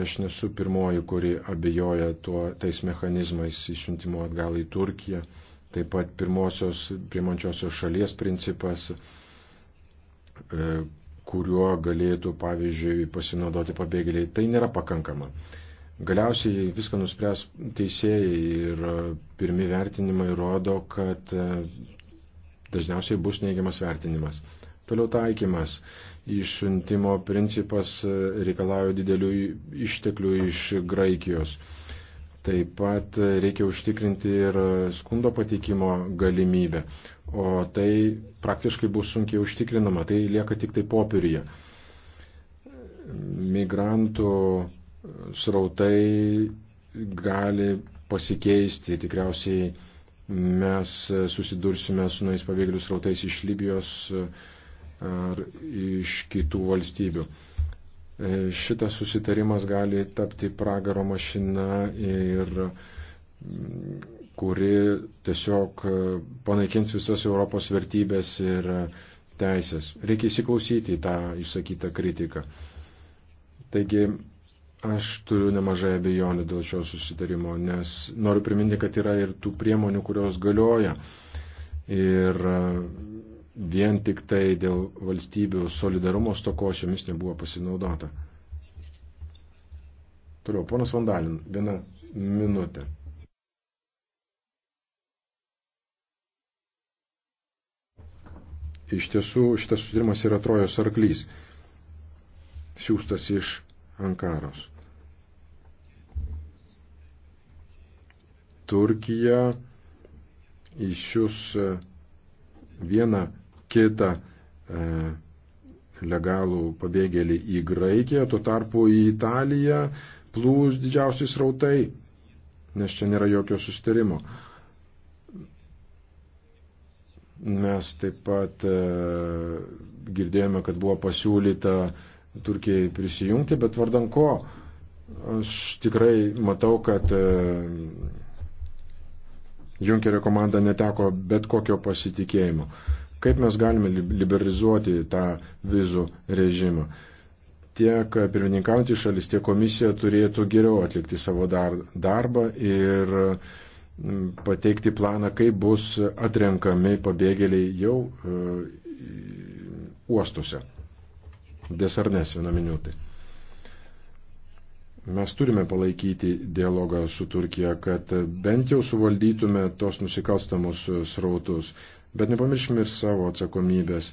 Aš nesu pirmoji, kuri abejoja tuo, tais mechanizmais išsiuntimo atgal į Turkiją, taip pat pirmosios primančiosios šalies principas, e, kuriuo galėtų, pavyzdžiui, pasinaudoti pabėgėliai, tai nėra pakankama. Galiausiai viską nuspręs teisėjai ir e, pirmi vertinimai rodo, kad e, dažniausiai bus neigiamas vertinimas. Toliau taikymas. Išsiuntimo principas e, reikalauja didelių išteklių iš Graikijos. Taip pat reikia užtikrinti ir skundo pateikimo galimybę, o tai praktiškai bus sunkiai užtikrinama, tai lieka tik tai popieriuje. Migrantų srautai gali pasikeisti. Tikriausiai mes susidursime su nais pabėgėlių srautais iš Libijos e, ar iš kitų valstybių. E, šitas susitarimas gali tapti pragaro mašina ir mm, kuri tiesiog e, panaikins visas Europos vertybės ir teisės. Reikia įsiklausyti į tą išsakytą kritiką. Taigi Aš turiu nemažai abejonių dėl šio susitarimo, nes noriu priminti, kad yra ir tų priemonių, kurios galioja. Ir e, vien tik tai dėl valstybių solidarumo stokos jomis nebuvo pasinaudota. Toliau, ponas Vandalin, viena minutė. Iš tiesų, šitas sutirimas yra trojos arklys, siūstas iš Ankaros. Turkija iššius e, vieną kitą e, legalų pabėgėlį į Graikiją, tuo tarpu į Italiją plūs didžiausiais rautai, nes čia nėra jokio sustarimo. Mes taip pat e, girdėjome, kad buvo pasiūlyta Turkijai prisijungti, bet vardan ko? Aš tikrai matau, kad Junkerio komanda neteko bet kokio pasitikėjimo. Kaip mes galime liberalizuoti tą vizų režimą? Tiek pirmininkaujantys šalis, tiek komisija turėtų geriau atlikti savo darbą ir pateikti planą, kaip bus atrenkami pabėgėliai jau e, uostuose. Desarnes vieną minutę. Mes turime palaikyti dialogą su Turkija, kad bent jau suvaldytume tos nusikalstamus srautus. Bet nepamirškime savo atsakomybės.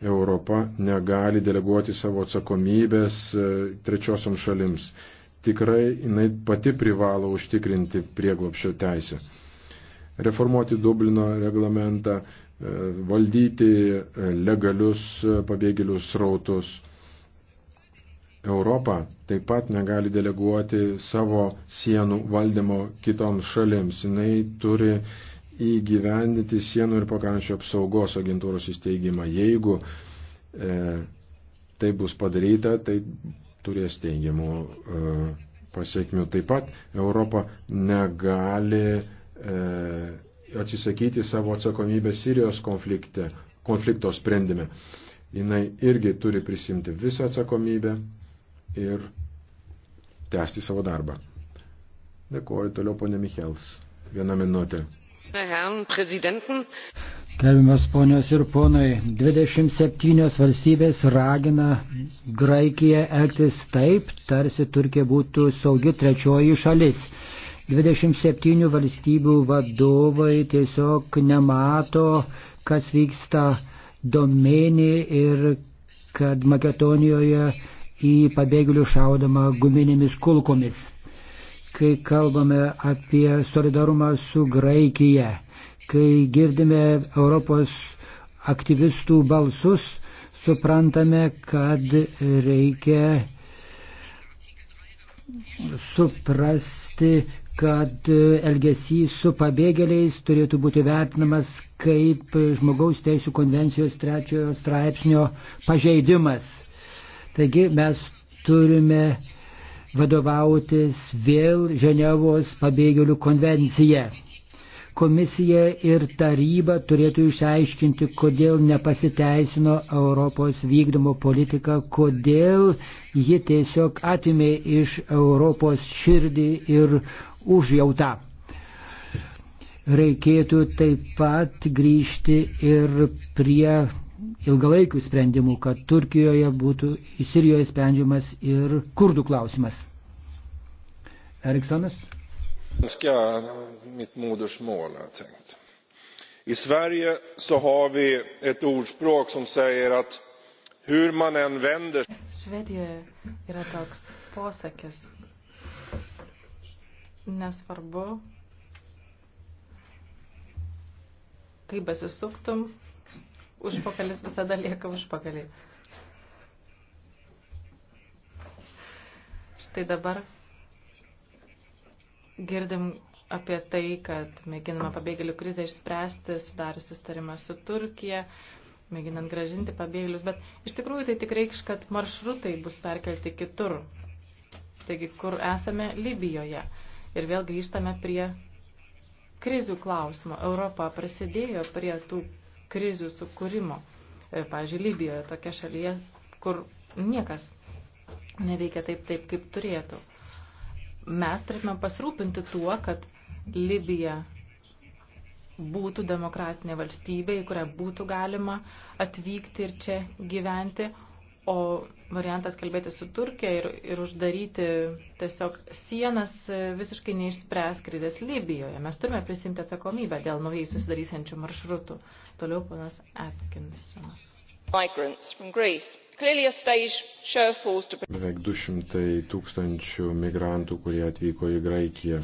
Europa negali deleguoti savo atsakomybės e, trečiosiam šalims. Tikrai jinai pati privalo užtikrinti prieglopšio teisę. Reformuoti Dublino reglamentą, e, valdyti e, legalius pabėgėlių srautus Europa taip pat negali deleguoti savo sienų valdymo kitoms šalims. Jis turi įgyvendinti sienų ir pakrančio apsaugos agentūros įsteigimą. Jeigu e, tai bus padaryta, tai turės teigiamų e, pasiekmių. Taip pat Europa negali e, atsisakyti savo atsakomybės Sirijos konflikte, konflikto sprendime. Jis irgi turi prisimti visą atsakomybę ir tęsti savo darbą. Dėkuoju toliau ponė Michels. Vieną minutę. Gerbiamas ponios ir ponai, 27 valstybės ragina Graikiją elgtis taip, tarsi Turkija būtų saugi trečioji šalis. 27 valstybių vadovai tiesiog nemato, kas vyksta domeni ir kad Makedonijoje į pabėgėlių šaudama guminėmis kulkomis. Kai kalbame apie solidarumą su Graikija, kai girdime Europos aktyvistų balsus, suprantame, kad reikia suprasti, kad elgesys su pabėgėliais turėtų būti vertinamas kaip žmogaus teisų konvencijos trečiojo straipsnio pažeidimas. Taigi mes turime vadovautis vėl Ženevos pabėgėlių konvencija. Komisija ir taryba turėtų išaiškinti, kodėl nepasiteisino Europos vykdomo politika, kodėl ji tiesiog atimė iš Europos širdį ir užjautą. Reikėtų taip pat grįžti ir prie ilgalaikių sprendimų, kad Turkijoje būtų Sirijoje sprendžiamas ir kurdų klausimas. Eriksonas? Ska mitt modersmål har jag tänkt. I Sverige så har vi ett ordspråk som säger att hur man än vänder sig... Švedijoje yra toks posakis. Nesvarbu, kaip besisuktum, užpakalis visada lieka užpakaliai. Štai dabar girdim apie tai, kad mėginama pabėgėlių krizę išspręsti, sudarius sustarimą su Turkija, mėginant gražinti pabėgėlius, bet iš tikrųjų tai tik reikš, kad maršrutai bus perkelti kitur. Taigi, kur esame Libijoje. Ir vėl grįžtame prie krizių klausimo. Europa prasidėjo prie tų krizių sukūrimo. E, pavyzdžiui, Libijoje tokia šalyje, kur niekas neveikia taip, taip, kaip turėtų. Mes turėtume pasirūpinti tuo, kad Libija būtų demokratinė valstybė, į kurią būtų galima atvykti ir čia gyventi, O variantas kalbėti su Turkija ir, ir uždaryti tiesiog sienas visiškai neišspręs krizės Libijoje. Mes turime prisimti atsakomybę dėl naujai susidarysiančių maršrutų. Toliau panas Atkinsonas. Beveik 200 tūkstančių migrantų, kurie atvyko į Graikiją.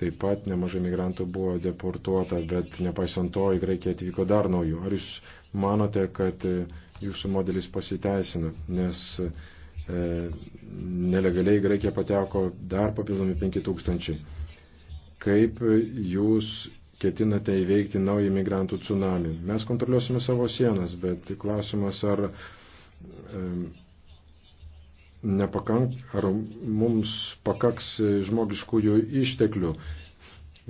Taip pat nemažai migrantų buvo deportuota, bet nepaisant to į Graikiją atvyko dar naujų. Ar jūs manote, kad jūsų modelis pasiteisina, nes e, nelegaliai Graikija pateko dar papildomi 5000. Kaip jūs ketinate įveikti naują migrantų tsunami? Mes kontroliuosime savo sienas, bet klausimas, ar, e, nepakank, ar mums pakaks žmogiškųjų išteklių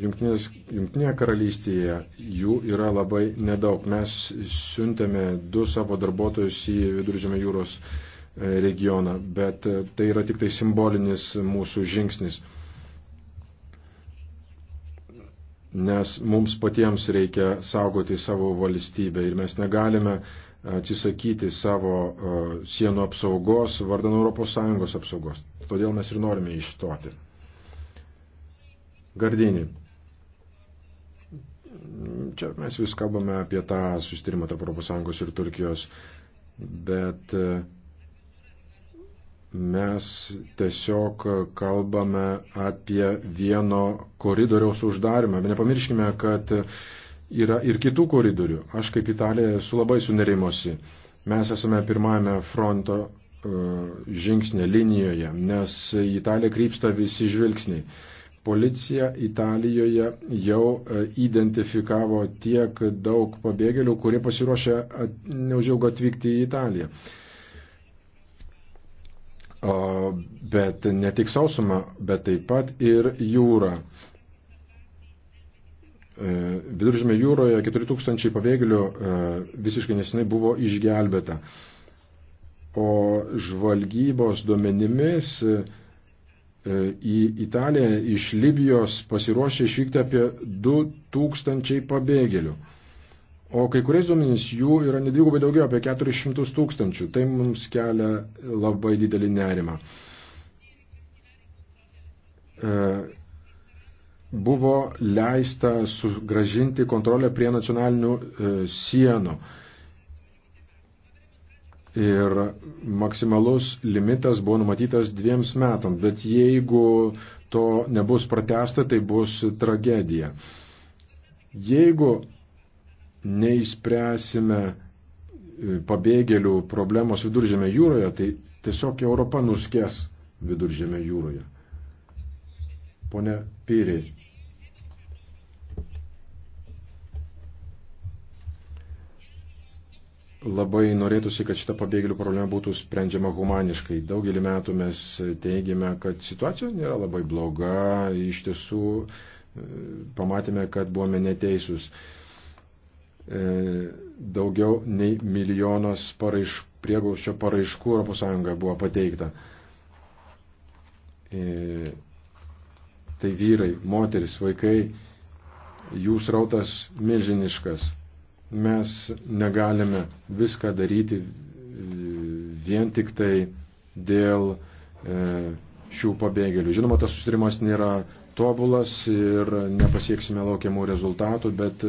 Junktinės, Junktinėje karalystėje jų yra labai nedaug. Mes siuntėme du savo darbuotojus į Viduržėmio jūros e, regioną, bet e, tai yra tik tai simbolinis mūsų žingsnis. Nes mums patiems reikia saugoti savo valstybę ir mes negalime atsisakyti savo e, sienų apsaugos vardan ES apsaugos. Todėl mes ir norime išstoti. Gardinį. Čia mes vis kalbame apie tą susitarimą tarp ES ir Turkijos, bet e, mes tiesiog kalbame apie vieno koridoriaus uždarimą. Bet nepamirškime, kad yra ir kitų koridorių. Aš kaip Italija esu labai sunerimosi. Mes esame pirmajame fronto e, žingsnė linijoje, nes į Italiją krypsta visi žvilgsniai policija Italijoje jau e, identifikavo tiek daug pabėgėlių, kurie pasiruošė neužilgo atvykti į Italiją. O, bet ne tik sausumą, bet taip pat ir jūrą. E, Viduržėme jūroje 4000 pabėgėlių e, visiškai nesinai buvo išgelbėta. O žvalgybos duomenimis E, į Italiją iš Libijos pasiruošė išvykti apie 2000 pabėgėlių. O kai kuriais duomenys jų yra nedvigubai daugiau, apie 400 tūkstančių. Tai mums kelia labai didelį nerimą. E, buvo leista sugražinti kontrolę prie nacionalinių e, sienų ir maksimalus limitas buvo numatytas dviems metam, bet jeigu to nebus pratesta, tai bus tragedija. Jeigu neįspręsime e, pabėgėlių problemos viduržėme jūroje, tai tiesiog Europa nuskės viduržėme jūroje. Pone Pyriai, Labai norėtųsi, kad šita pabėgėlių problema būtų sprendžiama humaniškai. Daugelį metų mes teigiame, kad situacija nėra labai bloga, iš tiesų e, pamatėme, kad buvome neteisūs. E, daugiau nei milijonas paraiš, prieglauščio paraiškų ES buvo pateikta. E, tai vyrai, moteris, vaikai, jų srautas milžiniškas mes negalime viską daryti vien tik tai dėl e, šių pabėgėlių. Žinoma, tas susitarimas nėra tobulas ir nepasieksime laukiamų rezultatų, bet,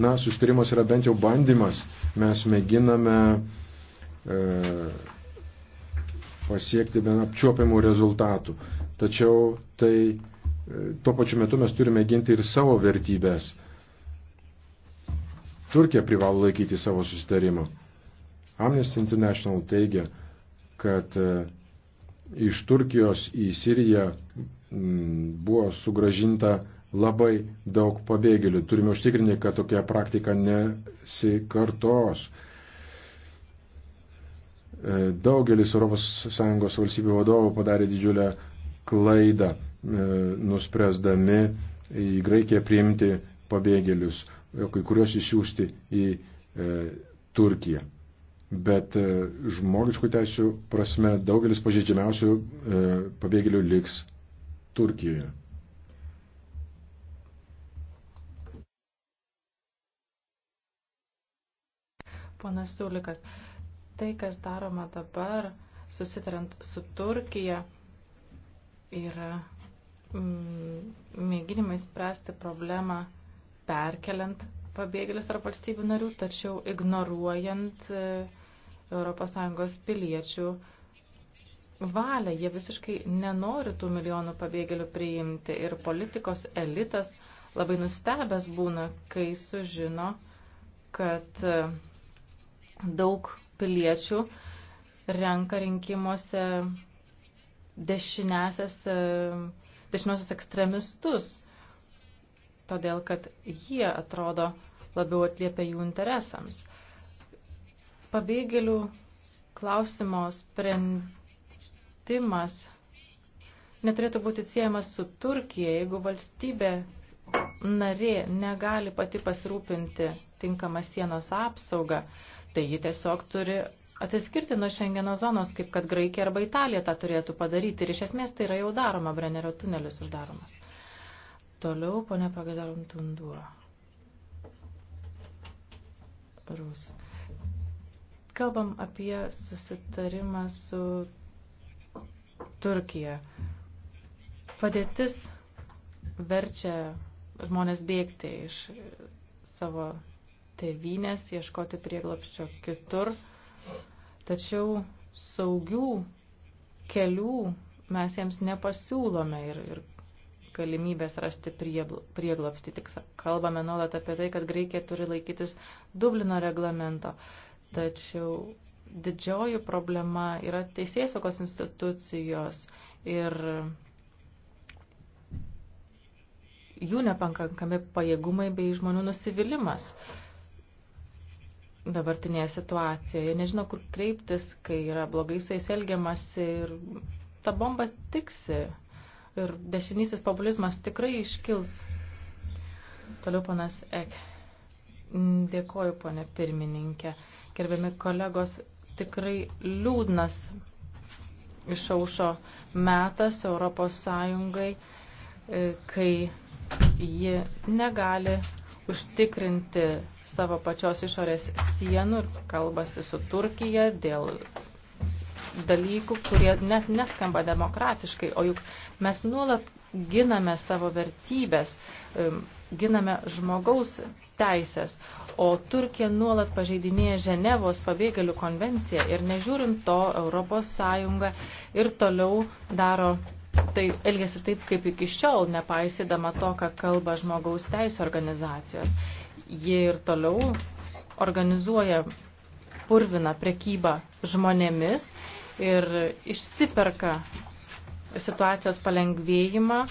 na, susitarimas yra bent jau bandymas. Mes mėginame e, pasiekti bent apčiuopiamų rezultatų. Tačiau tai e, tuo pačiu metu mes turime ginti ir savo vertybės. Turkija privalo laikyti savo susitarimo. Amnesty International teigia, kad e, iš Turkijos į Siriją buvo sugražinta labai daug pabėgėlių. Turime užtikrinti, kad tokia praktika nesikartos. E, daugelis ES valstybių vadovų padarė didžiulę klaidą, e, nuspręsdami į Graikiją priimti pabėgėlius kai kuriuos išsiųsti į e, Turkiją. Bet e, žmogiškų teisų prasme daugelis pažeidžiamiausių e, pabėgėlių liks Turkijoje. Ponas Siulikas, tai, kas daroma dabar, susitarant su Turkija, yra mm, mėginimai spręsti problemą perkeliant pabėgėlius tarp valstybių narių, tačiau ignoruojant ES piliečių valią. Jie visiškai nenori tų milijonų pabėgėlių priimti ir politikos elitas labai nustebęs būna, kai sužino, kad e, daug piliečių renka rinkimuose dešinėsios e, ekstremistus todėl kad jie atrodo labiau atliepia jų interesams. Pabėgėlių klausimo sprendimas neturėtų būti siejamas su Turkija, jeigu valstybė narė negali pati pasirūpinti tinkamą sienos apsaugą, tai ji tiesiog turi atsiskirti nuo Schengeno zonos, kaip kad Graikija arba Italija tą turėtų padaryti. Ir iš esmės tai yra jau daroma, Brennerio tunelis uždaromas. Toliau ponia Pagadarum Tunduo. Rus. Kalbam apie susitarimą su Turkija. Padėtis verčia žmonės bėgti iš savo tėvynės, ieškoti prieglapščio kitur. Tačiau saugių kelių mes jiems nepasiūlome ir, ir galimybės rasti prieglopstį. Tik kalbame nuolat apie tai, kad Graikija turi laikytis Dublino reglamento. Tačiau didžioji problema yra teisėsaugos institucijos ir jų nepankami pajėgumai bei žmonių nusivylimas dabartinėje situacijoje. Nežinau, kur kreiptis, kai yra blogai su jais elgiamasi ir ta bomba tiksi ir dešinysis populizmas tikrai iškils. Toliau panas Ek. Dėkoju, ponė pirmininkė. Gerbiami kolegos, tikrai liūdnas išaušo metas Europos Sąjungai, e, kai ji negali užtikrinti savo pačios išorės sienų ir kalbasi su Turkija dėl dalykų, kurie net neskamba demokratiškai, o juk Mes nuolat giname savo vertybės, giname žmogaus teisės, o Turkija nuolat pažeidinėja Ženevos pabėgėlių konvenciją ir nežiūrint to Europos Sąjunga ir toliau daro. Tai elgesi taip, kaip iki šiol, nepaisydama to, ką kalba žmogaus teisų organizacijos. Jie ir toliau organizuoja purviną prekybą žmonėmis ir išsiperka situacijos palengvėjimą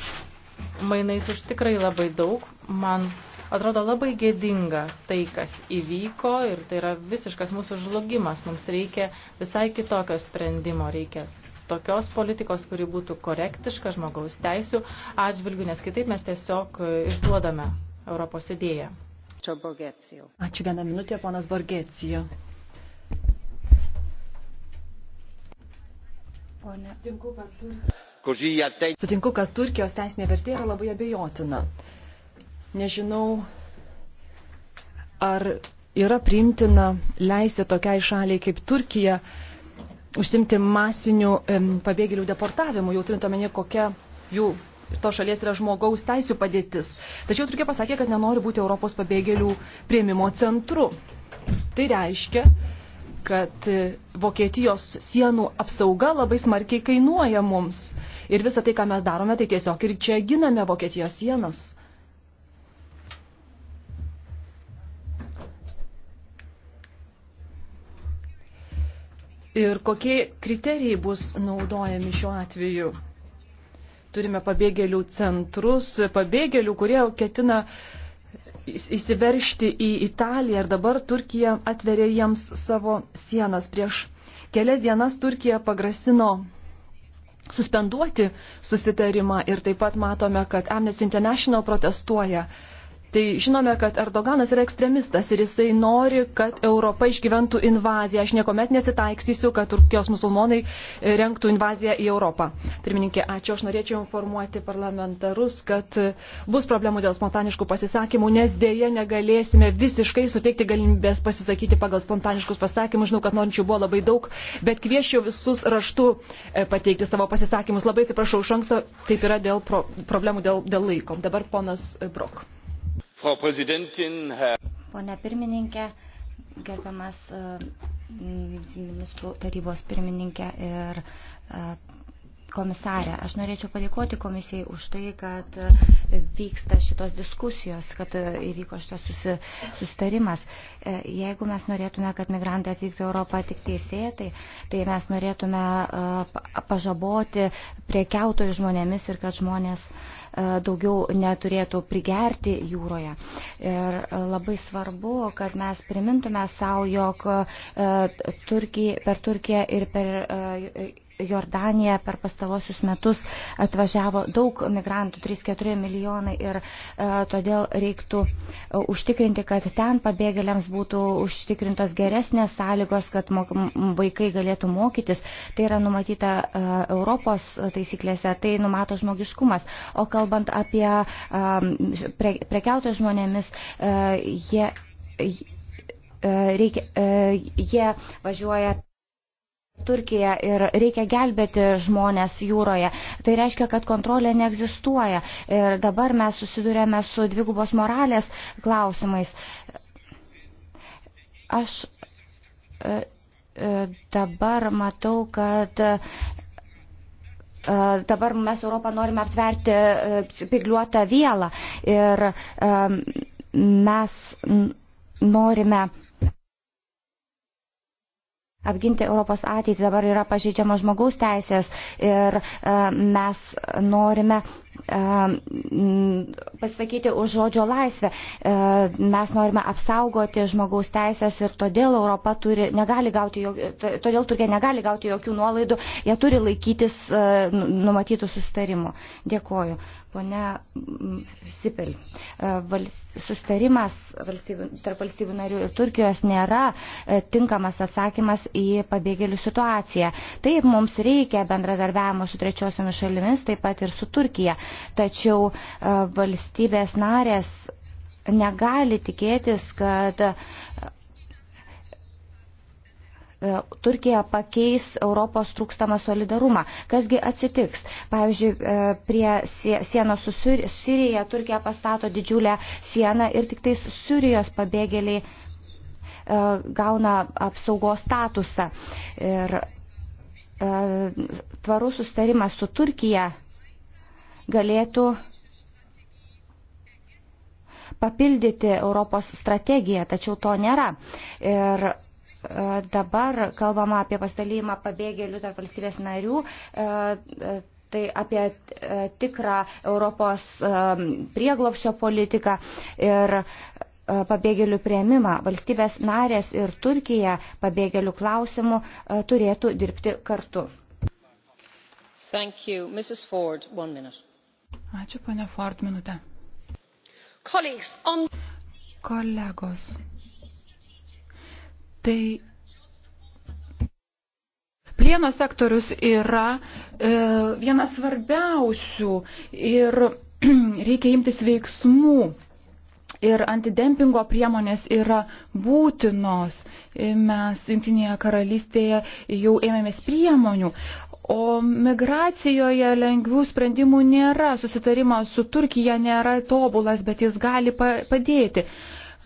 mainais už tikrai labai daug. Man atrodo labai gėdinga tai, kas įvyko ir tai yra visiškas mūsų žlugimas. Mums reikia visai kitokio sprendimo, reikia tokios politikos, kuri būtų korektiška žmogaus teisų atžvilgių, nes kitaip mes tiesiog išduodame Europos idėją. Ačiū vieną minutę, ponas Borgecijo. Pone. Dėkui, Sutinku, kad Turkijos teisinė vertė yra labai abejotina. Nežinau, ar yra priimtina leisti tokiai šaliai kaip Turkija užsimti masinių pabėgėlių deportavimų, jau turint omenyje, kokia jų to šalies yra žmogaus teisų padėtis. Tačiau Turkija pasakė, kad nenori būti Europos pabėgėlių prieimimo centru. Tai reiškia, kad Vokietijos sienų apsauga labai smarkiai kainuoja mums. Ir visą tai, ką mes darome, tai tiesiog ir čia giname Vokietijos sienas. Ir kokie kriterijai bus naudojami šiuo atveju? Turime pabėgėlių centrus, pabėgėlių, kurie ketina uh, įsiveršti į Italiją ir dabar Turkija atveria jiems savo sienas. Prieš kelias dienas Turkija pagrasino suspenduoti susitarimą ir taip pat matome, kad Amnesty International protestuoja Tai žinome, kad Erdoganas yra ekstremistas ir jisai nori, kad Europa išgyventų invaziją. Aš niekuomet nesitaikstysiu, kad Turkijos musulmonai e, renktų invaziją į Europą. Pirmininkė, ačiū. Aš norėčiau informuoti parlamentarus, kad e, bus problemų dėl spontaniškų pasisakymų, nes dėje negalėsime visiškai suteikti galimybės pasisakyti pagal spontaniškus pasakymus. Žinau, kad norinčių buvo labai daug, bet kvieščiau visus raštu e, pateikti savo pasisakymus. Labai atsiprašau iš anksto, taip yra dėl pro, problemų dėl, dėl laiko. Dabar ponas Brok. Pone pirmininkė, gerbiamas e, ministrų tarybos pirmininkė ir e, komisarė, aš norėčiau padėkoti komisijai už tai, kad e, vyksta šitos diskusijos, kad įvyko šitas susi, susitarimas. Jeigu mes norėtume, kad migrantai atvyktų į Europą tik teisėtai, tai mes norėtume pažaboti priekiautojų žmonėmis ir kad žmonės uh, E, daugiau neturėtų prigerti jūroje. Ir e, labai svarbu, kad mes primintume savo, jog e, Turkija, per Turkiją ir per Jordaniją per pastavosius metus atvažiavo daug migrantų, 3-4 milijonai ir e, todėl reiktų e, užtikrinti, kad ten pabėgėliams būtų užtikrintos geresnės sąlygos, kad mok, vaikai galėtų mokytis. Tai yra numatyta e, Europos taisyklėse, tai numato žmogiškumas. O kalbant apie e, pre, prekiautojus žmonėmis, e, jie, e, reikia, e, jie važiuoja Turkija ir reikia gelbėti žmonės jūroje. Tai reiškia, kad kontrolė neegzistuoja. Ir dabar mes susidurėme su dvigubos moralės klausimais. Aš e, e, dabar matau, kad e, dabar mes Europą norime aptverti pigliuotą vielą ir mes norime apginti Europos ateitį. Dabar yra pažeidžiama žmogaus teisės ir e, mes norime pasakyti už žodžio laisvę. Mes norime apsaugoti žmogaus teisės ir todėl Europa turi, negali gauti, todėl Turkija negali gauti jokių nuolaidų, jie turi laikytis numatytų sustarimų. Dėkoju. Pone Sipel, sustarimas valstybių, tarp valstybių narių ir Turkijos nėra e, tinkamas atsakymas į pabėgėlių situaciją. Taip mums reikia bendradarbiavimo su trečiosiomis šalimis, taip pat ir su Turkija tačiau e, valstybės narės negali tikėtis, kad e, Turkija pakeis Europos trūkstamą solidarumą. Kasgi atsitiks? Pavyzdžiui, e, prie sienos su Sirija Turkija pastato didžiulę sieną ir tik tais Sirijos pabėgėliai gauna apsaugos statusą. Ir tvarus sustarimas su Turkija galėtų papildyti Europos strategiją, tačiau to nėra. Ir e, dabar kalbama apie pasidalymą pabėgėlių tarp valstybės narių. E, e, tai apie tikrą Europos prieglopščio politiką ir pabėgėlių prieimimą. Valstybės narės ir Turkija pabėgėlių klausimų turėtų dirbti kartu. Thank you. Mrs. Ford, one minute. Ačiū, ponia Ford, minutę. Kolegos, tai plieno sektorius yra e, vienas svarbiausių ir reikia imtis veiksmų. Ir antidempingo priemonės yra būtinos. E, mes Junktinėje karalystėje jau ėmėmės priemonių. O migracijoje lengvų sprendimų nėra, susitarimas su Turkija nėra tobulas, bet jis gali padėti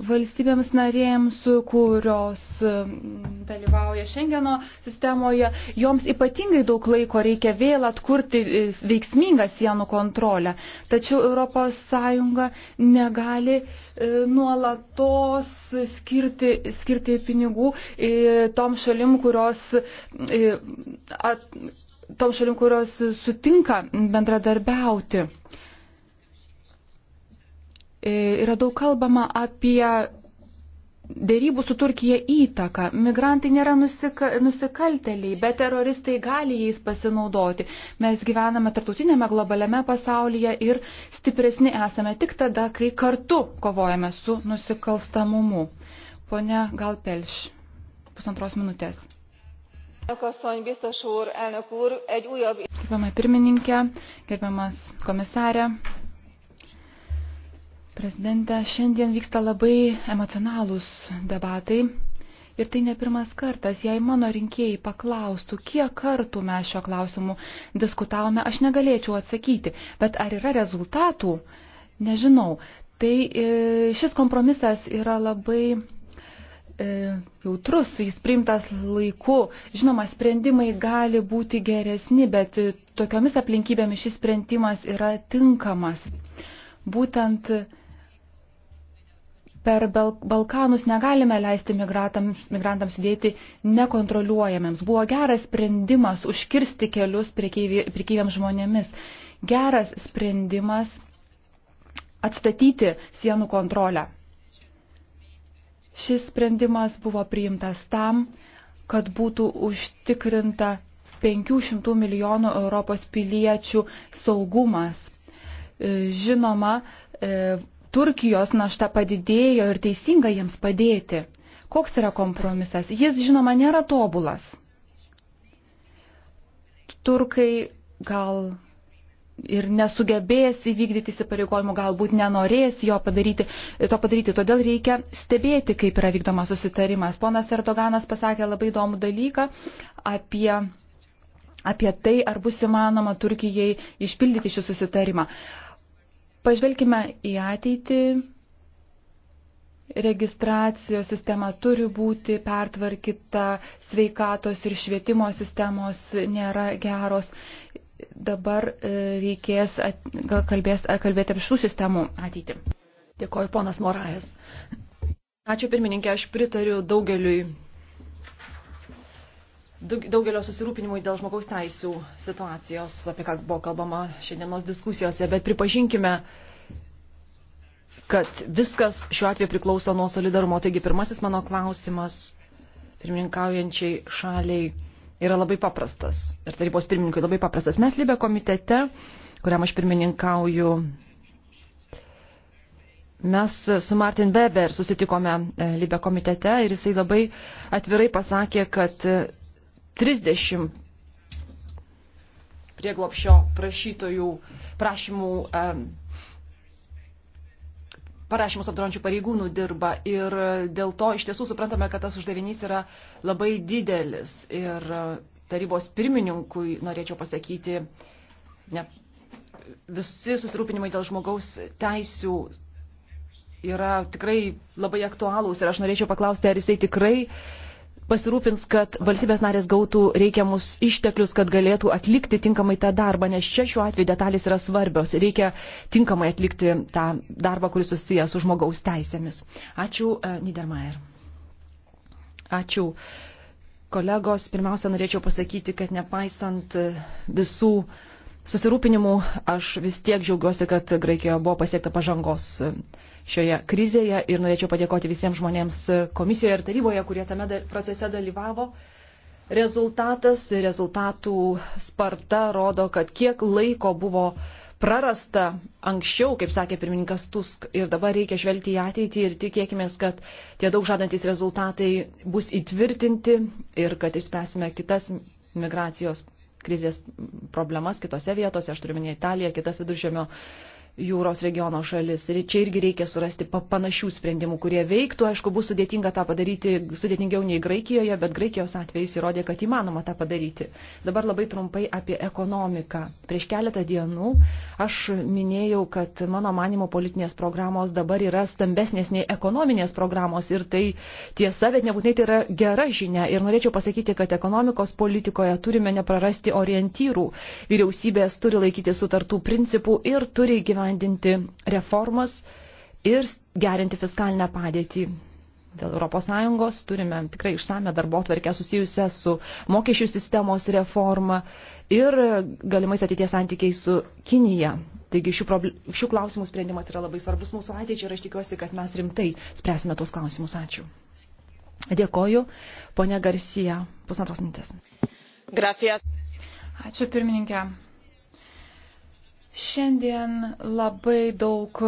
valstybėms narėms, kurios dalyvauja Šengeno sistemoje, joms ypatingai daug laiko reikia vėl atkurti e, veiksmingą sienų kontrolę. Tačiau ES negali e, nuolatos skirti, skirti pinigų e, toms šalim, kurios at, tom šalim, kurios sutinka bendradarbiauti. E, yra daug kalbama apie dėrybų su Turkija įtaką. Migrantai nėra nusika, nusikalteliai, bet teroristai gali jais pasinaudoti. Mes gyvename tarptautinėme globaliame pasaulyje ir stipresni esame tik tada, kai kartu kovojame su nusikalstamumu. Pone Galpelš, pusantros minutės. Gerbiama pirmininkė, gerbiamas komisarė, prezidentė, šiandien vyksta labai emocionalūs debatai. Ir tai ne pirmas kartas, jei mano rinkėjai paklaustų, kiek kartų mes šio klausimu diskutavome, aš negalėčiau atsakyti. Bet ar yra rezultatų? Nežinau. Tai e, šis kompromisas yra labai E, jautrus, jis priimtas laiku. Žinoma, sprendimai gali būti geresni, bet tokiomis aplinkybėmis šis sprendimas yra tinkamas. Būtent per Balkanus negalime leisti migrantams, migrantams judėti nekontroliuojamiems. Buvo geras sprendimas užkirsti kelius priekyviams žmonėmis. Geras sprendimas atstatyti sienų kontrolę. Šis sprendimas buvo priimtas tam, kad būtų užtikrinta 500 milijonų Europos piliečių saugumas. E, žinoma, e, Turkijos našta padidėjo ir teisinga jiems padėti. Koks yra kompromisas? Jis, žinoma, nėra tobulas. Turkai gal ir nesugebės įvykdyti įsipareigojimų, galbūt nenorės jo padaryti, to padaryti. Todėl reikia stebėti, kaip yra vykdomas susitarimas. Ponas Erdoganas pasakė labai įdomų dalyką apie, apie tai, ar bus įmanoma Turkijai išpildyti šį susitarimą. Pažvelkime į ateitį. Registracijos sistema turi būti pertvarkyta, sveikatos ir švietimo sistemos nėra geros dabar e, reikės kalbės, kalbėti apie šių sistemų ateitį. Dėkoju, ponas Morajas. Ačiū pirmininkė, aš pritariu daugeliui, daugelio susirūpinimui dėl žmogaus teisų situacijos, apie ką buvo kalbama šiandienos diskusijose, bet pripažinkime, kad viskas šiuo atveju priklauso nuo solidarumo. Taigi pirmasis mano klausimas pirmininkaujančiai šaliai yra labai paprastas. Ir tarybos pirmininkui labai paprastas. Mes Libė komitete, kuriam aš pirmininkauju, mes su Martin Weber susitikome e, Libė komitete ir jisai labai atvirai pasakė, kad 30 e, prieglopšio prašytojų prašymų e, parašymus apdorančių pareigūnų dirba ir dėl to iš tiesų suprantame, kad tas uždavinys yra labai didelis ir e, tarybos pirmininkui norėčiau pasakyti, ne, visi susirūpinimai dėl žmogaus teisių yra tikrai labai aktualūs ir aš norėčiau paklausti, ar jisai tikrai uh, pasirūpins, kad valstybės narės gautų reikiamus išteklius, kad galėtų atlikti tinkamai tą darbą, nes čia šiuo atveju detalės yra svarbios. Reikia tinkamai atlikti tą darbą, kuris susijęs su žmogaus teisėmis. Ačiū, e, Niedermayer. Ačiū. Kolegos, pirmiausia, norėčiau pasakyti, kad nepaisant e, visų susirūpinimų, aš vis tiek džiaugiuosi, kad Graikijoje buvo pasiekta pažangos e, šioje krizėje ir norėčiau padėkoti visiems žmonėms komisijoje ir taryboje, kurie tame procese dalyvavo. Rezultatas, rezultatų sparta rodo, kad kiek laiko buvo prarasta anksčiau, kaip sakė pirmininkas Tusk, ir dabar reikia žvelgti į ateitį ir tikėkime, kad tie daug žadantis rezultatai bus įtvirtinti ir kad išspręsime kitas migracijos krizės problemas kitose vietose, aš turiu minėti Italiją, kitas viduržėmio jūros regiono šalis. Ir čia irgi reikia surasti panašių sprendimų, kurie veiktų. Aišku, bus sudėtinga tą padaryti, sudėtingiau nei Graikijoje, bet Graikijos atvejais įrodė, kad įmanoma tą padaryti. Dabar labai trumpai apie ekonomiką. Prieš keletą dienų aš minėjau, kad mano manimo politinės programos dabar yra stambesnės nei ekonominės programos ir tai tiesa, bet nebūtinai tai yra gera žinia. Ir norėčiau pasakyti, kad ekonomikos politikoje turime neprarasti orientyrų. Vyriausybės turi laikyti sutartų principų ir turi gyventi įgyvendinti reformas ir gerinti fiskalinę padėtį. Dėl ES turime tikrai išsame darbo tvarkę susijusią su mokesčių sistemos reforma ir galimais ateities santykiai su Kinija. Taigi šių, problem, šių klausimų sprendimas yra labai svarbus mūsų ateičiai ir aš tikiuosi, kad mes rimtai spręsime tuos klausimus. Ačiū. Dėkoju, ponia Garcia, pusantros mintės. Gracias. Ačiū pirmininkė. Šiandien labai daug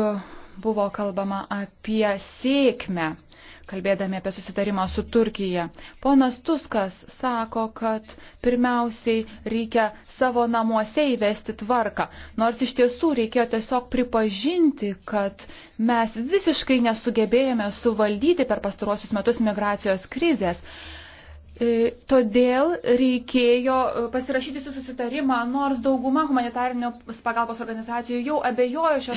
buvo kalbama apie sėkmę, kalbėdami apie susitarimą su Turkija. Ponas Tuskas sako, kad pirmiausiai reikia savo namuose įvesti tvarką, nors iš tiesų reikėjo tiesiog pripažinti, kad mes visiškai nesugebėjome suvaldyti per pastaruosius metus migracijos krizės. E, todėl reikėjo e, pasirašyti su susitarimą, nors dauguma humanitarnio pagalbos organizacijų jau abejojo šio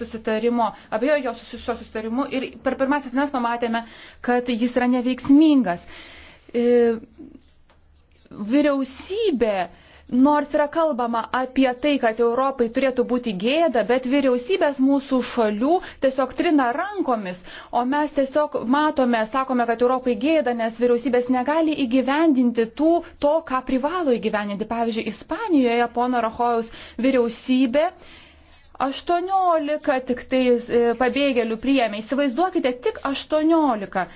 susitarimo, abejojo šio susitarimu ir per pirmasis dienas pamatėme, kad jis yra neveiksmingas. E, vyriausybė Nors yra kalbama apie tai, kad Europai turėtų būti gėda, bet vyriausybės mūsų šalių tiesiog trina rankomis, o mes tiesiog matome, sakome, kad Europai gėda, nes vyriausybės negali įgyvendinti tų, to, ką privalo įgyvendinti. Pavyzdžiui, Ispanijoje pono Rahojaus vyriausybė 18 tik tai e, pabėgėlių priėmė. Įsivaizduokite, tik 18.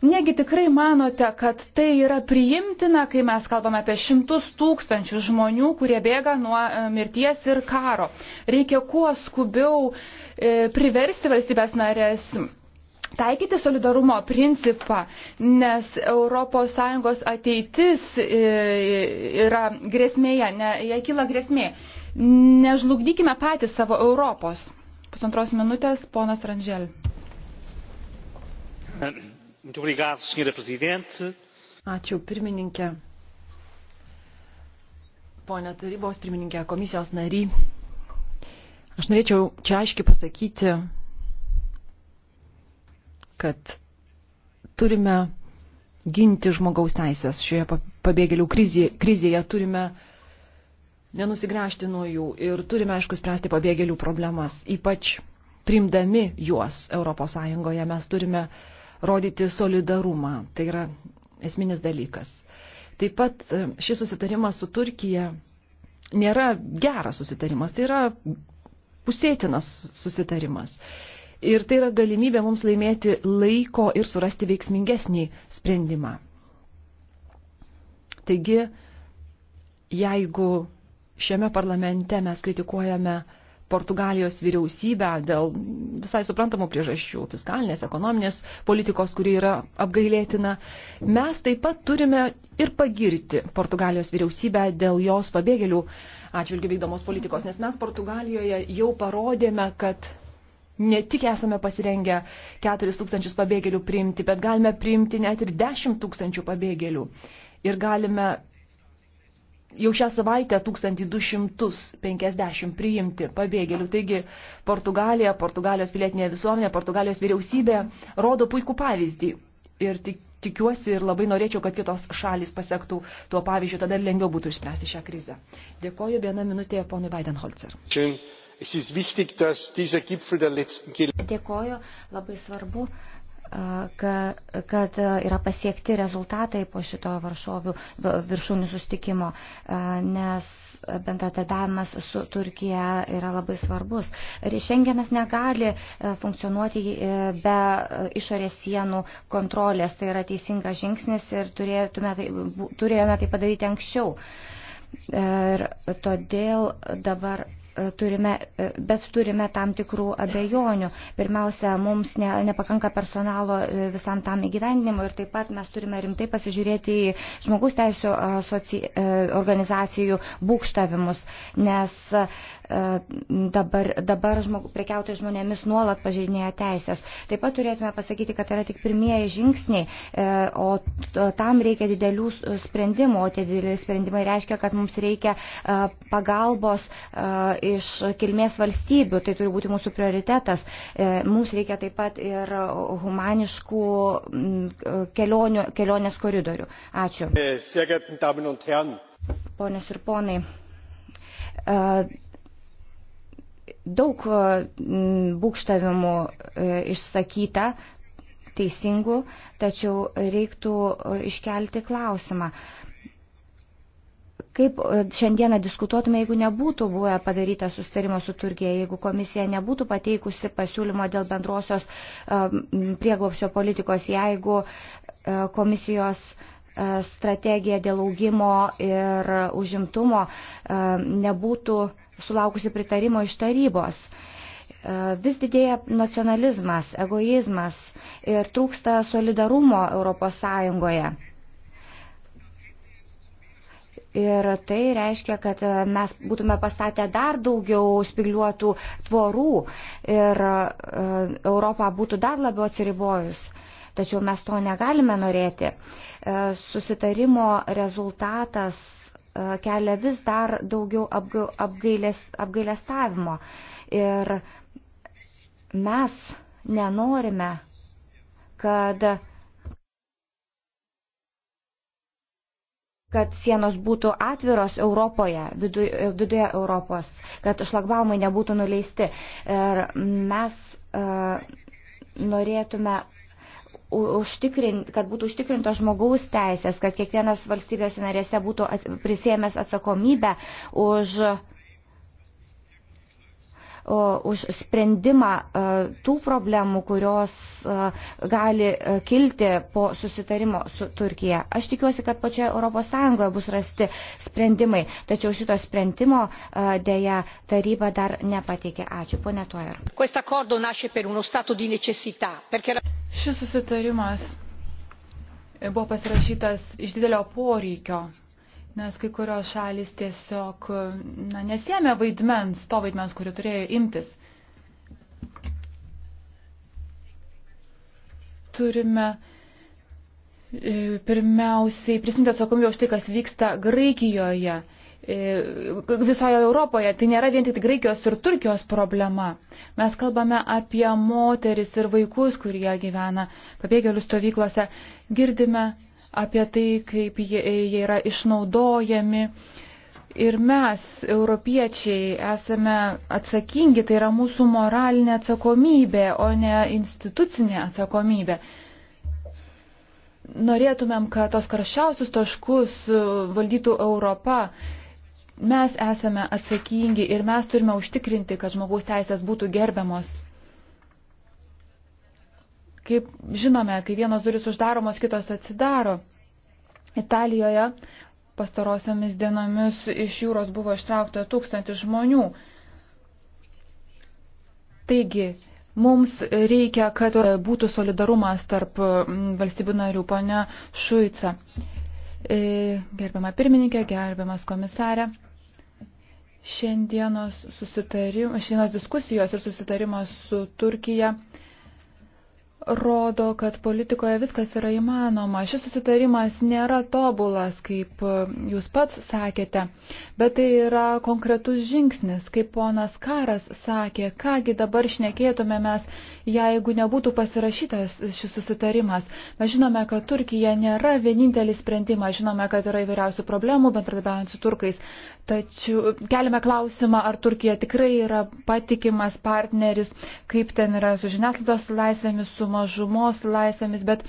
Negi tikrai manote, kad tai yra priimtina, kai mes kalbame apie šimtus tūkstančių žmonių, kurie bėga nuo e, mirties ir karo. Reikia kuo skubiau e, priversti valstybės narės taikyti solidarumo principą, nes ES ateitis e, yra grėsmėje, ne, jai kyla grėsmė. Nežlugdykime patys savo Europos. Pusantros minutės, ponas Randžel. Ačiū pirmininkė. Pone tarybos pirmininkė, komisijos nary. Aš norėčiau čia aiškiai pasakyti, kad turime ginti žmogaus teisės šioje pabėgėlių krizėje, krizėje turime nenusigręžti nuo jų ir turime, aišku, spręsti pabėgėlių problemas, ypač primdami juos ES. Mes turime uh, rodyti solidarumą. Tai yra esminis dalykas. Taip pat e, šis susitarimas su Turkija nėra geras susitarimas, tai yra pusėtinas susitarimas. Ir tai yra galimybė mums laimėti laiko ir surasti veiksmingesnį sprendimą. Taigi, jeigu šiame parlamente mes kritikuojame uh, Portugalijos vyriausybę dėl visai suprantamų priežasčių - fiskalinės, ekonominės politikos, kuri yra apgailėtina. Mes taip pat turime ir pagirti Portugalijos vyriausybę dėl jos pabėgėlių atžvilgių vykdomos politikos, nes mes Portugalijoje jau parodėme, kad ne tik esame pasirengę 4 tūkstančius pabėgėlių priimti, bet galime priimti net ir 10 tūkstančių pabėgėlių. Ir galime jau šią savaitę 1250 priimti pabėgėlių. Taigi Portugalija, Portugalijos pilietinė visuomenė, Portugalijos vyriausybė rodo puikų pavyzdį. Ir tik, tikiuosi ir labai norėčiau, kad kitos šalis pasiektų tuo pavyzdžiu, tada lengviau būtų išspręsti šią krizę. Dėkoju vieną minutę ponui Weidenholzer. Dėkoju, labai svarbu, kad yra pasiekti rezultatai po šito Varšovių viršūnių sustikimo, nes bendradarbiavimas su Turkija yra labai svarbus. Šengenas negali funkcionuoti e, be išorės sienų kontrolės, tai yra teisingas žingsnis ir turėtume tai, turėjome tai padaryti anksčiau. Ir todėl dabar turime, bet turime tam tikrų abejonių. Pirmiausia, mums ne, nepakanka personalo e, visam tam įgyvendinimui ir taip pat mes turime rimtai pasižiūrėti į žmogus teisų soci, e, organizacijų būkštavimus, nes e, dabar, dabar žmog, prekiautojai žmonėmis nuolat pažeidinėja teisės. Taip pat turėtume pasakyti, kad yra tik pirmieji žingsniai, o tam reikia didelių sprendimų, o tie dideli sprendimai reiškia, kad mums reikia pagalbos iš kilmės valstybių. Tai turi būti mūsų prioritetas. E, mums reikia taip pat ir humaniškų kelionių, kelionės koridorių. Ačiū. E, Ponios ir ponai. E, daug būkštavimų išsakyta teisingų, tačiau reiktų iškelti klausimą, kaip e, šiandieną diskutuotume, jeigu nebūtų buvę padaryta sustarimo su Turkija, jeigu komisija nebūtų pateikusi pasiūlymo dėl bendrosios e, prieglopšio politikos, jeigu e, komisijos strategija dėl augimo ir užimtumo nebūtų sulaukusi pritarimo iš tarybos vis didėja nacionalizmas, egoizmas ir trūksta solidarumo Europos Sąjungoje. Ir tai reiškia, kad e, mes būtume pastatę dar daugiau spigliuotų tvorų ir e, Europą būtų dar labiau atsiribojus. Tačiau mes to negalime norėti. E, susitarimo rezultatas kelia vis dar daugiau apgailės, apgailėstavimo. Ir mes nenorime, kad kad sienos būtų atviros Europoje, vidu, viduje Europos, kad šlagbaumai nebūtų nuleisti. Ir mes uh, norėtume užtikrinti, kad būtų užtikrintos žmogaus teisės, kad kiekvienas valstybės narėse būtų at, prisėmęs atsakomybę už uh, už sprendimą e, tų problemų, kurios e, gali e, kilti po susitarimo su Turkija. Aš tikiuosi, kad pačioje ES bus rasti sprendimai, tačiau šito sprendimo dėja taryba dar nepateikė. Ačiū, ponė Toer. Šis susitarimas buvo pasirašytas iš didelio poreikio nes kai kurios šalis tiesiog na, nesėmė vaidmens, to vaidmens, kurį turėjo imtis. Turime e, pirmiausiai prisimti atsakomybę už tai, kas vyksta Graikijoje, e, visoje Europoje. Tai nėra vien tik Graikijos ir Turkijos problema. Mes kalbame apie moteris ir vaikus, kurie gyvena pabėgėlių stovyklose. Girdime apie tai, kaip jie, jie yra išnaudojami. Ir mes, europiečiai, esame atsakingi, tai yra mūsų moralinė atsakomybė, o ne institucinė atsakomybė. Norėtumėm, kad tos karščiausius taškus e, valdytų Europa. Mes esame atsakingi ir mes turime užtikrinti, kad žmogaus teisės būtų gerbiamos Kaip žinome, kai vienos duris uždaromos, kitos atsidaro. Italijoje pastarosiomis dienomis iš jūros buvo ištraukta tūkstantis žmonių. Taigi, mums reikia, kad būtų solidarumas tarp mm, valstybių narių, ponia Šuica. E, gerbiama pirmininkė, gerbiamas komisarė. Šiandienos, šiandienos diskusijos ir susitarimas su Turkija rodo, kad politikoje viskas yra įmanoma. Šis susitarimas nėra tobulas, kaip e, jūs pats sakėte, bet tai yra konkretus žingsnis, kaip ponas Karas sakė, kągi dabar šnekėtume mes, jeigu nebūtų pasirašytas šis susitarimas. Mes žinome, kad Turkija nėra vienintelis sprendimas, žinome, kad yra įvairiausių problemų bendradarbiaujant su turkais, tačiau keliame klausimą, ar Turkija tikrai yra patikimas partneris, kaip ten yra su žiniasklaidos laisvėmis, su su mažumos laisvėmis, bet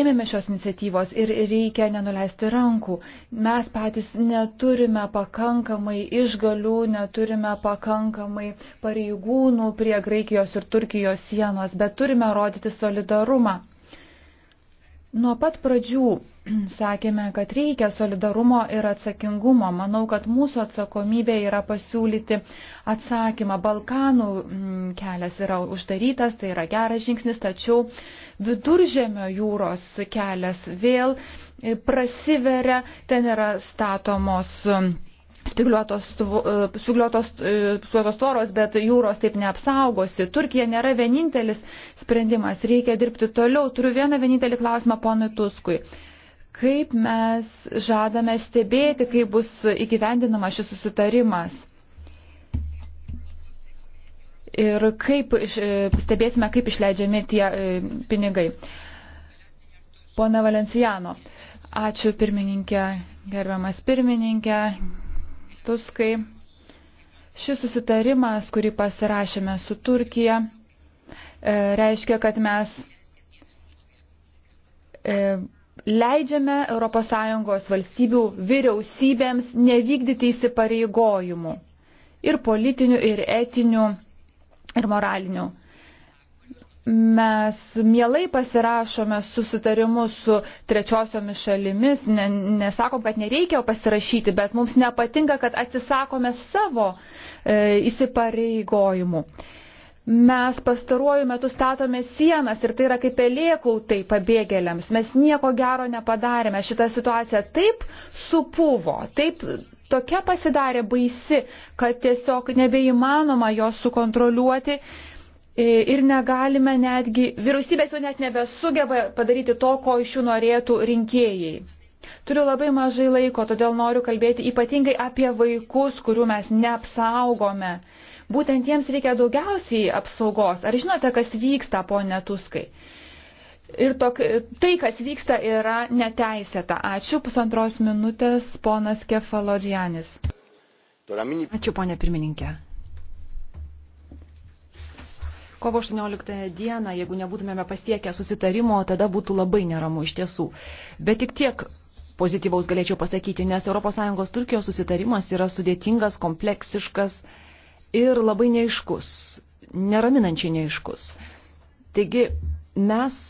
ėmėme šios iniciatyvos ir reikia nenuleisti rankų. Mes patys neturime pakankamai išgalių, neturime pakankamai pareigūnų prie Graikijos ir Turkijos sienos, bet turime rodyti solidarumą. Nuo pat pradžių sakėme, kad reikia solidarumo ir atsakingumo. Manau, kad mūsų atsakomybė yra pasiūlyti atsakymą. Balkanų mm, kelias yra uždarytas, tai yra geras žingsnis, tačiau viduržėmio jūros kelias vėl prasiveria, ten yra statomos mm, spigliuotos, e, spigliuotos, e, spigliuotos tvoros, bet jūros taip neapsaugosi. Turkija nėra vienintelis sprendimas, reikia dirbti toliau. Turiu vieną vienintelį klausimą ponui Tuskui. Kaip mes žadame stebėti, kaip bus įgyvendinama šis susitarimas? Ir kaip e, stebėsime, kaip išleidžiami tie pinigai. Pone Valenciano, ačiū pirmininkė, gerbiamas pirmininkė, metus, kai šis susitarimas, kurį pasirašėme su Turkija, e, reiškia, kad mes e, leidžiame ES valstybių vyriausybėms nevykdyti įsipareigojimų ir politinių, ir etinių, ir moralinių. Mes mielai pasirašome susitarimus su trečiosiomis šalimis, ne, nesakom, kad nereikia pasirašyti, bet mums nepatinka, kad atsisakome savo e, įsipareigojimų. Mes pastaruoju metu statome sienas ir tai yra kaip pelėkautai pabėgėliams. Mes nieko gero nepadarėme. Šitą situaciją taip supuvo, taip tokia pasidarė baisi, kad tiesiog nebeįmanoma jos sukontroliuoti E, ir negalime netgi, vyriausybės jau net nebesugeba padaryti to, ko iš jų norėtų rinkėjai. Turiu labai mažai laiko, todėl noriu kalbėti ypatingai apie vaikus, kurių mes neapsaugome. Būtent jiems reikia daugiausiai apsaugos. Ar žinote, kas vyksta, ponė Tuskai? Ir tok, tai, kas vyksta, yra neteisėta. Ačiū pusantros minutės, ponas Kefalodžianis. Ačiū, ponė pirmininkė kovo 18 dieną, jeigu nebūtumėme pasiekę susitarimo, tada būtų labai neramu iš tiesų. Bet tik tiek pozityvaus galėčiau pasakyti, nes ES Turkijos susitarimas yra sudėtingas, kompleksiškas ir labai neiškus, neraminančiai neiškus. Taigi mes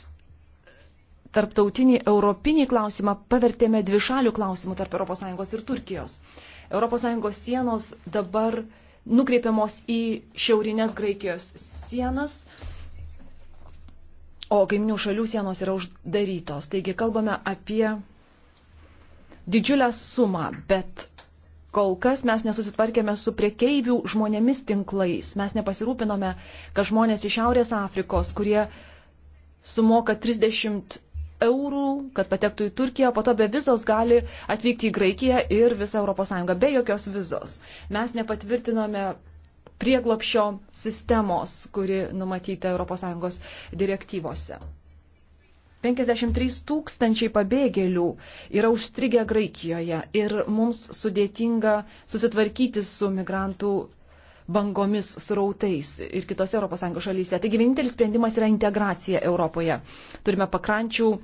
tarptautinį europinį klausimą pavertėme dvišalių klausimų tarp ES ir Turkijos. ES sienos dabar nukreipiamos į šiaurinės Graikijos sienas, o kaiminių šalių sienos yra uždarytos. Taigi kalbame apie didžiulę sumą, bet kol kas mes nesusitvarkėme su priekeivių žmonėmis tinklais. Mes nepasirūpinome, kad žmonės iš Šiaurės Afrikos, kurie sumoka 30 eurų, kad patektų į Turkiją, po to be vizos gali atvykti į Graikiją ir visą ES be jokios vizos. Mes nepatvirtinome prieglopšio sistemos, kuri numatyta ES direktyvose. 53 tūkstančiai pabėgėlių yra užstrigę Graikijoje ir mums sudėtinga susitvarkyti su migrantų bangomis srautais ir kitose ES šalyse. Taigi vienintelis sprendimas yra integracija Europoje. Turime pakrančių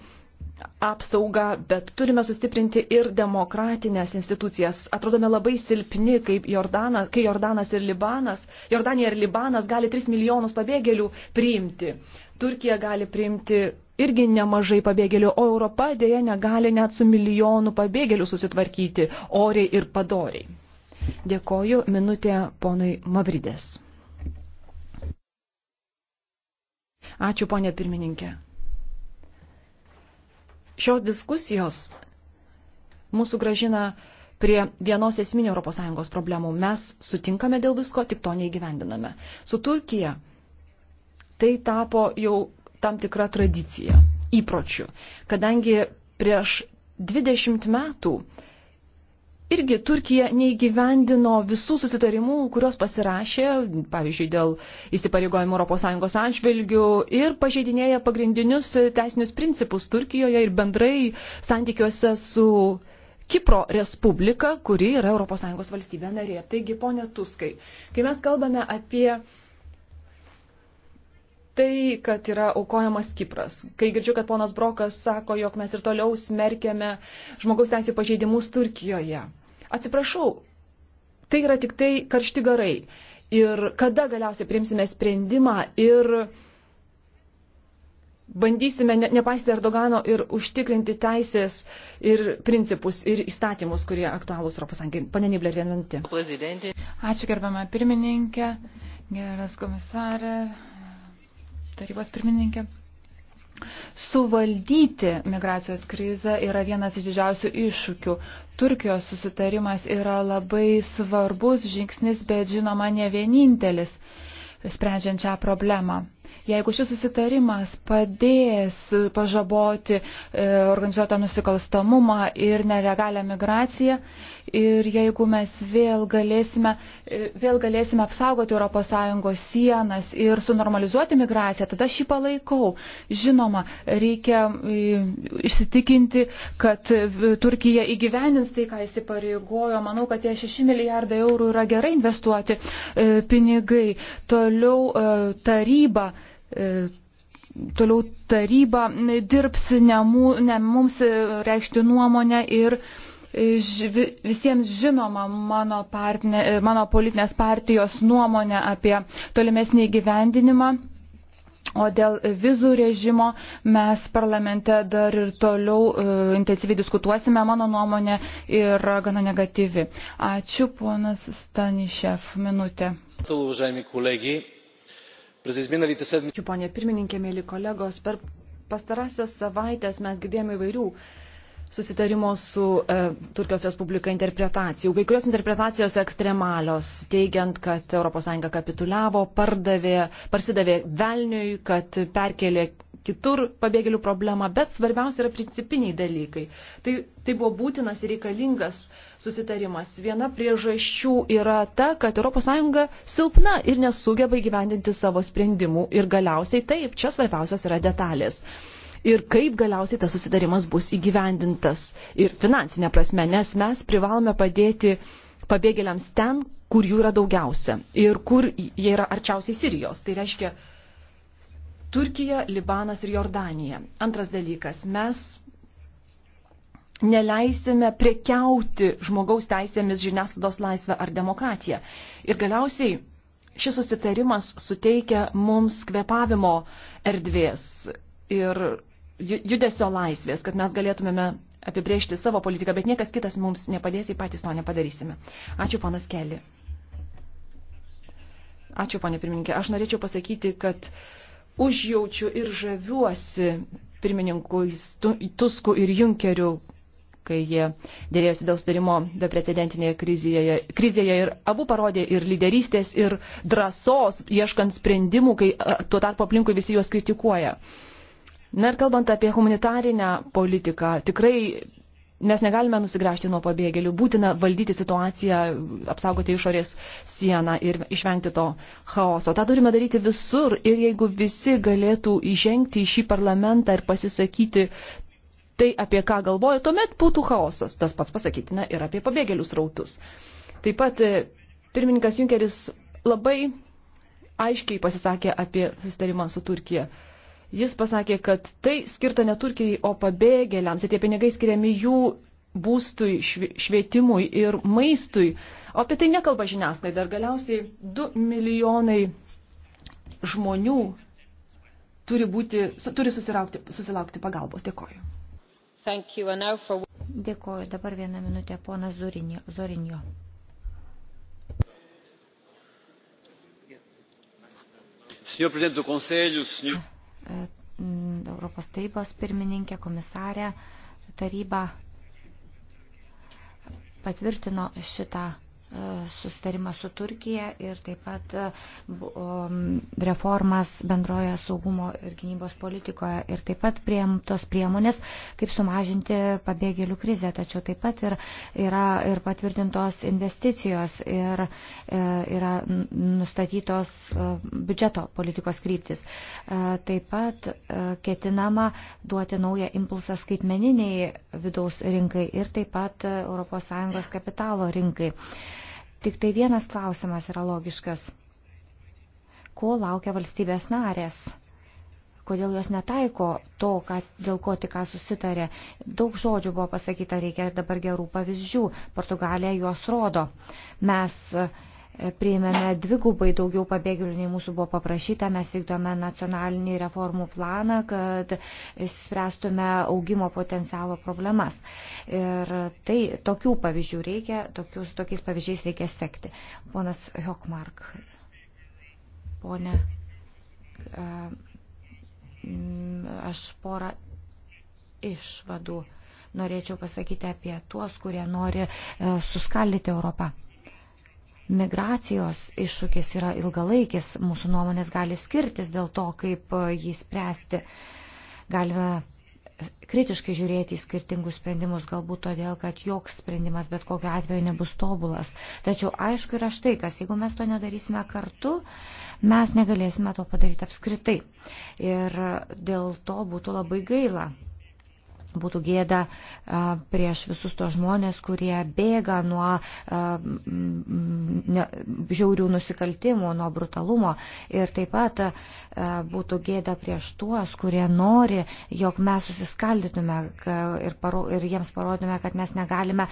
apsaugą, bet turime sustiprinti ir demokratinės institucijas. Atrodome labai silpni, kaip Jordana, kai Jordanas ir Libanas, Jordanija ir Libanas gali 3 milijonus pabėgėlių priimti. Turkija gali priimti irgi nemažai pabėgėlių, o Europa dėja negali net su milijonu pabėgėlių susitvarkyti oriai ir padoriai. Dėkoju, minutė ponai Mavridės. Ačiū, ponė pirmininkė. Šios diskusijos mūsų gražina prie vienos esminio ES problemų. Mes sutinkame dėl visko, tik to neįgyvendiname. Su Turkija tai tapo jau tam tikra tradicija, įpročių, kadangi prieš 20 metų irgi Turkija neįgyvendino visų susitarimų, kuriuos pasirašė, pavyzdžiui, dėl įsipareigojimo ES atžvilgių ir pažeidinėja pagrindinius teisinius principus Turkijoje ir bendrai santykiuose su Kipro Respublika, kuri yra ES valstybė narė. Taigi, ponė Tuskai, kai mes kalbame apie tai, kad yra aukojamas Kipras. Kai girdžiu, kad ponas Brokas sako, jog mes ir toliau smerkėme žmogaus teisų pažeidimus Turkijoje. Atsiprašau, tai yra tik tai karšti garai. Ir kada galiausiai priimsime sprendimą ir bandysime ne, nepaisti Erdogano ir užtikrinti teisės ir principus ir įstatymus, kurie aktualūs Europos Sąjungai. Pane Nibler, vieną minutę. Ačiū gerbama pirmininkė, geras komisarė, tarybos pirmininkė. Suvaldyti migracijos krizę yra vienas iš didžiausių iššūkių. Turkijos susitarimas yra labai svarbus žingsnis, bet žinoma ne vienintelis sprendžiant šią problemą. Jeigu šis susitarimas padės pažaboti e, organizuotą nusikalstamumą ir nelegalią migraciją, ir jeigu mes vėl galėsime, e, vėl galėsime apsaugoti ES sienas ir sunormalizuoti migraciją, tada šį palaikau. Žinoma, reikia e, išsitikinti, kad Turkija įgyvendins tai, ką įsipareigojo. Manau, kad tie 6 milijardai eurų yra gerai investuoti e, pinigai. Toliau e, taryba E, toliau taryba dirbs ne, mū, ne mums reikšti nuomonę ir e, žvi, visiems žinoma mano, partne, e, mano politinės partijos nuomonę apie tolimesnį įgyvendinimą. O dėl vizų režimo mes parlamente dar ir toliau e, intensyviai diskutuosime. Mano nuomonė yra gana negatyvi. Ačiū, ponas Stanišev. Minutė. Tulu, Ačiū, ponė pirmininkė, mėly kolegos. Per pastarąsias savaitės mes girdėjome įvairių susitarimo su e, Turkijos Respublika interpretacijų. Kai kurios interpretacijos ekstremalios, teigiant, kad ES kapituliavo, pardavė, parsidavė velniui, kad perkelė kitur pabėgėlių problemą, bet svarbiausia yra principiniai dalykai. Tai, tai buvo būtinas ir reikalingas susitarimas. Viena priežasčių yra ta, kad ES silpna ir nesugeba įgyvendinti savo sprendimų. Ir galiausiai taip, čia svarbiausios yra detalės ir kaip galiausiai tas susidarimas bus įgyvendintas ir finansinė prasme, nes mes privalome padėti pabėgėliams ten, kur jų yra daugiausia ir kur jie yra arčiausiai Sirijos. Tai reiškia Turkija, Libanas ir Jordanija. Antras dalykas, mes neleisime prekiauti žmogaus teisėmis žiniasklaidos laisvę ar demokratiją. Ir galiausiai šis susitarimas suteikia mums kvepavimo erdvės ir judesio laisvės, kad mes galėtumėme apibrėžti savo politiką, bet niekas kitas mums nepadės, jei patys to nepadarysime. Ačiū, ponas Keli. Ačiū, ponė pirmininkė. Aš norėčiau pasakyti, kad užjaučiu ir žaviuosi pirmininkų Tusku ir Junkeriu, kai jie dėrėjosi dėl starimo beprecedentinėje krizėje, krizėje ir abu parodė ir lyderystės, ir drąsos, ieškant sprendimų, kai tuo tarpu aplinkui visi juos kritikuoja. Uh, Na ir kalbant apie humanitarinę politiką, tikrai mes negalime nusigręžti nuo pabėgėlių, būtina valdyti situaciją, apsaugoti išorės sieną ir išvengti to chaoso. Ta turime daryti visur ir jeigu visi galėtų įžengti į šį parlamentą ir pasisakyti tai, apie ką galvoja, tuomet būtų chaosas. Tas pats pasakytina ir apie pabėgėlius rautus. Taip pat e, pirmininkas Junkeris labai aiškiai pasisakė apie susitarimą su Turkija. Jis pasakė, kad tai skirta ne Turkijai, o pabėgėliams ir tie pinigai skiriami jų būstui, švietimui ir maistui. O apie tai nekalba žiniasklaida. Ir galiausiai 2 milijonai žmonių turi, būti, turi susilaukti, susilaukti pagalbos. Dėkoju. For... Dėkoju. Dabar vieną minutę, ponas Zorinio. Senhor Presidente do Conselho, senhor... E, Europos tarybos pirmininkė, komisarė, taryba patvirtino šitą E, susitarimą su Turkija ir taip pat e, reformas bendroje saugumo ir gynybos politikoje ir taip pat priimtos priemonės, kaip sumažinti pabėgėlių krizę, tačiau taip pat ir, yra ir patvirtintos investicijos ir e, yra nustatytos biudžeto politikos kryptis. Taip pat ketinama duoti naują impulsą skaitmeniniai vidaus rinkai ir taip pat ES kapitalo rinkai. Tik tai vienas klausimas yra logiškas. Ko laukia valstybės narės? Kodėl jos netaiko to, ką, dėl ko tik ką susitarė? Daug žodžių buvo pasakyta, reikia dabar gerų pavyzdžių. Portugalija juos rodo. Mes uh, priėmėme dvigubai daugiau pabėgėlių, nei mūsų buvo paprašyta. Mes vykdome nacionalinį reformų planą, kad spręstume augimo potencialo problemas. Ir tai tokių pavyzdžių reikia, tokius, tokiais pavyzdžiais reikia sekti. Ponas Hokmark. Pone. Aš porą išvadų norėčiau pasakyti apie tuos, kurie nori e, suskaldyti Europą. Migracijos iššūkis yra ilgalaikis, mūsų nuomonės gali skirtis dėl to, kaip e, jį spręsti. Galime kritiškai žiūrėti į skirtingus sprendimus, galbūt todėl, kad joks sprendimas bet kokiu atveju nebus tobulas. Tačiau aišku yra štai, kas jeigu mes to nedarysime kartu, mes negalėsime to padaryti apskritai. Ir dėl to būtų labai gaila. Būtų gėda prieš visus tos žmonės, kurie bėga nuo žiaurių nusikaltimų, nuo brutalumo. Ir taip pat būtų gėda prieš tuos, kurie nori, jog mes susiskaldytume ir, paro, ir jiems parodytume, kad mes negalime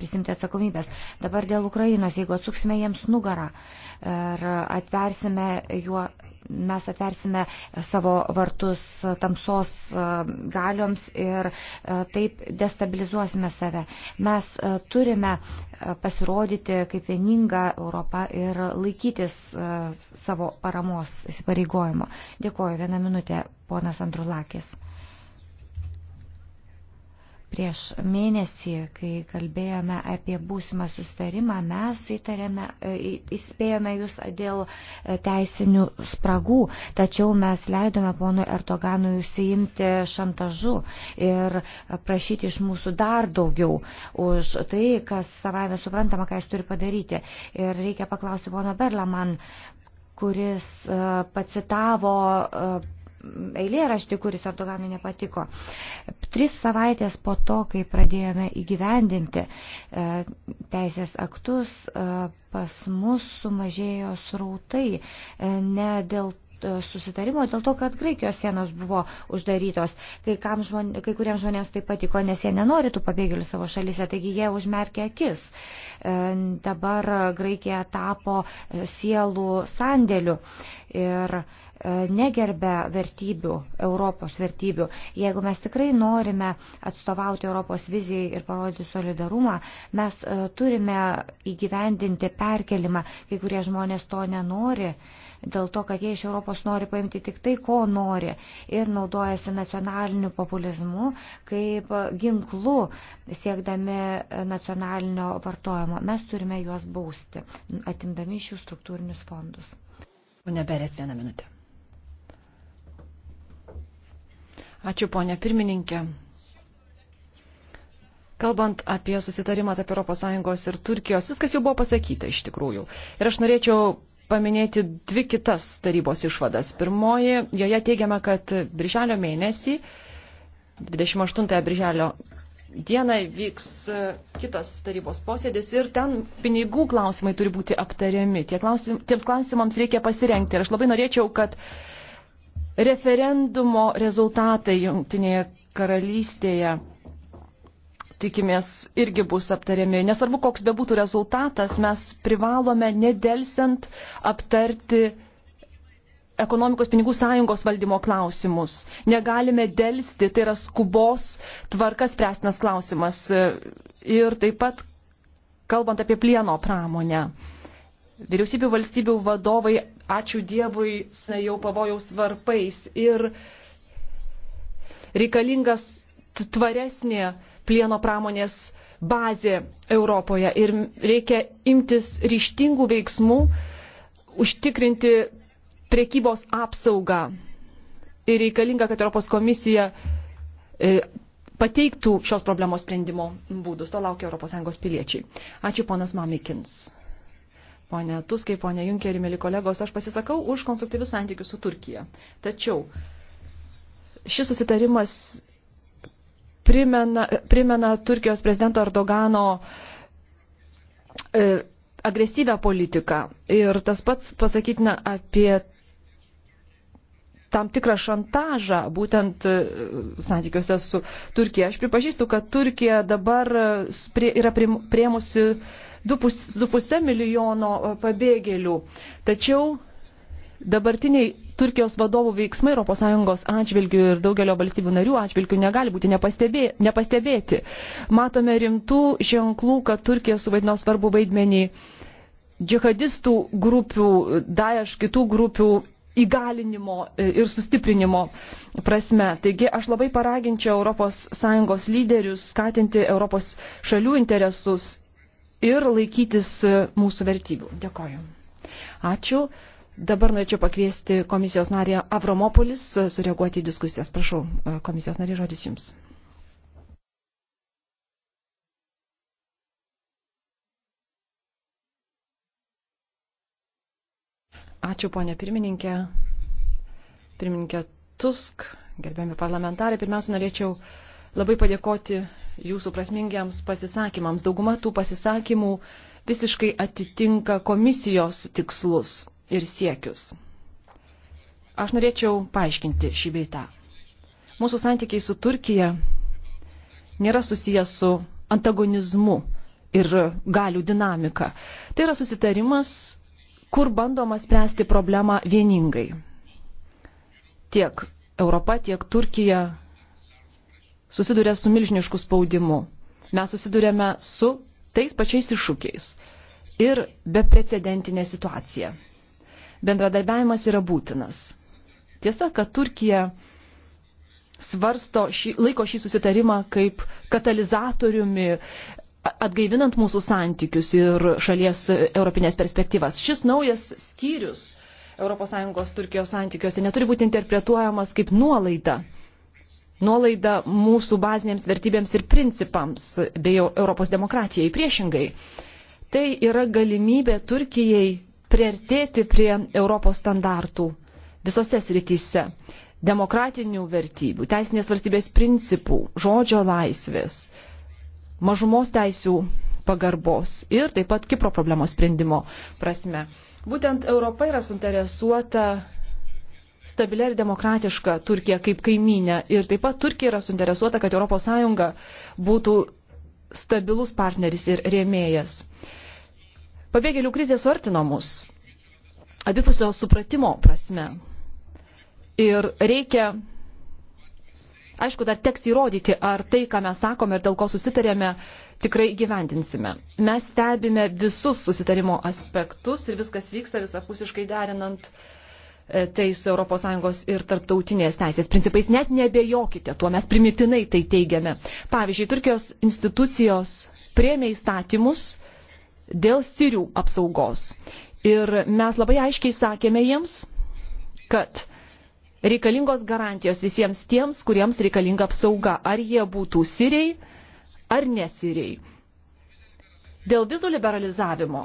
prisimti atsakomybės. Dabar dėl Ukrainos, jeigu atsuksime jiems nugarą ir atversime juo mes atversime savo vartus tamsos galioms ir ir e, taip destabilizuosime save. Mes e, turime e, pasirodyti kaip vieninga Europa ir laikytis savo paramos įsipareigojimo. Dėkuoju, vieną minutę, ponas Andrulakis. Prieš mėnesį, kai kalbėjome apie būsimą sustarimą, mes įtarėme, e, įspėjome jūs dėl e, teisinių spragų, tačiau mes leidome ponui Erdoganui įsijimti šantažu ir prašyti iš mūsų dar daugiau už tai, kas savame suprantama, ką jis turi padaryti. Ir reikia paklausti pono Berlaman, kuris e, pacitavo eilėraštį, kuris Erdoganui nepatiko. Tris savaitės po to, kai pradėjome įgyvendinti e, teisės aktus, e, pas mus sumažėjo srautai. E, ne dėl susitarimo dėl to, kad Graikijos sienos buvo uždarytos. Kai, žmon, kai kuriems žmonėms tai patiko, nes jie nenori tų pabėgėlių savo šalyse, taigi jie užmerkė akis. Dabar Graikija tapo sielų sandėliu. Ir E, negerbia vertybių, Europos vertybių. Jeigu mes tikrai norime atstovauti Europos vizijai ir parodyti solidarumą, mes e, turime įgyvendinti perkelimą. Kai kurie žmonės to nenori dėl to, kad jie iš Europos nori paimti tik tai, ko nori ir naudojasi nacionaliniu populizmu kaip ginklu siekdami e, nacionalinio vartojimo. Mes turime juos bausti, atimdami iš jų struktūrinius fondus. Pone Berės, vieną minutę. Ačiū, ponė pirmininkė. Kalbant apie susitarimą tarp ES ir Turkijos, viskas jau buvo pasakyta iš tikrųjų. Ir aš norėčiau paminėti dvi kitas tarybos išvadas. Pirmoji, joje teigiama, kad birželio mėnesį, 28 birželio dieną vyks kitas tarybos posėdis ir ten pinigų klausimai turi būti aptariami. Tie klausim, tiems klausimams reikia pasirengti. Ir aš labai norėčiau, kad uh, Referendumo rezultatai Junktinėje karalystėje tikimės irgi bus aptariami. Nesvarbu, koks bebūtų rezultatas, mes privalome nedelsiant aptarti ekonomikos pinigų sąjungos valdymo klausimus. Negalime delsti, tai yra skubos tvarkas prestinas klausimas. Ir taip pat, kalbant apie plieno pramonę. Vyriausybių valstybių vadovai, ačiū Dievui, jau pavojaus varpais ir reikalingas tvaresnė plieno pramonės bazė Europoje ir reikia imtis ryštingų veiksmų, užtikrinti prekybos apsaugą ir reikalinga, kad Europos komisija e, pateiktų šios problemos sprendimo būdus. To laukia ES piliečiai. Ačiū ponas Mamikins. Pone Tuskai, pone Junkeri, mėly kolegos, aš pasisakau už konstruktyvius santykius su Turkija. Tačiau šis susitarimas primena, primena Turkijos prezidento Erdogano e, agresyvę politiką. Ir tas pats pasakytina apie tam tikrą šantažą būtent e, santykiuose su Turkija. Aš pripažįstu, kad Turkija dabar yra priemusi prie 2,5 milijono e, pabėgėlių. Tačiau dabartiniai Turkijos vadovų veiksmai ES atžvilgių ir daugelio valstybių narių atžvilgių negali būti nepastebė, nepastebėti. Matome rimtų ženklų, kad Turkija suvaidino svarbu vaidmenį džihadistų grupių, Daesh kitų grupių įgalinimo e, ir sustiprinimo prasme. Taigi aš labai paraginčiau ES lyderius skatinti Europos šalių interesus ir laikytis e, mūsų vertybių. Dėkoju. Ačiū. Dabar norėčiau pakviesti komisijos narį Avromopolis e, sureaguoti į diskusijas. Prašau, e, komisijos narį žodis jums. Ačiū, ponė pirmininkė. Pirmininkė Tusk, gerbiami parlamentarai, pirmiausia, norėčiau labai padėkoti jūsų prasmingiams pasisakymams. Dauguma tų pasisakymų visiškai atitinka komisijos tikslus ir siekius. Aš norėčiau paaiškinti šį beitą. Mūsų santykiai su Turkija nėra susijęs su antagonizmu ir galių dinamika. Tai yra susitarimas, kur bandoma spręsti problemą vieningai. Tiek Europa, tiek Turkija susiduria su milžinišku spaudimu. Mes susidurėme su tais pačiais iššūkiais ir beprecedentinė situacija. Bendradarbiavimas yra būtinas. Tiesa, kad Turkija svarsto, šį, laiko šį susitarimą kaip katalizatoriumi atgaivinant mūsų santykius ir šalies europinės perspektyvas. Šis naujas skyrius ES Turkijos santykiuose neturi būti interpretuojamas kaip nuolaida nuolaidą mūsų bazinėms vertybėms ir principams bei Europos demokratijai priešingai. Tai yra galimybė Turkijai priartėti prie Europos standartų visose srityse - demokratinių vertybių, teisinės valstybės principų, žodžio laisvės, mažumos teisių pagarbos ir taip pat Kipro problemos sprendimo prasme. Būtent Europa yra suinteresuota stabilę ir demokratišką Turkiją kaip kaiminę. Ir taip pat Turkija yra suinteresuota, kad ES būtų stabilus partneris ir rėmėjas. Pabėgėlių krizė suartino mus abipusio supratimo prasme. Ir reikia, aišku, dar teks įrodyti, ar tai, ką mes sakome ir dėl ko susitarėme, tikrai gyvendinsime. Mes stebime visus susitarimo aspektus ir viskas vyksta visapusiškai derinant uh, E, teisų ES ir tarptautinės teisės principais. Net nebejokite tuo, mes primitinai tai teigiame. Pavyzdžiui, Turkijos institucijos priemė įstatymus dėl sirių apsaugos. Ir mes labai aiškiai sakėme jiems, kad reikalingos garantijos visiems tiems, kuriems reikalinga apsauga, ar jie būtų siriai, ar nesiriai. Dėl vizų liberalizavimo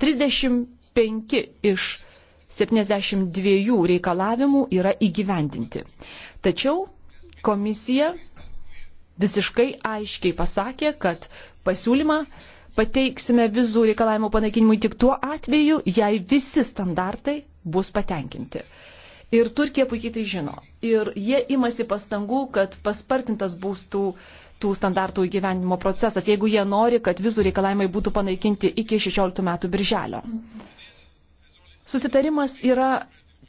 35 iš 40 72 reikalavimų yra įgyvendinti. Tačiau komisija visiškai aiškiai pasakė, kad pasiūlymą pateiksime vizų reikalavimų panaikinimui tik tuo atveju, jei visi standartai bus patenkinti. Ir Turkija puikiai tai žino. Ir jie imasi pastangų, kad paspartintas būtų tų standartų įgyvendimo procesas, jeigu jie nori, kad vizų reikalavimai būtų panaikinti iki 16 metų birželio. Mhm Susitarimas yra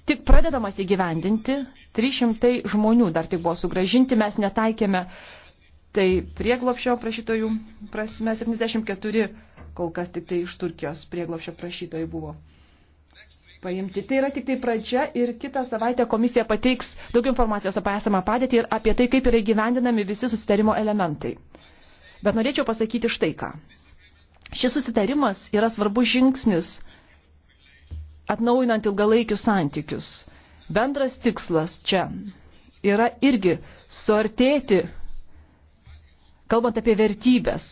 tik pradedamas įgyvendinti, 300 žmonių dar tik buvo sugražinti, mes netaikėme tai prieglopšio prašytojų prasme, 74 kol kas tik tai iš Turkijos prieglopšio prašytojai buvo paimti. Tai yra tik tai pradžia ir kitą savaitę komisija pateiks daug informacijos apie esamą padėtį ir apie tai, kaip yra įgyvendinami visi susitarimo elementai. Bet norėčiau pasakyti štai ką. Šis susitarimas yra svarbus žingsnis atnaujinant ilgalaikius santykius. Bendras tikslas čia yra irgi suartėti, kalbant apie vertybės,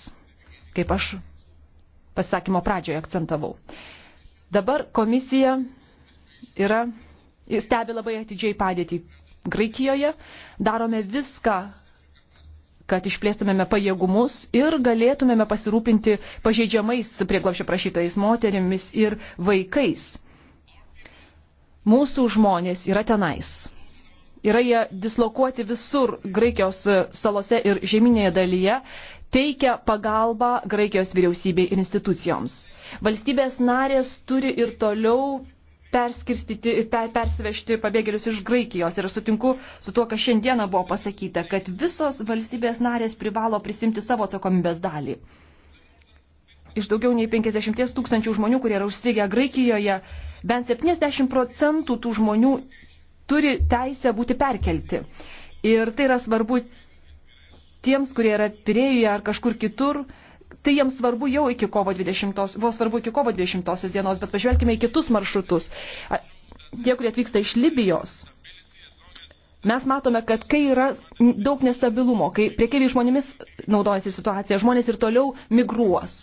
kaip aš pasakymo pradžioje akcentavau. Dabar komisija yra, stebi labai atidžiai padėtį Graikijoje, darome viską, kad išplėstumėme pajėgumus ir galėtumėme pasirūpinti pažeidžiamais prieglobšio prašytojais moterimis ir vaikais mūsų žmonės yra tenais. Yra jie dislokuoti visur Graikijos salose ir žemynėje dalyje, teikia pagalbą Graikijos vyriausybei ir institucijoms. Valstybės narės turi ir toliau perskirstyti, per, persivežti pabėgėlius iš Graikijos. Ir sutinku su tuo, kas šiandieną buvo pasakyta, kad visos valstybės narės privalo prisimti savo atsakomybės dalį iš daugiau nei 50 tūkstančių žmonių, kurie yra užstrigę Graikijoje, bent 70 procentų tų žmonių turi teisę būti perkelti. Ir tai yra svarbu tiems, kurie yra Pirėjuje ar kažkur kitur. Tai jiems svarbu jau iki kovo 20, buvo svarbu iki kovo 20 dienos, bet pažvelkime į kitus maršrutus. Tie, kurie atvyksta iš Libijos, mes matome, kad kai yra daug nestabilumo, kai priekyviai žmonėmis naudojasi situacija, žmonės ir toliau migruos.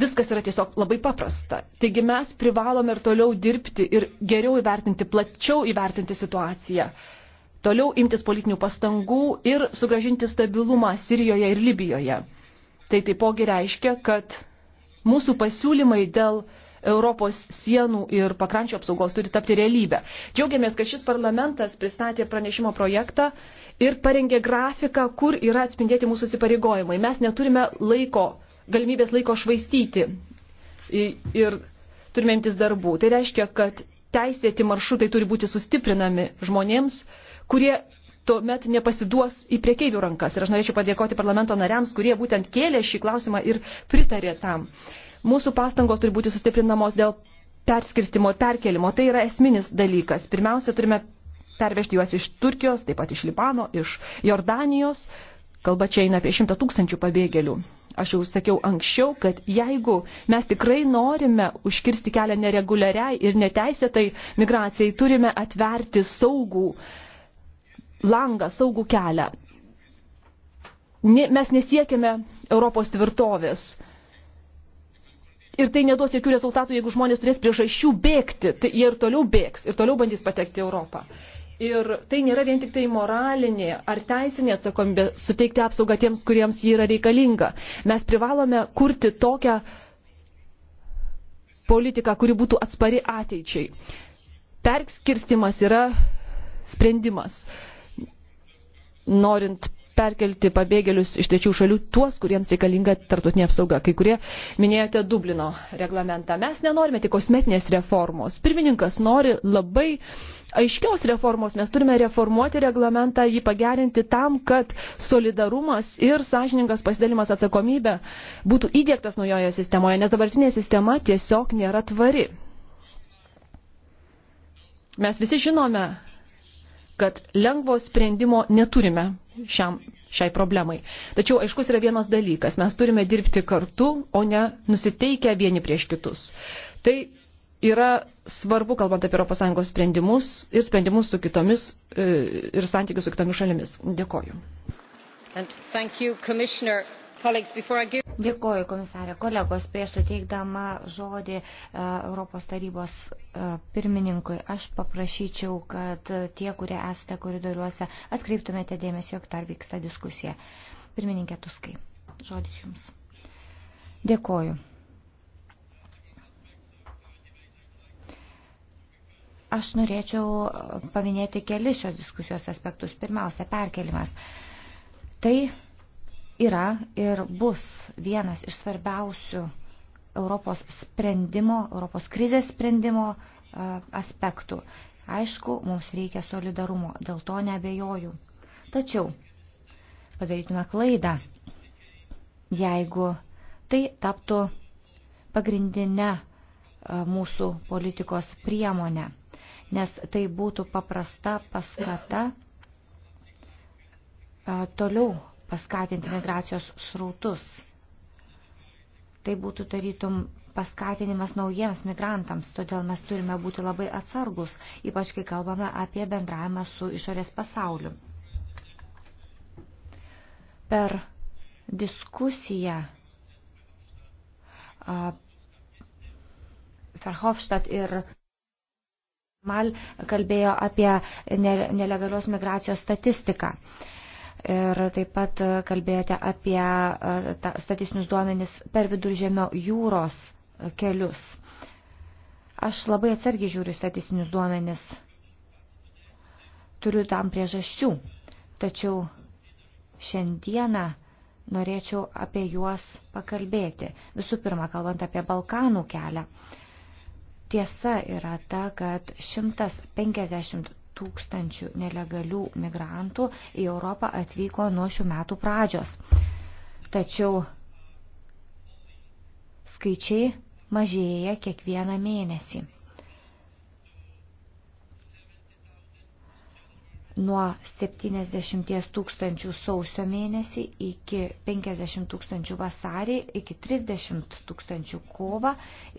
Viskas yra tiesiog labai paprasta. Taigi mes privalome ir toliau dirbti ir geriau įvertinti, plačiau įvertinti situaciją. Toliau imtis politinių pastangų ir sugražinti stabilumą Sirijoje ir Libijoje. Tai taipogi reiškia, kad mūsų pasiūlymai dėl Europos sienų ir pakrančio apsaugos turi tapti realybę. Džiaugiamės, kad šis parlamentas pristatė pranešimo projektą ir parengė grafiką, kur yra atspindėti mūsų įsipareigojimai. Mes neturime laiko galimybės laiko švaistyti ir turime imtis darbų. Tai reiškia, kad teisėti maršrutai turi būti sustiprinami žmonėms, kurie tuomet nepasiduos į priekeivių rankas. Ir aš norėčiau padėkoti parlamento nariams, kurie būtent kėlė šį klausimą ir pritarė tam. Mūsų pastangos turi būti sustiprinamos dėl perskirstimo ir perkelimo. Tai yra esminis dalykas. Pirmiausia, turime pervežti juos iš Turkijos, taip pat iš Libano, iš Jordanijos. Kalba čia eina apie šimtą tūkstančių pabėgėlių. Aš jau sakiau anksčiau, kad jeigu mes tikrai norime užkirsti kelią nereguliariai ir neteisėtai migracijai, turime atverti saugų langą, saugų kelią. Mes nesiekime Europos tvirtovės. Ir tai neduos jokių rezultatų, jeigu žmonės turės priežasčių bėgti, tai jie ir toliau bėgs, ir toliau bandys patekti Europą. Ir tai nėra vien tik tai moralinė ar teisinė atsakomybė suteikti apsaugą tiems, kuriems ji yra reikalinga. Mes privalome kurti tokią politiką, kuri būtų atspari ateičiai. Perskirstimas yra sprendimas. Norint perkelti pabėgėlius iš trečių šalių tuos, kuriems reikalinga tartutinė apsauga. Kai kurie minėjote Dublino reglamentą. Mes nenorime tik kosmetinės reformos. Pirmininkas nori labai aiškios reformos. Mes turime reformuoti reglamentą, jį pagerinti tam, kad solidarumas ir sąžiningas pasidalimas atsakomybė būtų įdėktas naujoje sistemoje, nes dabartinė sistema tiesiog nėra tvari. Mes visi žinome, kad lengvo sprendimo neturime šiam, šiai problemai. Tačiau aiškus yra vienas dalykas. Mes turime dirbti kartu, o ne nusiteikę vieni prieš kitus. Tai yra svarbu, kalbant apie ES sprendimus ir sprendimus su kitomis e, ir santykius su kitomis šalimis. Dėkoju. You, give... Dėkoju, komisarė. Kolegos, prieš suteikdama žodį e, Europos tarybos e, pirmininkui, aš paprašyčiau, kad tie, kurie esate koridoriuose, atkreiptumėte dėmesį, jog dar vyksta diskusija. Pirmininkė Tuskai, žodis jums. Dėkoju. Aš norėčiau paminėti kelis šios diskusijos aspektus. Pirmiausia, perkelimas. Tai yra ir bus vienas iš svarbiausių Europos sprendimo, Europos krizės sprendimo e, aspektų. Aišku, mums reikia solidarumo, dėl to nebejoju. Tačiau padarytume klaidą, jeigu tai taptų pagrindinę e, mūsų politikos priemonę nes tai būtų paprasta paskata toliau paskatinti migracijos srautus. Tai būtų tarytum paskatinimas naujiems migrantams, todėl mes turime būti labai atsargus, ypač kai kalbame apie bendravimą su išorės pasauliu. Per diskusiją Verhofstadt ir Mal kalbėjo apie nelegalios migracijos statistiką. Ir taip pat kalbėjote apie statistinius duomenis per viduržėmio jūros kelius. Aš labai atsargiai žiūriu statistinius duomenis. Turiu tam priežasčių. Tačiau šiandieną norėčiau apie juos pakalbėti. Visų pirma, kalbant apie Balkanų kelią. Uh, Tiesa yra ta, kad 150 tūkstančių nelegalių migrantų į Europą atvyko nuo šių metų pradžios. Tačiau skaičiai mažėja kiekvieną mėnesį. Nuo 70 tūkstančių sausio mėnesį iki 50 tūkstančių vasarį, iki 30 tūkstančių kovą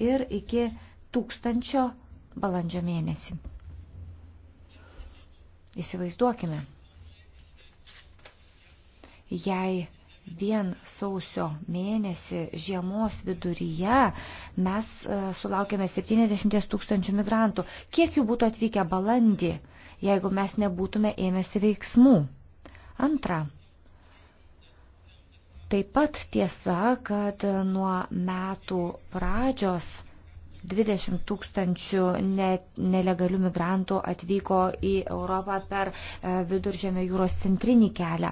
ir iki tūkstančio balandžio mėnesį. Įsivaizduokime, jei vien sausio mėnesį žiemos viduryje mes e, sulaukėme 70 tūkstančių migrantų. Kiek jų būtų atvykę balandį, jeigu mes nebūtume ėmėsi veiksmų? Antra. Taip pat tiesa, kad nuo metų pradžios 20 tūkstančių ne, nelegalių migrantų atvyko į Europą per e, viduržėmio jūros centrinį kelią.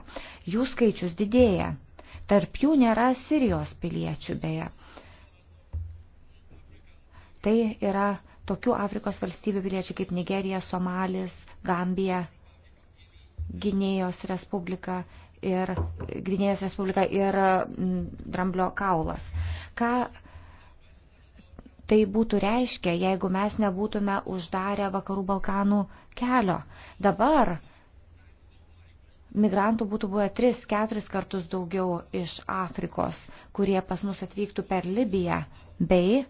Jų skaičius didėja. Tarp jų nėra Sirijos piliečių beje. Tai yra tokių Afrikos valstybių piliečiai kaip Nigerija, Somalis, Gambija, Gynėjos Respublika ir Gvinėjos Respublika ir Dramblio kaulas. Ką tai būtų reiškia, jeigu mes nebūtume uždarę Vakarų Balkanų kelio. Dabar migrantų būtų buvę 3-4 kartus daugiau iš Afrikos, kurie pas mus atvyktų per Libiją, bei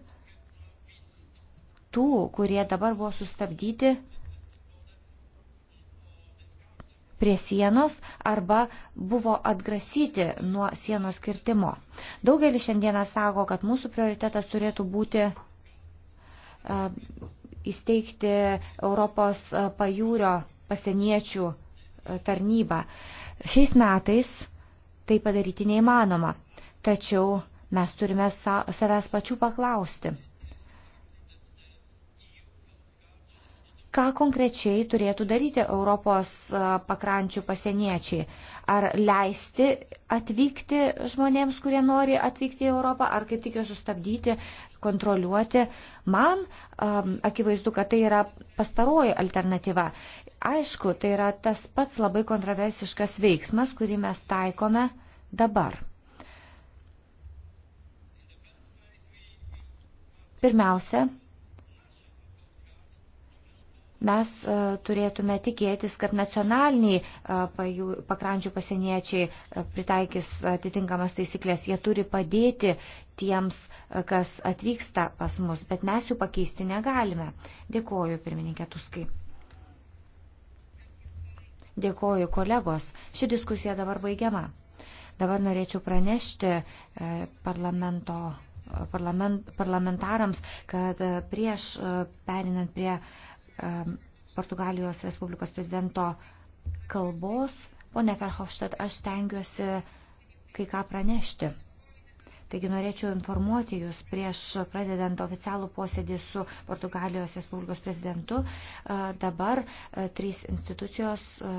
tų, kurie dabar buvo sustabdyti prie sienos arba buvo atgrasyti nuo sienos kirtimo. Daugelis šiandieną sako, kad mūsų prioritetas turėtų būti įsteigti Europos pajūrio pasieniečių tarnybą. Šiais metais tai padaryti neįmanoma, tačiau mes turime savęs pačių paklausti. Ką konkrečiai turėtų daryti Europos pakrančių pasieniečiai? Ar leisti atvykti žmonėms, kurie nori atvykti į Europą, ar kaip tik juos sustabdyti, kontroliuoti, man um, akivaizdu, kad tai yra pastaroji alternatyva. Aišku, tai yra tas pats labai kontroversiškas veiksmas, kurį mes taikome dabar. Pirmiausia, Mes e, turėtume tikėtis, kad nacionaliniai e, pakrančių pasieniečiai e, pritaikys atitinkamas taisyklės. Jie turi padėti tiems, kas atvyksta pas mus, bet mes jų pakeisti negalime. Dėkuoju, pirmininkė Tuskai. Dėkoju kolegos. Ši diskusija dabar baigiama. Dabar norėčiau pranešti parlamento, parlament, parlamentarams, kad prieš perinant prie Um, Portugalijos Respublikos prezidento kalbos. Pone Ferhofštad, aš stengiuosi kai ką pranešti. Taigi norėčiau informuoti Jūs prieš pradedant oficialų posėdį su Portugalijos Respublikos prezidentu. Uh, dabar uh, trys institucijos uh,